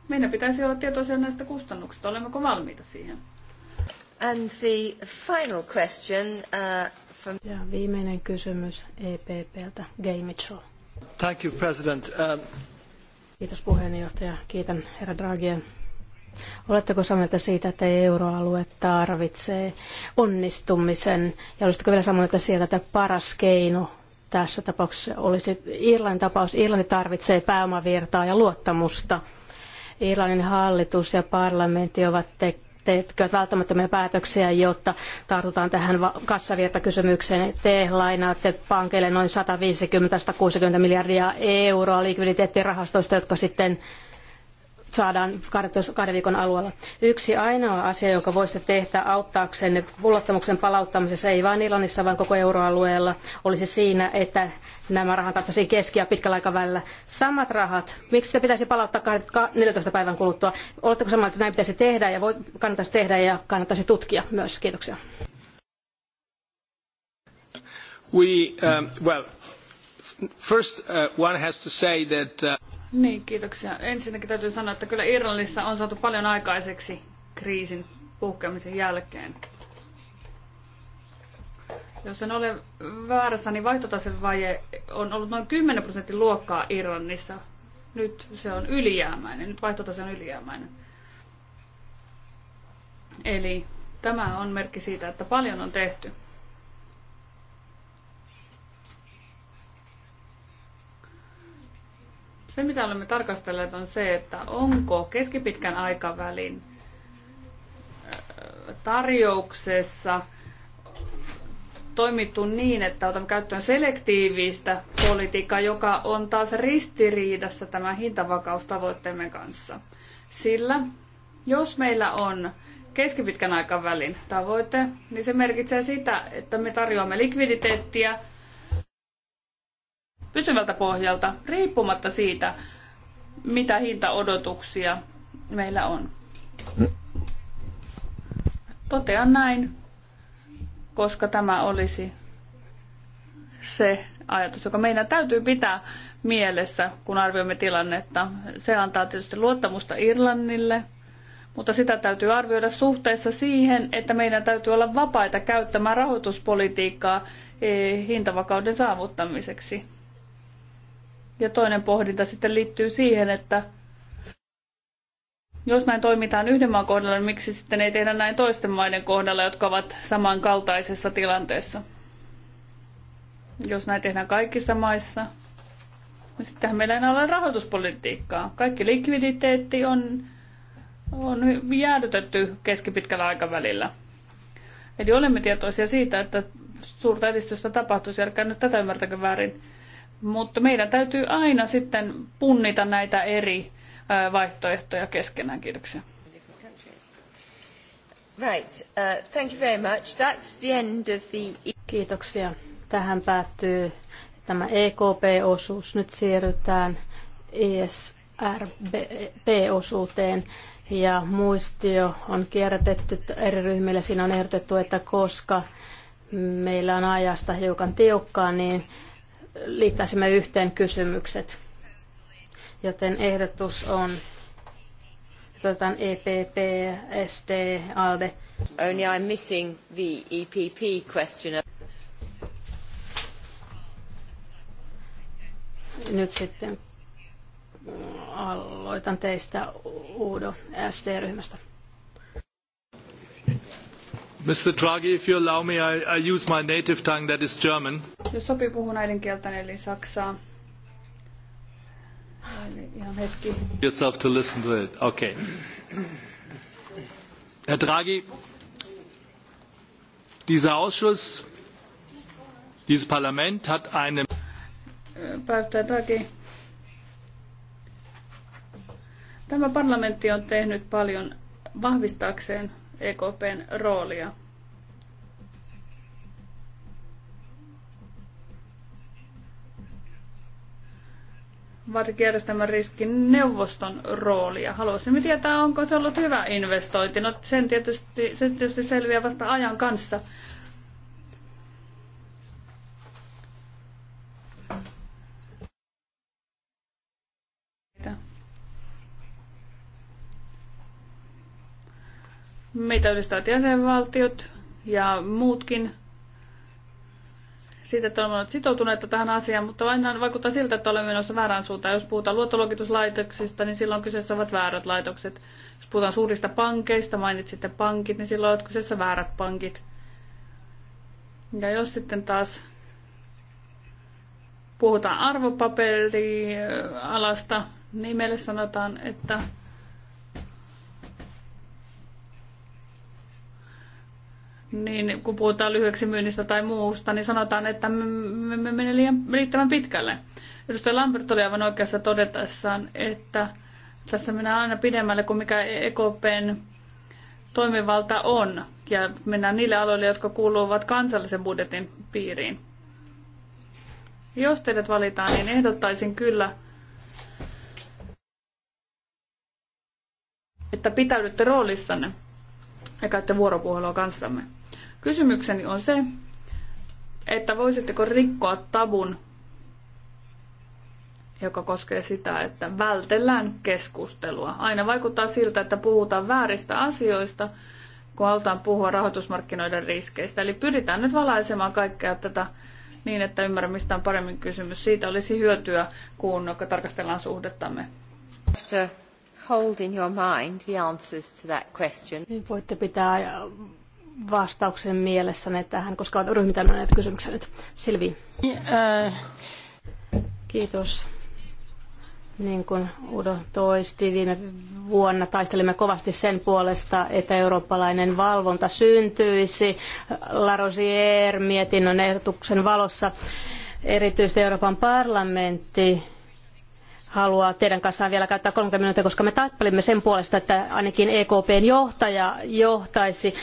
Meidän pitäisi olla tietoisia näistä kustannuksista. Olemmeko valmiita siihen? And the final question, uh, from... Ja viimeinen kysymys EPPltä, Gay Mitchell. Thank you, President. Um... Kiitos puheenjohtaja. Kiitän herra Draghia. Oletteko samaa mieltä siitä, että euroalue tarvitsee onnistumisen? Ja olisitteko vielä samaa mieltä siitä, että paras keino tässä tapauksessa olisi Irlannin tapaus. Irlanti tarvitsee pääomavirtaa ja luottamusta. Irlannin hallitus ja parlamentti ovat te- tekevät välttämättömiä päätöksiä, jotta tartutaan tähän kassavirtakysymykseen. Te lainaatte pankeille noin 150-160 miljardia euroa likviditeettirahastoista, jotka sitten saadaan kahden viikon alueella. Yksi ainoa asia, jonka voisitte tehdä auttaaksenne pullottamuksen palauttamisessa, ei vain Irlannissa, vaan koko euroalueella, olisi siinä, että nämä rahat antaisiin keski- ja pitkällä aikavälillä. Samat rahat, miksi se pitäisi palauttaa 14 päivän kuluttua? Oletteko samaa, että näin pitäisi tehdä ja kannattaisi tehdä ja kannattaisi tutkia myös? Kiitoksia. We, um, well, first uh, one has to say that... Uh... Niin, kiitoksia. Ensinnäkin täytyy sanoa, että kyllä Irlannissa on saatu paljon aikaiseksi kriisin puhkeamisen jälkeen. Jos en ole väärässä, niin vaihtotasevaje on ollut noin 10 prosentin luokkaa Irlannissa. Nyt se on ylijäämäinen, nyt vaihtotase on ylijäämäinen. Eli tämä on merkki siitä, että paljon on tehty. Se, mitä olemme tarkastelleet, on se, että onko keskipitkän aikavälin äh, tarjouksessa toimittu niin, että otamme käyttöön selektiivistä politiikkaa, joka on taas ristiriidassa tämän hintavakaustavoitteemme kanssa. Sillä jos meillä on keskipitkän aikavälin tavoite, niin se merkitsee sitä, että me tarjoamme likviditeettiä pysyvältä pohjalta, riippumatta siitä, mitä hintaodotuksia meillä on. Totean näin, koska tämä olisi se ajatus, joka meidän täytyy pitää mielessä, kun arvioimme tilannetta. Se antaa tietysti luottamusta Irlannille, mutta sitä täytyy arvioida suhteessa siihen, että meidän täytyy olla vapaita käyttämään rahoituspolitiikkaa eh, hintavakauden saavuttamiseksi. Ja toinen pohdinta sitten liittyy siihen, että jos näin toimitaan yhden maan kohdalla, niin miksi sitten ei tehdä näin toisten maiden kohdalla, jotka ovat samankaltaisessa tilanteessa? Jos näin tehdään kaikissa maissa, niin sittenhän meillä ei ole rahoituspolitiikkaa. Kaikki likviditeetti on, on jäädytetty keskipitkällä aikavälillä. Eli olemme tietoisia siitä, että suurta edistystä tapahtuisi, älkää nyt tätä ymmärtäkö väärin mutta meidän täytyy aina sitten punnita näitä eri vaihtoehtoja keskenään. Kiitoksia. Right. Uh, thank you very much. That's the end of the... E- Kiitoksia. Tähän päättyy tämä EKP-osuus. Nyt siirrytään ESRB-osuuteen. Ja muistio on kierrätetty eri ryhmille. Siinä on ehdotettu, että koska meillä on ajasta hiukan tiukkaa, niin liittäisimme yhteen kysymykset. Joten ehdotus on, otetaan EPP, SD, ALDE. Only I'm missing the EPP question. Nyt sitten aloitan teistä Uudo SD-ryhmästä. Mr. Draghi, if you allow me, I, I use my native tongue, that is German. Jos sopii, puhun äidinkieltäni, eli saksaa. Eli ihan hetki. Yourself to listen to it. Okay. Herr Draghi, dieser Ausschuss, dieses Parlament hat eine... Päivittäin Draghi. Tämä parlamentti on tehnyt paljon vahvistaakseen EKPn roolia. vartijärjestelmän riskin neuvoston roolia. Haluaisimme tietää, onko se ollut hyvä investointi. No sen tietysti, se tietysti selviää vasta ajan kanssa. Meitä yhdistävät jäsenvaltiot ja muutkin siitä, että olemme sitoutuneet tähän asiaan, mutta aina vaikuttaa siltä, että olemme menossa väärään suuntaan. Jos puhutaan luottoluokituslaitoksista, niin silloin kyseessä ovat väärät laitokset. Jos puhutaan suurista pankeista, mainitsitte pankit, niin silloin ovat kyseessä väärät pankit. Ja jos sitten taas puhutaan arvopaperialasta, niin meille sanotaan, että niin kun puhutaan lyhyeksi myynnistä tai muusta, niin sanotaan, että me, me menee liian riittävän pitkälle. Edustaja Lambert oli aivan oikeassa todetessaan, että tässä mennään aina pidemmälle kuin mikä EKPn toimivalta on. Ja mennään niille aloille, jotka kuuluvat kansallisen budjetin piiriin. Jos teidät valitaan, niin ehdottaisin kyllä, että pitäydytte roolissanne ja käytte vuoropuhelua kanssamme. Kysymykseni on se, että voisitteko rikkoa tabun, joka koskee sitä, että vältellään keskustelua. Aina vaikuttaa siltä, että puhutaan vääristä asioista, kun halutaan puhua rahoitusmarkkinoiden riskeistä. Eli pyritään nyt valaisemaan kaikkea tätä niin, että ymmärrän mistä on paremmin kysymys. Siitä olisi hyötyä, kun tarkastellaan suhdettamme. After hold in your mind the answers to that question. Niin voitte pitää vastauksen mielessäni tähän, koska olen ryhmitellyt näitä kysymyksiä nyt. Silvi. Kiitos. Niin kuin Udo toisti, viime vuonna taistelimme kovasti sen puolesta, että eurooppalainen valvonta syntyisi. Larosier mietinnön ehdotuksen valossa erityisesti Euroopan parlamentti haluaa teidän kanssaan vielä käyttää 30 minuuttia, koska me tappelimme sen puolesta, että ainakin EKPn johtaja johtaisi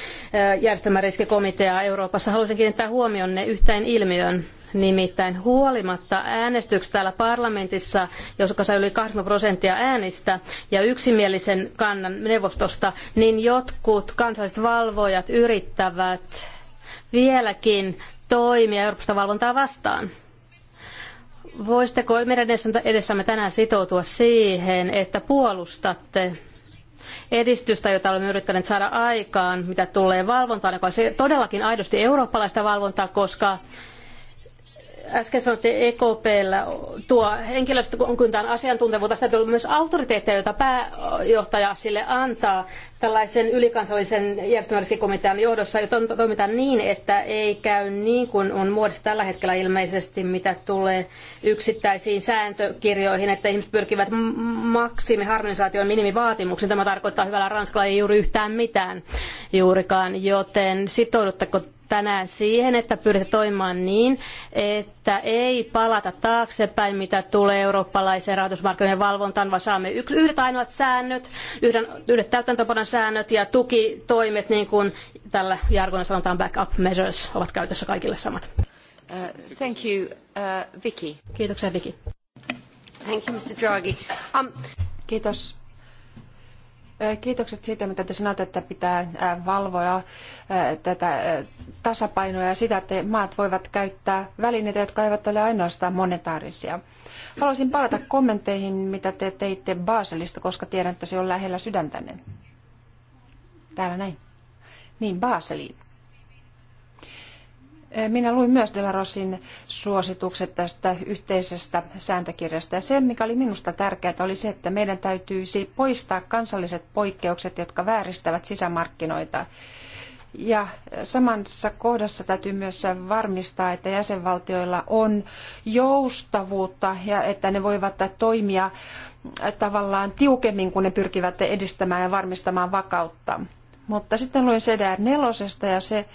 järjestelmäriskikomiteaa Euroopassa. Haluaisin kiinnittää huomionne yhteen ilmiön. Nimittäin huolimatta äänestyksestä täällä parlamentissa, joka sai yli 80 prosenttia äänistä ja yksimielisen kannan neuvostosta, niin jotkut kansalliset valvojat yrittävät vieläkin toimia Euroopasta valvontaa vastaan. Voisitteko meidän edessämme tänään sitoutua siihen, että puolustatte edistystä, jota olemme yrittäneet saada aikaan, mitä tulee valvontaan, joka on todellakin aidosti eurooppalaista valvontaa, koska äsken sanoitte EKPllä e tuo henkilöstökuntaan asiantuntevuutta, sitä tulee myös autoriteetteja, joita pääjohtaja sille antaa tällaisen ylikansallisen järjestelmäriskikomitean johdossa, jota toimitaan niin, että ei käy niin kuin on muodossa tällä hetkellä ilmeisesti, mitä tulee yksittäisiin sääntökirjoihin, että ihmiset pyrkivät maksimiharmonisaation minimivaatimuksiin. Tämä tarkoittaa hyvällä Ranskalla ei juuri yhtään mitään juurikaan, joten sitoudutteko tänään siihen, että pyritään toimimaan niin, että ei palata taaksepäin, mitä tulee eurooppalaiseen rahoitusmarkkinoiden valvontaan, vaan saamme yhdet ainoat säännöt, yhden, yhdet täytäntöpanon säännöt ja tukitoimet, niin kuin tällä jargonilla sanotaan backup measures, ovat käytössä kaikille samat. Uh, thank you, uh, Vicky. Kiitoksia, Vicky. Thank you, Mr. Draghi. Um... Kiitos Kiitokset siitä, mitä te sanoitte, että pitää valvoa tätä tasapainoa ja sitä, että maat voivat käyttää välineitä, jotka eivät ole ainoastaan monetaarisia. Haluaisin palata kommentteihin, mitä te teitte Baselista, koska tiedän, että se on lähellä sydäntänne. Täällä näin. Niin, Baseliin. Eh, minä luin myös Delarosin suositukset tästä yhteisestä sääntökirjasta ja se, mikä oli minusta tärkeää, oli se, että meidän täytyisi poistaa kansalliset poikkeukset, jotka vääristävät sisämarkkinoita. Ja samassa kohdassa täytyy myös varmistaa, että jäsenvaltioilla on joustavuutta ja että ne voivat toimia tavallaan tiukemmin, kun ne pyrkivät edistämään ja varmistamaan vakautta. Mutta sitten luin CDR nelosesta ja se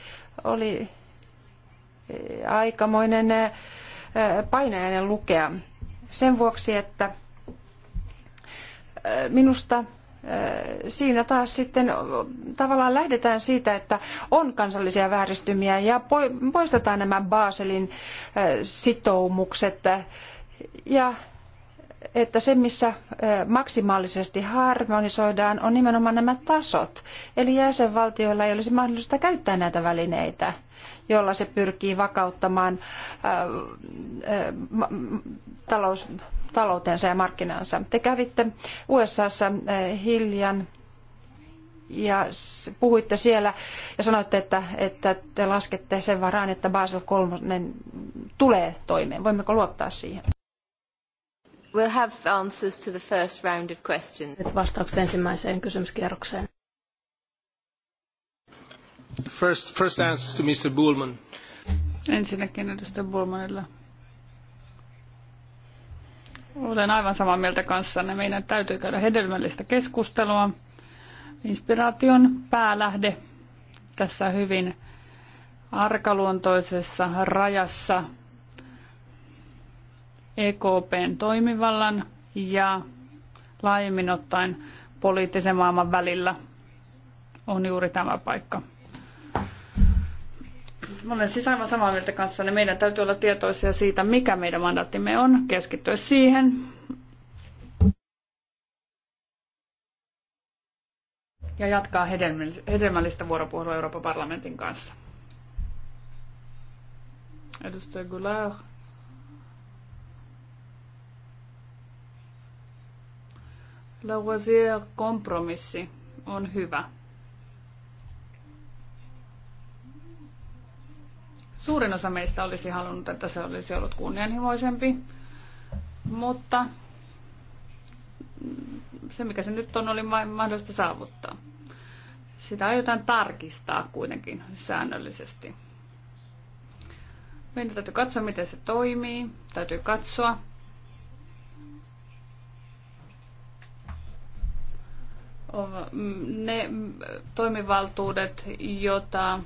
oli aikamoinen painajainen lukea sen vuoksi, että minusta siinä taas sitten tavallaan lähdetään siitä, että on kansallisia vääristymiä ja poistetaan nämä Baselin sitoumukset ja että se, missä maksimaalisesti harmonisoidaan, on nimenomaan nämä tasot. Eli jäsenvaltioilla ei olisi mahdollista käyttää näitä välineitä, jolla se pyrkii vakauttamaan talous, taloutensa ja markkinansa. Te kävitte USAssa hiljan ja puhuitte siellä ja sanoitte, että, että te laskette sen varaan, että Basel 3 tulee toimeen. Voimmeko luottaa siihen? We'll have answers to the first round of questions. Vastaukset ensimmäiseen kysymyskierrokseen. First, first answers to Mr. Bullman. Ensinnäkin edustaja Bullmanilla. Olen aivan samaa mieltä kanssanne. Meidän täytyy käydä hedelmällistä keskustelua. Inspiraation päälähde tässä hyvin arkaluontoisessa rajassa EKPn toimivallan ja laajemmin ottaen poliittisen maailman välillä on juuri tämä paikka. Mä olen siis aivan samaa mieltä kanssa, niin meidän täytyy olla tietoisia siitä, mikä meidän mandaattimme on, keskittyä siihen. Ja jatkaa hedelmällistä vuoropuhelua Euroopan parlamentin kanssa. Edustaja Goulart. Lavoisier-kompromissi on hyvä. Suurin osa meistä olisi halunnut, että se olisi ollut kunnianhimoisempi, mutta se mikä se nyt on, oli mahdollista saavuttaa. Sitä aiotaan tarkistaa kuitenkin säännöllisesti. Meidän täytyy katsoa, miten se toimii. Täytyy katsoa, ne toimivaltuudet, joita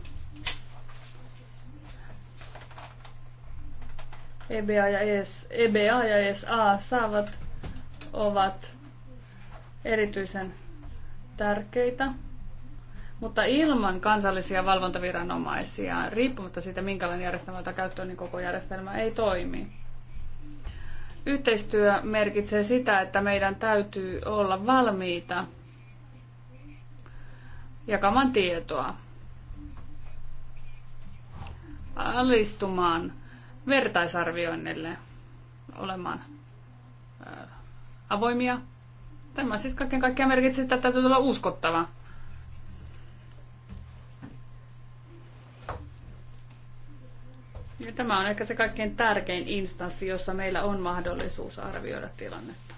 EBA ja, ES, EBA ja ESA saavat, ovat erityisen tärkeitä. Mutta ilman kansallisia valvontaviranomaisia, riippumatta siitä, minkälainen järjestelmä otetaan käyttöön, niin koko järjestelmä ei toimi. Yhteistyö merkitsee sitä, että meidän täytyy olla valmiita jakamaan tietoa, alistumaan vertaisarvioinnille, olemaan avoimia. Tämä siis kaiken kaikkiaan merkitsee sitä, että täytyy olla uskottava. Ja tämä on ehkä se kaikkein tärkein instanssi, jossa meillä on mahdollisuus arvioida tilannetta.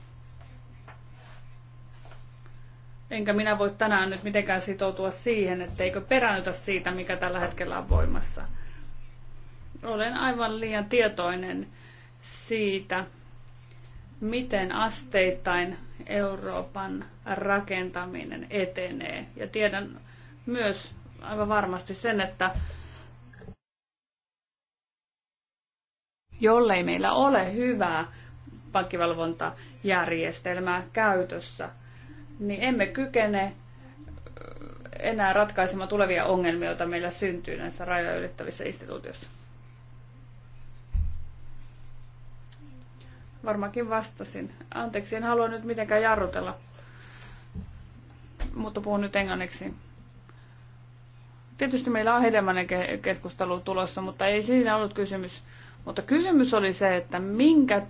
Enkä minä voi tänään nyt mitenkään sitoutua siihen, etteikö peräännytä siitä, mikä tällä hetkellä on voimassa. Olen aivan liian tietoinen siitä, miten asteittain Euroopan rakentaminen etenee. Ja tiedän myös aivan varmasti sen, että jollei meillä ole hyvää pankkivalvontajärjestelmää käytössä – niin emme kykene enää ratkaisemaan tulevia ongelmia, joita meillä syntyy näissä rajoja ylittävissä instituutioissa. Varmaankin vastasin. Anteeksi, en halua nyt mitenkään jarrutella, mutta puhun nyt englanniksi. Tietysti meillä on hedelmäinen keskustelu tulossa, mutta ei siinä ollut kysymys. Mutta kysymys oli se, että minkä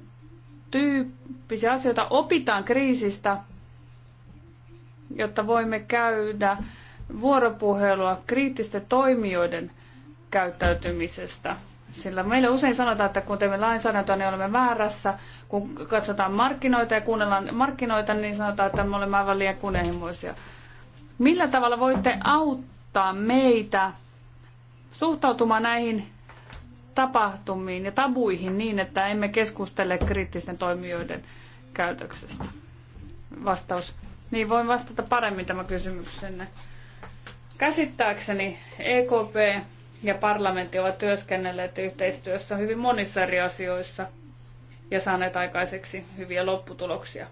tyyppisiä asioita opitaan kriisistä – jotta voimme käydä vuoropuhelua kriittisten toimijoiden käyttäytymisestä. Sillä meille usein sanotaan, että kun teemme lainsäädäntöä, niin olemme väärässä. Kun katsotaan markkinoita ja kuunnellaan markkinoita, niin sanotaan, että me olemme aivan liian kunnianhimoisia. Millä tavalla voitte auttaa meitä suhtautumaan näihin tapahtumiin ja tabuihin niin, että emme keskustele kriittisten toimijoiden käytöksestä? Vastaus niin voin vastata paremmin tämä kysymyksenne. Käsittääkseni EKP ja parlamentti ovat työskennelleet yhteistyössä hyvin monissa eri asioissa ja saaneet aikaiseksi hyviä lopputuloksia.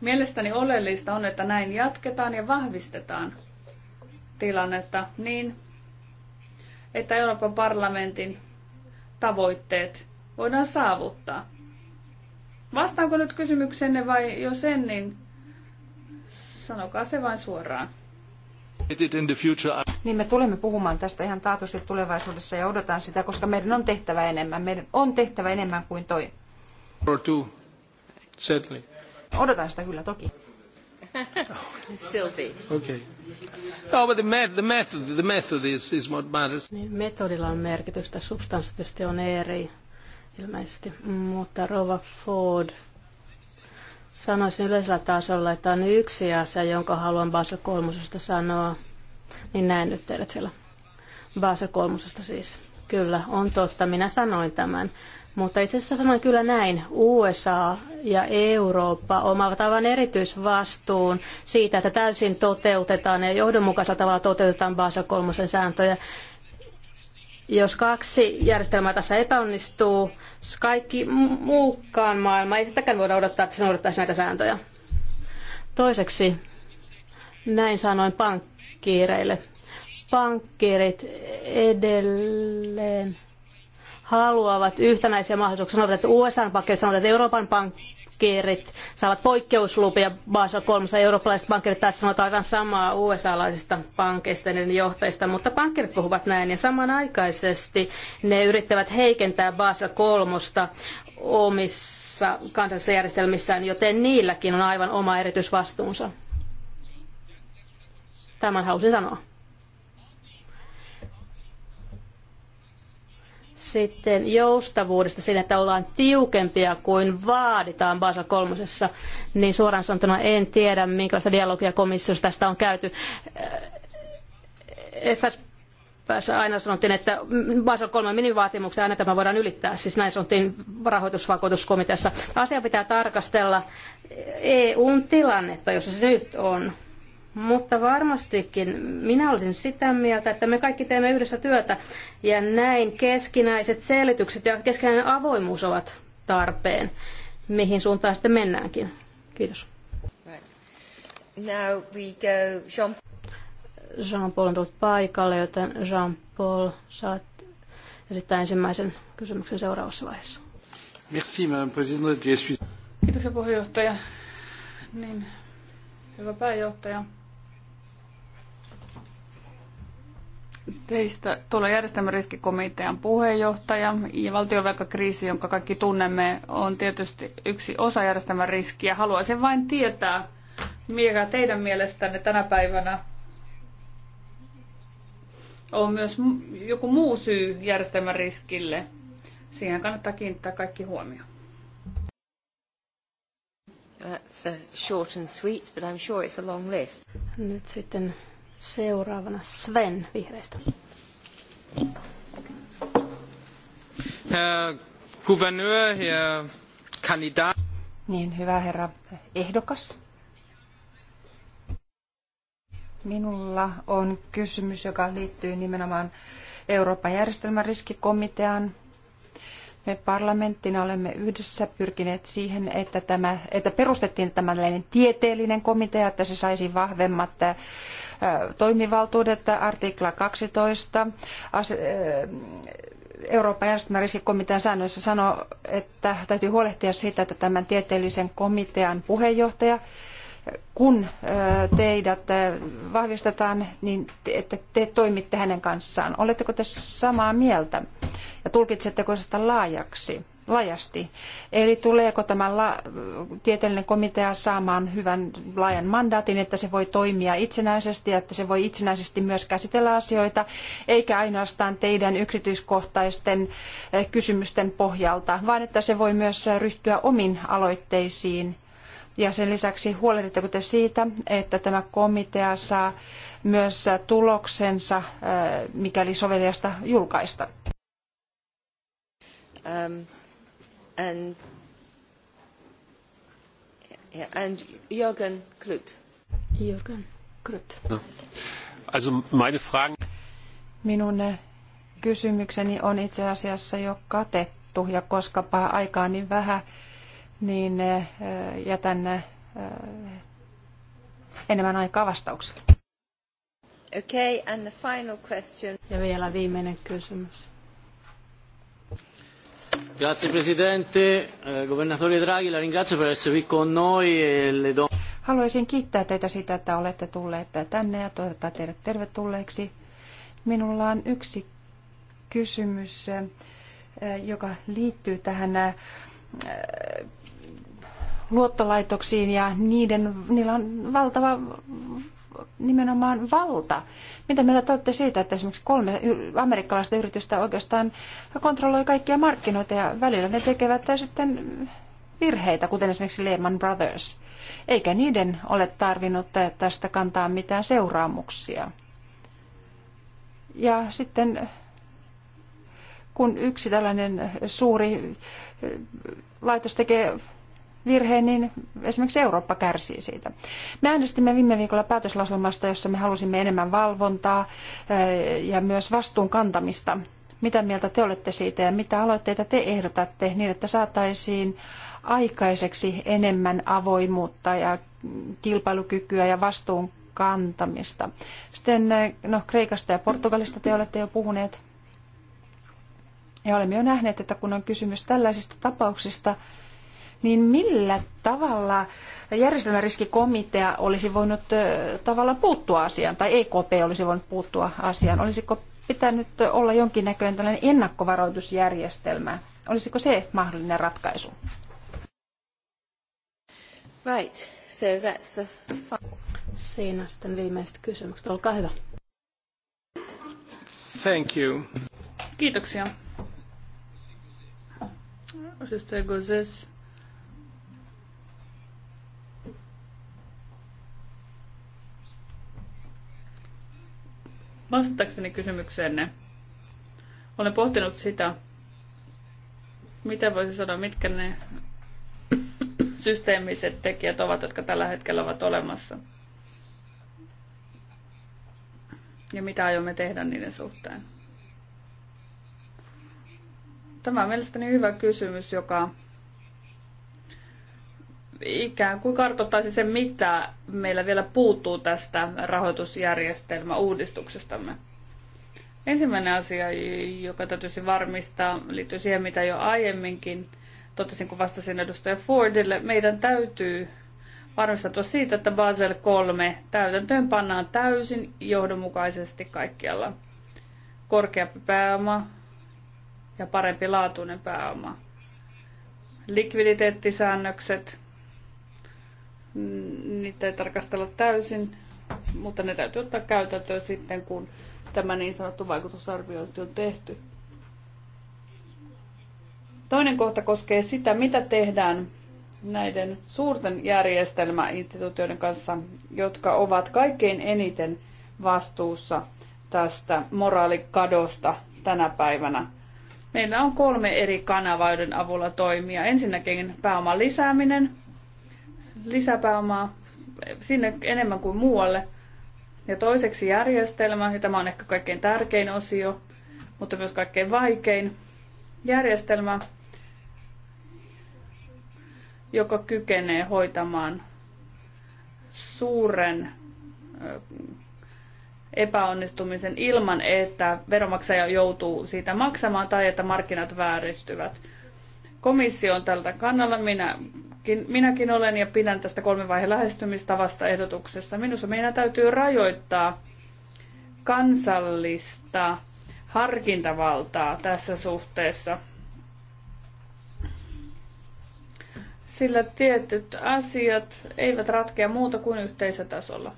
Mielestäni oleellista on, että näin jatketaan ja vahvistetaan tilannetta niin, että Euroopan parlamentin tavoitteet voidaan saavuttaa. Vastaako nyt kysymyksenne vai jos en, niin sanokaa se vain suoraan. Niin me tulemme puhumaan tästä ihan taatusti tulevaisuudessa ja odotan sitä, koska meidän on tehtävä enemmän. Meidän on tehtävä enemmän kuin toi. Or two. Certainly. Odotan sitä kyllä toki. Sylvie. [laughs] Okay. No, but the, met, the method, the method is, is what matters. Niin metodilla on merkitystä, substanssitisesti on eri ilmeisesti. Mutta Rova Ford, sanoisin yleisellä tasolla, että on yksi asia, jonka haluan Basel kolmosesta sanoa. Niin näen nyt teidät siellä. Basel kolmosesta siis. Kyllä, on totta. Minä sanoin tämän. Mutta itse asiassa sanoin kyllä näin. USA ja Eurooppa omaavat aivan erityisvastuun siitä, että täysin toteutetaan ja johdonmukaisella tavalla toteutetaan Basel kolmosen sääntöjä. Jos kaksi järjestelmää tässä epäonnistuu, kaikki muukaan maailma ei sitäkään voida odottaa, että se noudattaisi näitä sääntöjä. Toiseksi, näin sanoin pankkiireille. Pankkiirit edelleen haluavat yhtenäisiä mahdollisuuksia. Sanotaan, että USA-pankkiirit sanotaan että Euroopan pankkiirit pankkiirit saavat poikkeuslupia Basel 3. Eurooppalaiset pankkiirit taas sanotaan aivan samaa USA-laisista pankeista ja niiden johtajista, mutta pankkiirit puhuvat näin ja samanaikaisesti ne yrittävät heikentää Basel 3 omissa kansallisissa järjestelmissään, joten niilläkin on aivan oma erityisvastuunsa. Tämän halusin sanoa. Sitten joustavuudesta sillä, että ollaan tiukempia kuin vaaditaan Basel kolmosessa, niin suoraan sanottuna en tiedä, minkälaista dialogia komissiossa tästä on käyty. FS päässä aina sanottiin, että Basel 3 minivaatimuksia aina tämä voidaan ylittää. Siis näin sanottiin rahoitusvakuutuskomiteassa. Asia pitää tarkastella EUn tilannetta, jossa se nyt on. Mutta varmastikin minä olisin sitä mieltä, että me kaikki teemme yhdessä työtä ja näin keskinäiset selitykset ja keskinäinen avoimuus ovat tarpeen, mihin suuntaan sitten mennäänkin. Kiitos. Now we go Jean... Jean-Paul on tullut paikalle, joten Jean-Paul saat esittää ensimmäisen kysymyksen seuraavassa vaiheessa. Merci, Kiitoksia puheenjohtaja. Niin, hyvä pääjohtaja. Teistä tulee riskikomitean puheenjohtaja ja valtionvelkakriisi, jonka kaikki tunnemme, on tietysti yksi osa järjestelmän riskiä. Haluaisin vain tietää, mikä teidän mielestänne tänä päivänä on myös joku muu syy järjestelmän riskille. Siihen kannattaa kiinnittää kaikki huomioon. That's uh, short and sweet, but I'm sure it's a long list. Nyt sitten Seuraavana Sven vihreistä. Herr Gouverneur, Niin, hyvä herra ehdokas. Minulla on kysymys, joka liittyy nimenomaan Euroopan riskikomitean me parlamenttina olemme yhdessä pyrkineet siihen, että, tämä, että perustettiin tämmöinen tieteellinen komitea, että se saisi vahvemmat äh, toimivaltuudet, artikla 12. Äh, Euroopan riskikomitean säännöissä sanoo, että täytyy huolehtia siitä, että tämän tieteellisen komitean puheenjohtaja kun teidät vahvistetaan, niin että te toimitte hänen kanssaan. Oletteko te samaa mieltä ja tulkitsetteko sitä laajaksi? laajasti. Eli tuleeko tämä la- tieteellinen komitea saamaan hyvän laajan mandaatin, että se voi toimia itsenäisesti ja että se voi itsenäisesti myös käsitellä asioita, eikä ainoastaan teidän yksityiskohtaisten kysymysten pohjalta, vaan että se voi myös ryhtyä omin aloitteisiin ja sen lisäksi huolehditteko te siitä, että tämä komitea saa myös tuloksensa, äh, mikäli soveliasta julkaista? Um, and, yeah, and Jürgen Jürgen Also meine Fragen... Minun äh, kysymykseni on itse asiassa jo katettu ja koskapa aikaa niin vähän, niin eh, eh, jätän eh, enemmän aikaa vastauksille. Okay, and the final question. Ja vielä viimeinen kysymys. Grazie Presidente, Governatore Draghi, la ringrazio per essere qui con noi e le do... Haluaisin kiittää teitä siitä, että olette tulleet tänne ja toivottaa teidät tervetulleeksi. Minulla on yksi kysymys, joka liittyy tähän luottolaitoksiin ja niiden, niillä on valtava nimenomaan valta. Mitä mieltä te olette siitä, että esimerkiksi kolme amerikkalaista yritystä oikeastaan kontrolloi kaikkia markkinoita ja välillä ne tekevät sitten virheitä, kuten esimerkiksi Lehman Brothers. Eikä niiden ole tarvinnut tästä kantaa mitään seuraamuksia. Ja sitten kun yksi tällainen suuri laitos tekee virheen, niin esimerkiksi Eurooppa kärsii siitä. Me äänestimme viime viikolla päätöslauselmasta, jossa me halusimme enemmän valvontaa eh, ja myös vastuun kantamista. Mitä mieltä te olette siitä ja mitä aloitteita te ehdotatte niin, että saataisiin aikaiseksi enemmän avoimuutta ja kilpailukykyä ja vastuun kantamista. Sitten eh, no, Kreikasta ja Portugalista te olette jo puhuneet. Ja olemme jo nähneet, että kun on kysymys tällaisista tapauksista, niin millä tavalla järjestelmäriskikomitea olisi voinut tavallaan puuttua asiaan, tai EKP olisi voinut puuttua asiaan? Olisiko pitänyt olla jonkinnäköinen tällainen ennakkovaroitusjärjestelmä? Olisiko se mahdollinen ratkaisu? Right, so that's the... Siinä sitten viimeiset kysymykset. Olkaa hyvä. Thank you. Kiitoksia. Sister Gozes Vastattakseni kysymykseenne, olen pohtinut sitä, mitä voisi sanoa, mitkä ne systeemiset tekijät ovat, jotka tällä hetkellä ovat olemassa. Ja mitä aiomme tehdä niiden suhteen. Tämä on mielestäni hyvä kysymys, joka ikään kuin kartoittaisi sen, mitä meillä vielä puuttuu tästä rahoitusjärjestelmäuudistuksestamme. Ensimmäinen asia, joka täytyisi varmistaa, liittyy siihen, mitä jo aiemminkin totesin, kun vastasin edustaja Fordille. Meidän täytyy varmistautua siitä, että Basel 3 täytäntöön pannaan täysin johdonmukaisesti kaikkialla. Korkeampi pääoma ja parempi laatuinen pääoma. Likviditeettisäännökset, Mm, niitä ei tarkastella täysin, mutta ne täytyy ottaa käytäntöön sitten, kun tämä niin sanottu vaikutusarviointi on tehty. Toinen kohta koskee sitä, mitä tehdään näiden suurten järjestelmäinstituutioiden kanssa, jotka ovat kaikkein eniten vastuussa tästä moraalikadosta tänä päivänä. Meillä on kolme eri kanavaiden avulla toimia. Ensinnäkin pääoman lisääminen, lisäpääomaa sinne enemmän kuin muualle. Ja toiseksi järjestelmä, ja tämä on ehkä kaikkein tärkein osio, mutta myös kaikkein vaikein järjestelmä, joka kykenee hoitamaan suuren epäonnistumisen ilman, että veromaksaja joutuu siitä maksamaan tai että markkinat vääristyvät. Komissio on tältä kannalla. Minä minäkin olen ja pidän tästä vaiheen lähestymistavasta ehdotuksessa. Minusta meidän täytyy rajoittaa kansallista harkintavaltaa tässä suhteessa. Sillä tietyt asiat eivät ratkea muuta kuin yhteisötasolla.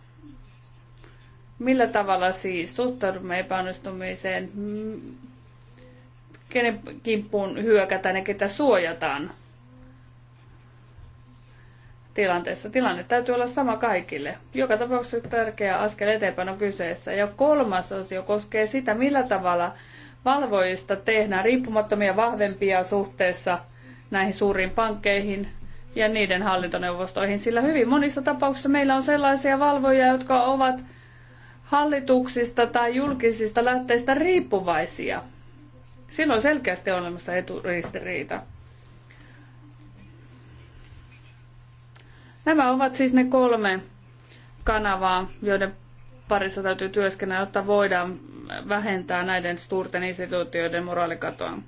Millä tavalla siis suhtaudumme epäonnistumiseen, mm, kenen kimppuun hyökätään ja ketä suojataan – tilanteessa. Tilanne täytyy olla sama kaikille. Joka tapauksessa tärkeä askel eteenpäin on kyseessä. Ja kolmas osio koskee sitä, millä tavalla valvojista tehdään riippumattomia vahvempia suhteessa näihin suuriin pankkeihin ja niiden hallintoneuvostoihin, sillä hyvin monissa tapauksissa meillä on sellaisia valvojia, jotka ovat hallituksista tai julkisista lähteistä riippuvaisia. Silloin selkeästi on olemassa eturistiriita. Nämä ovat siis ne kolme kanavaa, joiden parissa täytyy työskennellä, jotta voidaan vähentää näiden suurten instituutioiden moraalikatoa.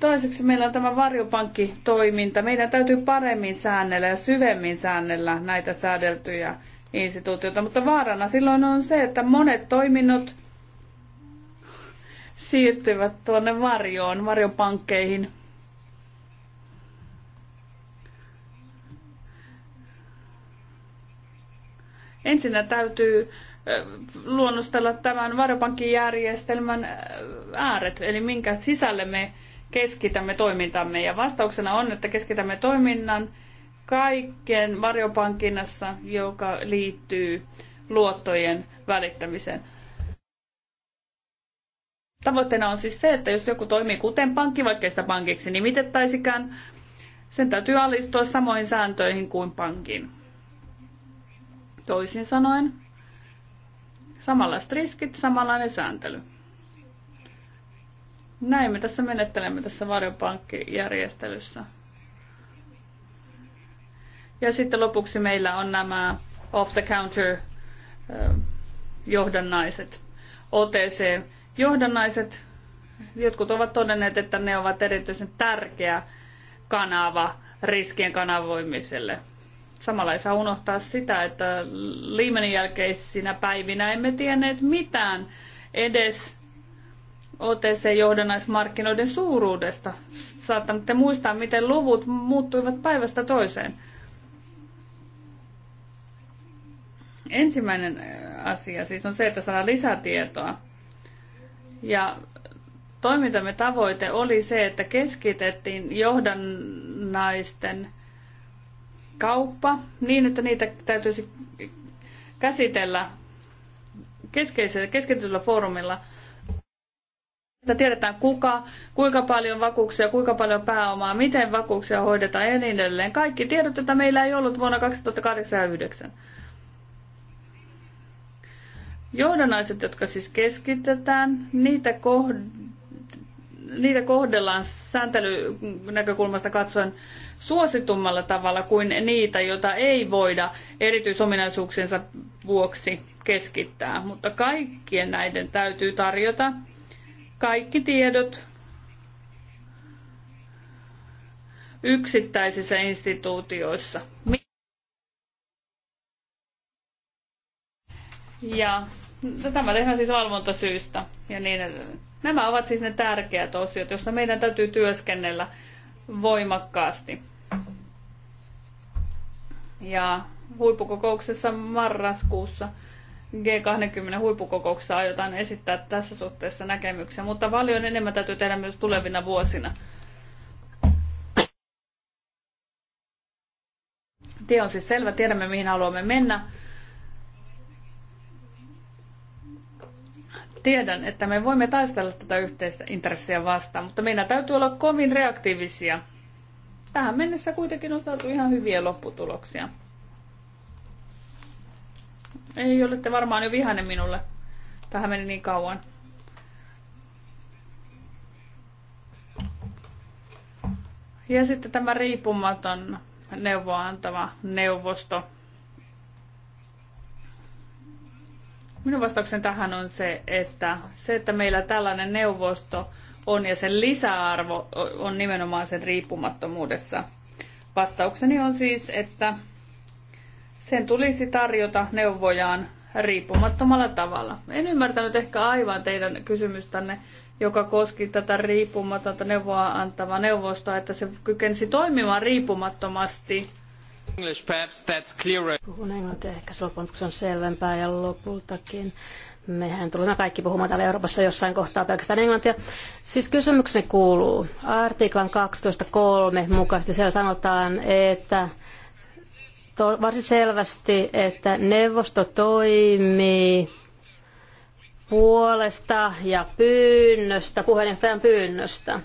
Toiseksi meillä on tämä varjopankkitoiminta. Meidän täytyy paremmin säännellä ja syvemmin säännellä näitä säädeltyjä instituutioita, mutta vaarana silloin on se, että monet toiminnot siirtyvät tuonne varjoon, varjopankkeihin. Ensinnä täytyy luonnostella tämän varjopankkijärjestelmän ääret, eli minkä sisälle me keskitämme toimintamme. Ja vastauksena on, että keskitämme toiminnan kaikkeen varjopankinnassa, joka liittyy luottojen välittämiseen. Tavoitteena on siis se, että jos joku toimii kuten pankki, vaikka sitä pankiksi nimitettäisikään, sen täytyy alistua samoihin sääntöihin kuin pankin. Toisin sanoen, samanlaiset riskit, samanlainen sääntely. Näin me tässä menettelemme tässä varjopankkijärjestelyssä. Ja sitten lopuksi meillä on nämä off-the-counter johdannaiset, OTC, johdannaiset. Jotkut ovat todenneet, että ne ovat erityisen tärkeä kanava riskien kanavoimiselle. Samalla ei saa unohtaa sitä, että liimenin jälkeisinä päivinä emme tienneet mitään edes OTC-johdannaismarkkinoiden suuruudesta. Saatatte muistaa, miten luvut muuttuivat päivästä toiseen. Ensimmäinen asia siis on se, että saadaan lisätietoa ja toimintamme tavoite oli se, että keskitettiin johdannaisten kauppa niin, että niitä täytyisi käsitellä keskeisellä, keskityllä foorumilla. Että tiedetään kuka, kuinka paljon vakuuksia, kuinka paljon pääomaa, miten vakuuksia hoidetaan ja niin edelleen. Kaikki tiedot, joita meillä ei ollut vuonna 2008 ja 2009. Johdannaiset, jotka siis keskitetään, niitä, kohd- niitä kohdellaan sääntelynäkökulmasta katsoen suositummalla tavalla kuin niitä, joita ei voida erityisominaisuuksiensa vuoksi keskittää. Mutta kaikkien näiden täytyy tarjota kaikki tiedot yksittäisissä instituutioissa. Ja tämä tehdään siis valvontasyystä ja niin edelleen. Nämä ovat siis ne tärkeät osiot, joissa meidän täytyy työskennellä voimakkaasti. Ja huippukokouksessa marraskuussa G20 huippukokouksessa aiotaan esittää tässä suhteessa näkemyksiä, mutta paljon enemmän täytyy tehdä myös tulevina vuosina. Tie on siis selvä, tiedämme mihin haluamme mennä Tiedän, että me voimme taistella tätä yhteistä intressiä vastaan, mutta meidän täytyy olla kovin reaktiivisia. Tähän mennessä kuitenkin on saatu ihan hyviä lopputuloksia. Ei, olette varmaan jo vihainen minulle. Tähän meni niin kauan. Ja sitten tämä riippumaton neuvoa antava neuvosto. Minun vastauksen tähän on se, että se, että meillä tällainen neuvosto on ja sen lisäarvo on nimenomaan sen riippumattomuudessa. Vastaukseni on siis, että sen tulisi tarjota neuvojaan riippumattomalla tavalla. En ymmärtänyt ehkä aivan teidän kysymystänne, joka koski tätä riippumatonta neuvoa antavaa neuvostoa, että se kykensi toimimaan riippumattomasti English, perhaps that's clearer. Puhun englantia, ehkä se lopuksi on selvempää ja lopultakin. Mehän tulemme kaikki puhumaan täällä Euroopassa jossain kohtaa pelkästään englantia. Siis kysymykseni kuuluu, artiklan 12.3 mukaisesti siellä sanotaan, että to, varsin selvästi, että neuvosto toimii puolesta ja pyynnöstä, puheenjohtajan pyynnöstä.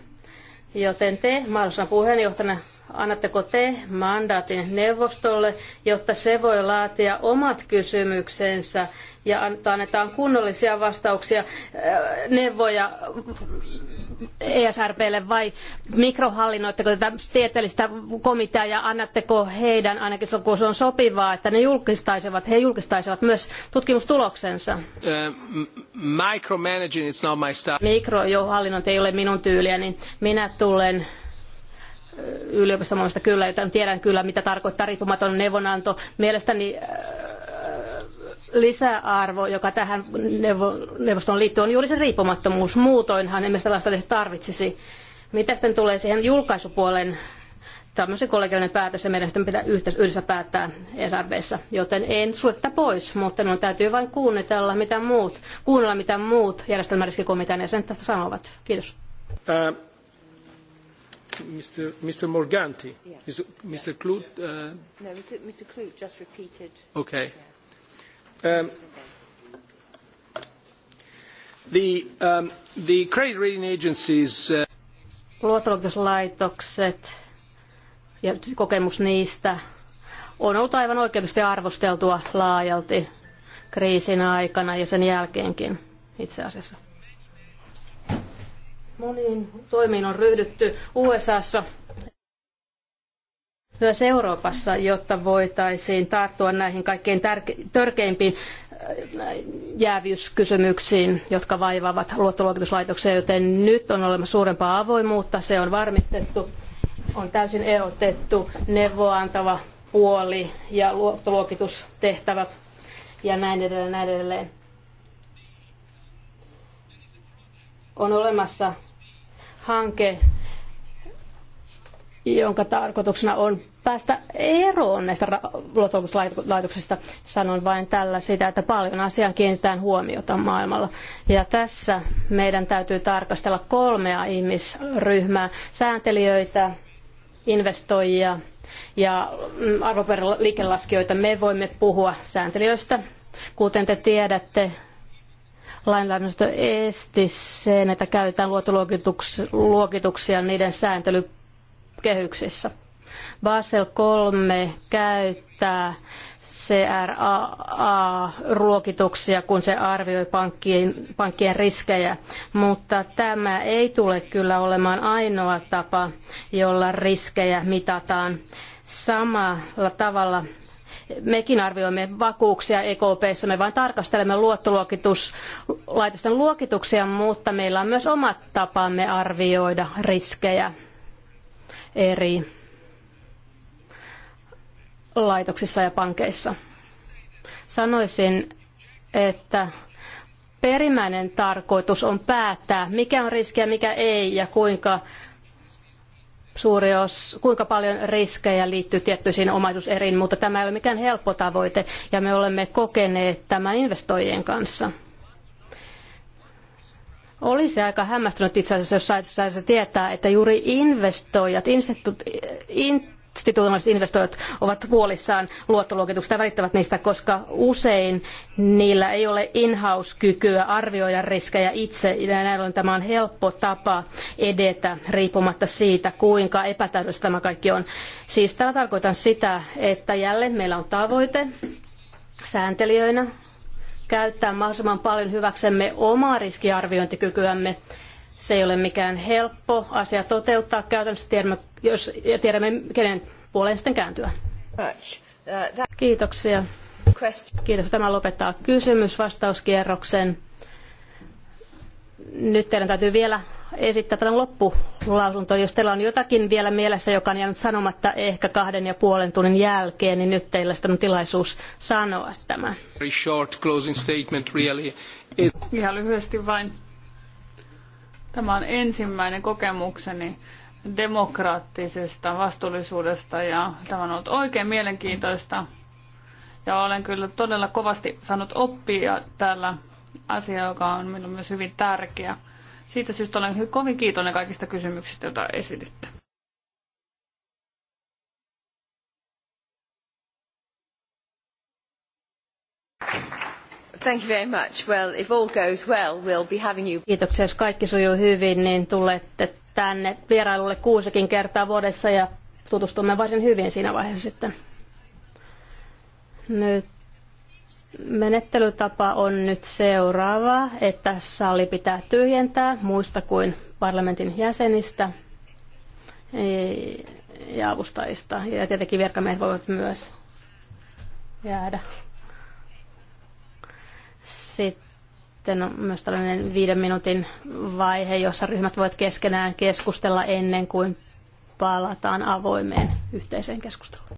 Joten te mahdollisena puheenjohtajana Annatteko te mandaatin neuvostolle, jotta se voi laatia omat kysymyksensä ja annetaan kunnollisia vastauksia, äh, neuvoja ESRPlle vai mikrohallinnoitteko tätä tieteellistä komiteaa ja annatteko heidän, ainakin silloin kun se on sopivaa, että ne julkistaisivat, he julkistaisivat myös tutkimustuloksensa? Äh, Mikrohallinnointi ei ole minun tyyliäni. Niin minä tulen yliopistomaailmasta kyllä, joten tiedän kyllä, mitä tarkoittaa riippumaton neuvonanto. Mielestäni äh, lisäarvo, joka tähän neuvostoon liittyy, on juuri se riippumattomuus. Muutoinhan emme sellaista edes tarvitsisi. Mitä sitten tulee siihen julkaisupuolen tämmöisen kollegiallinen päätös ja meidän sitten pitää yhdessä päättää SRBssä. Joten en suljeta pois, mutta minun täytyy vain kuunnella mitä muut, kuunnella mitä muut järjestelmäriskikomitean jäsenet tästä sanovat. Kiitos. Ää... Mr. Mr. Morganti. Yeah. Mr. Yeah. Uh, no, Mr. Clute just repeated. Okay. Yeah. Um, the, um, the credit rating agencies... Uh, Luottoluokituslaitokset ja kokemus niistä on ollut aivan oikeutusti arvosteltua laajalti kriisin aikana ja sen jälkeenkin itse asiassa. Moniin toimiin on ryhdytty USAssa myös Euroopassa, jotta voitaisiin tarttua näihin kaikkein tärke- törkeimpiin äh, jäävyyskysymyksiin, jotka vaivaavat luottoluokituslaitoksia, joten nyt on olemassa suurempaa avoimuutta, se on varmistettu, on täysin erotettu neuvoantava puoli ja luottoluokitustehtävä ja näin edelleen, näin edelleen. On olemassa hanke, jonka tarkoituksena on päästä eroon näistä luottamuslaitoksista. Sanon vain tällä sitä, että paljon asiaan kiinnitetään huomiota maailmalla. Ja tässä meidän täytyy tarkastella kolmea ihmisryhmää, sääntelijöitä, investoijia ja mm, arvoperiliikelaskijoita. Me voimme puhua sääntelijöistä. Kuten te tiedätte, lainsäädäntö esti sen, että käytetään luottoluokituksia niiden sääntelykehyksissä. Basel 3 käyttää CRAA-ruokituksia, kun se arvioi pankkien, pankkien riskejä, mutta tämä ei tule kyllä olemaan ainoa tapa, jolla riskejä mitataan samalla tavalla Mekin arvioimme vakuuksia EKPssä, me vain tarkastelemme luottoluokituslaitosten luokituksia, mutta meillä on myös omat tapamme arvioida riskejä eri laitoksissa ja pankeissa. Sanoisin, että perimmäinen tarkoitus on päättää, mikä on riski ja mikä ei ja kuinka suuri os, kuinka paljon riskejä liittyy tiettyihin omaisuuseriin, mutta tämä ei ole mikään helppo tavoite ja me olemme kokeneet tämän investoijien kanssa. Olisi aika hämmästynyt itse asiassa, jos saisi tietää, että juuri investoijat, instituut, in, institutionaaliset investoijat ovat huolissaan luottoluokituksesta ja välittävät niistä, koska usein niillä ei ole in-house-kykyä arvioida riskejä itse. Ja näin ollen tämä on helppo tapa edetä riippumatta siitä, kuinka epätäydellistä tämä kaikki on. Siis tällä tarkoitan sitä, että jälleen meillä on tavoite sääntelijöinä käyttää mahdollisimman paljon hyväksemme omaa riskiarviointikykyämme se ei ole mikään helppo asia toteuttaa käytännössä, tiedämme, jos, ja tiedämme kenen puoleen sitten kääntyä. Kiitoksia. Kiitos. Tämä lopettaa kysymys-vastauskierroksen. Nyt teidän täytyy vielä esittää tämän loppulausunto. Jos teillä on jotakin vielä mielessä, joka on jäänyt sanomatta ehkä kahden ja puolen tunnin jälkeen, niin nyt teillä on tilaisuus sanoa tämä. Very short closing statement, really. It... Ihan lyhyesti vain. Tämä on ensimmäinen kokemukseni demokraattisesta vastuullisuudesta ja tämä on ollut oikein mielenkiintoista. Ja olen kyllä todella kovasti saanut oppia tällä asia, joka on minulle myös hyvin tärkeä. Siitä syystä olen kovin kiitollinen kaikista kysymyksistä, joita esititte. Thank you very much. Well, if all goes well, we'll be having you. Kiitoksia, jos kaikki sujuu hyvin, niin tulette tänne vierailulle kuusikin kertaa vuodessa ja tutustumme varsin hyvin siinä vaiheessa sitten. Nyt menettelytapa on nyt seuraava, että sali pitää tyhjentää muista kuin parlamentin jäsenistä ja avustajista. Ja tietenkin virkamiehet voivat myös jäädä. Sitten on myös tällainen viiden minuutin vaihe, jossa ryhmät voivat keskenään keskustella ennen kuin palataan avoimeen yhteiseen keskusteluun.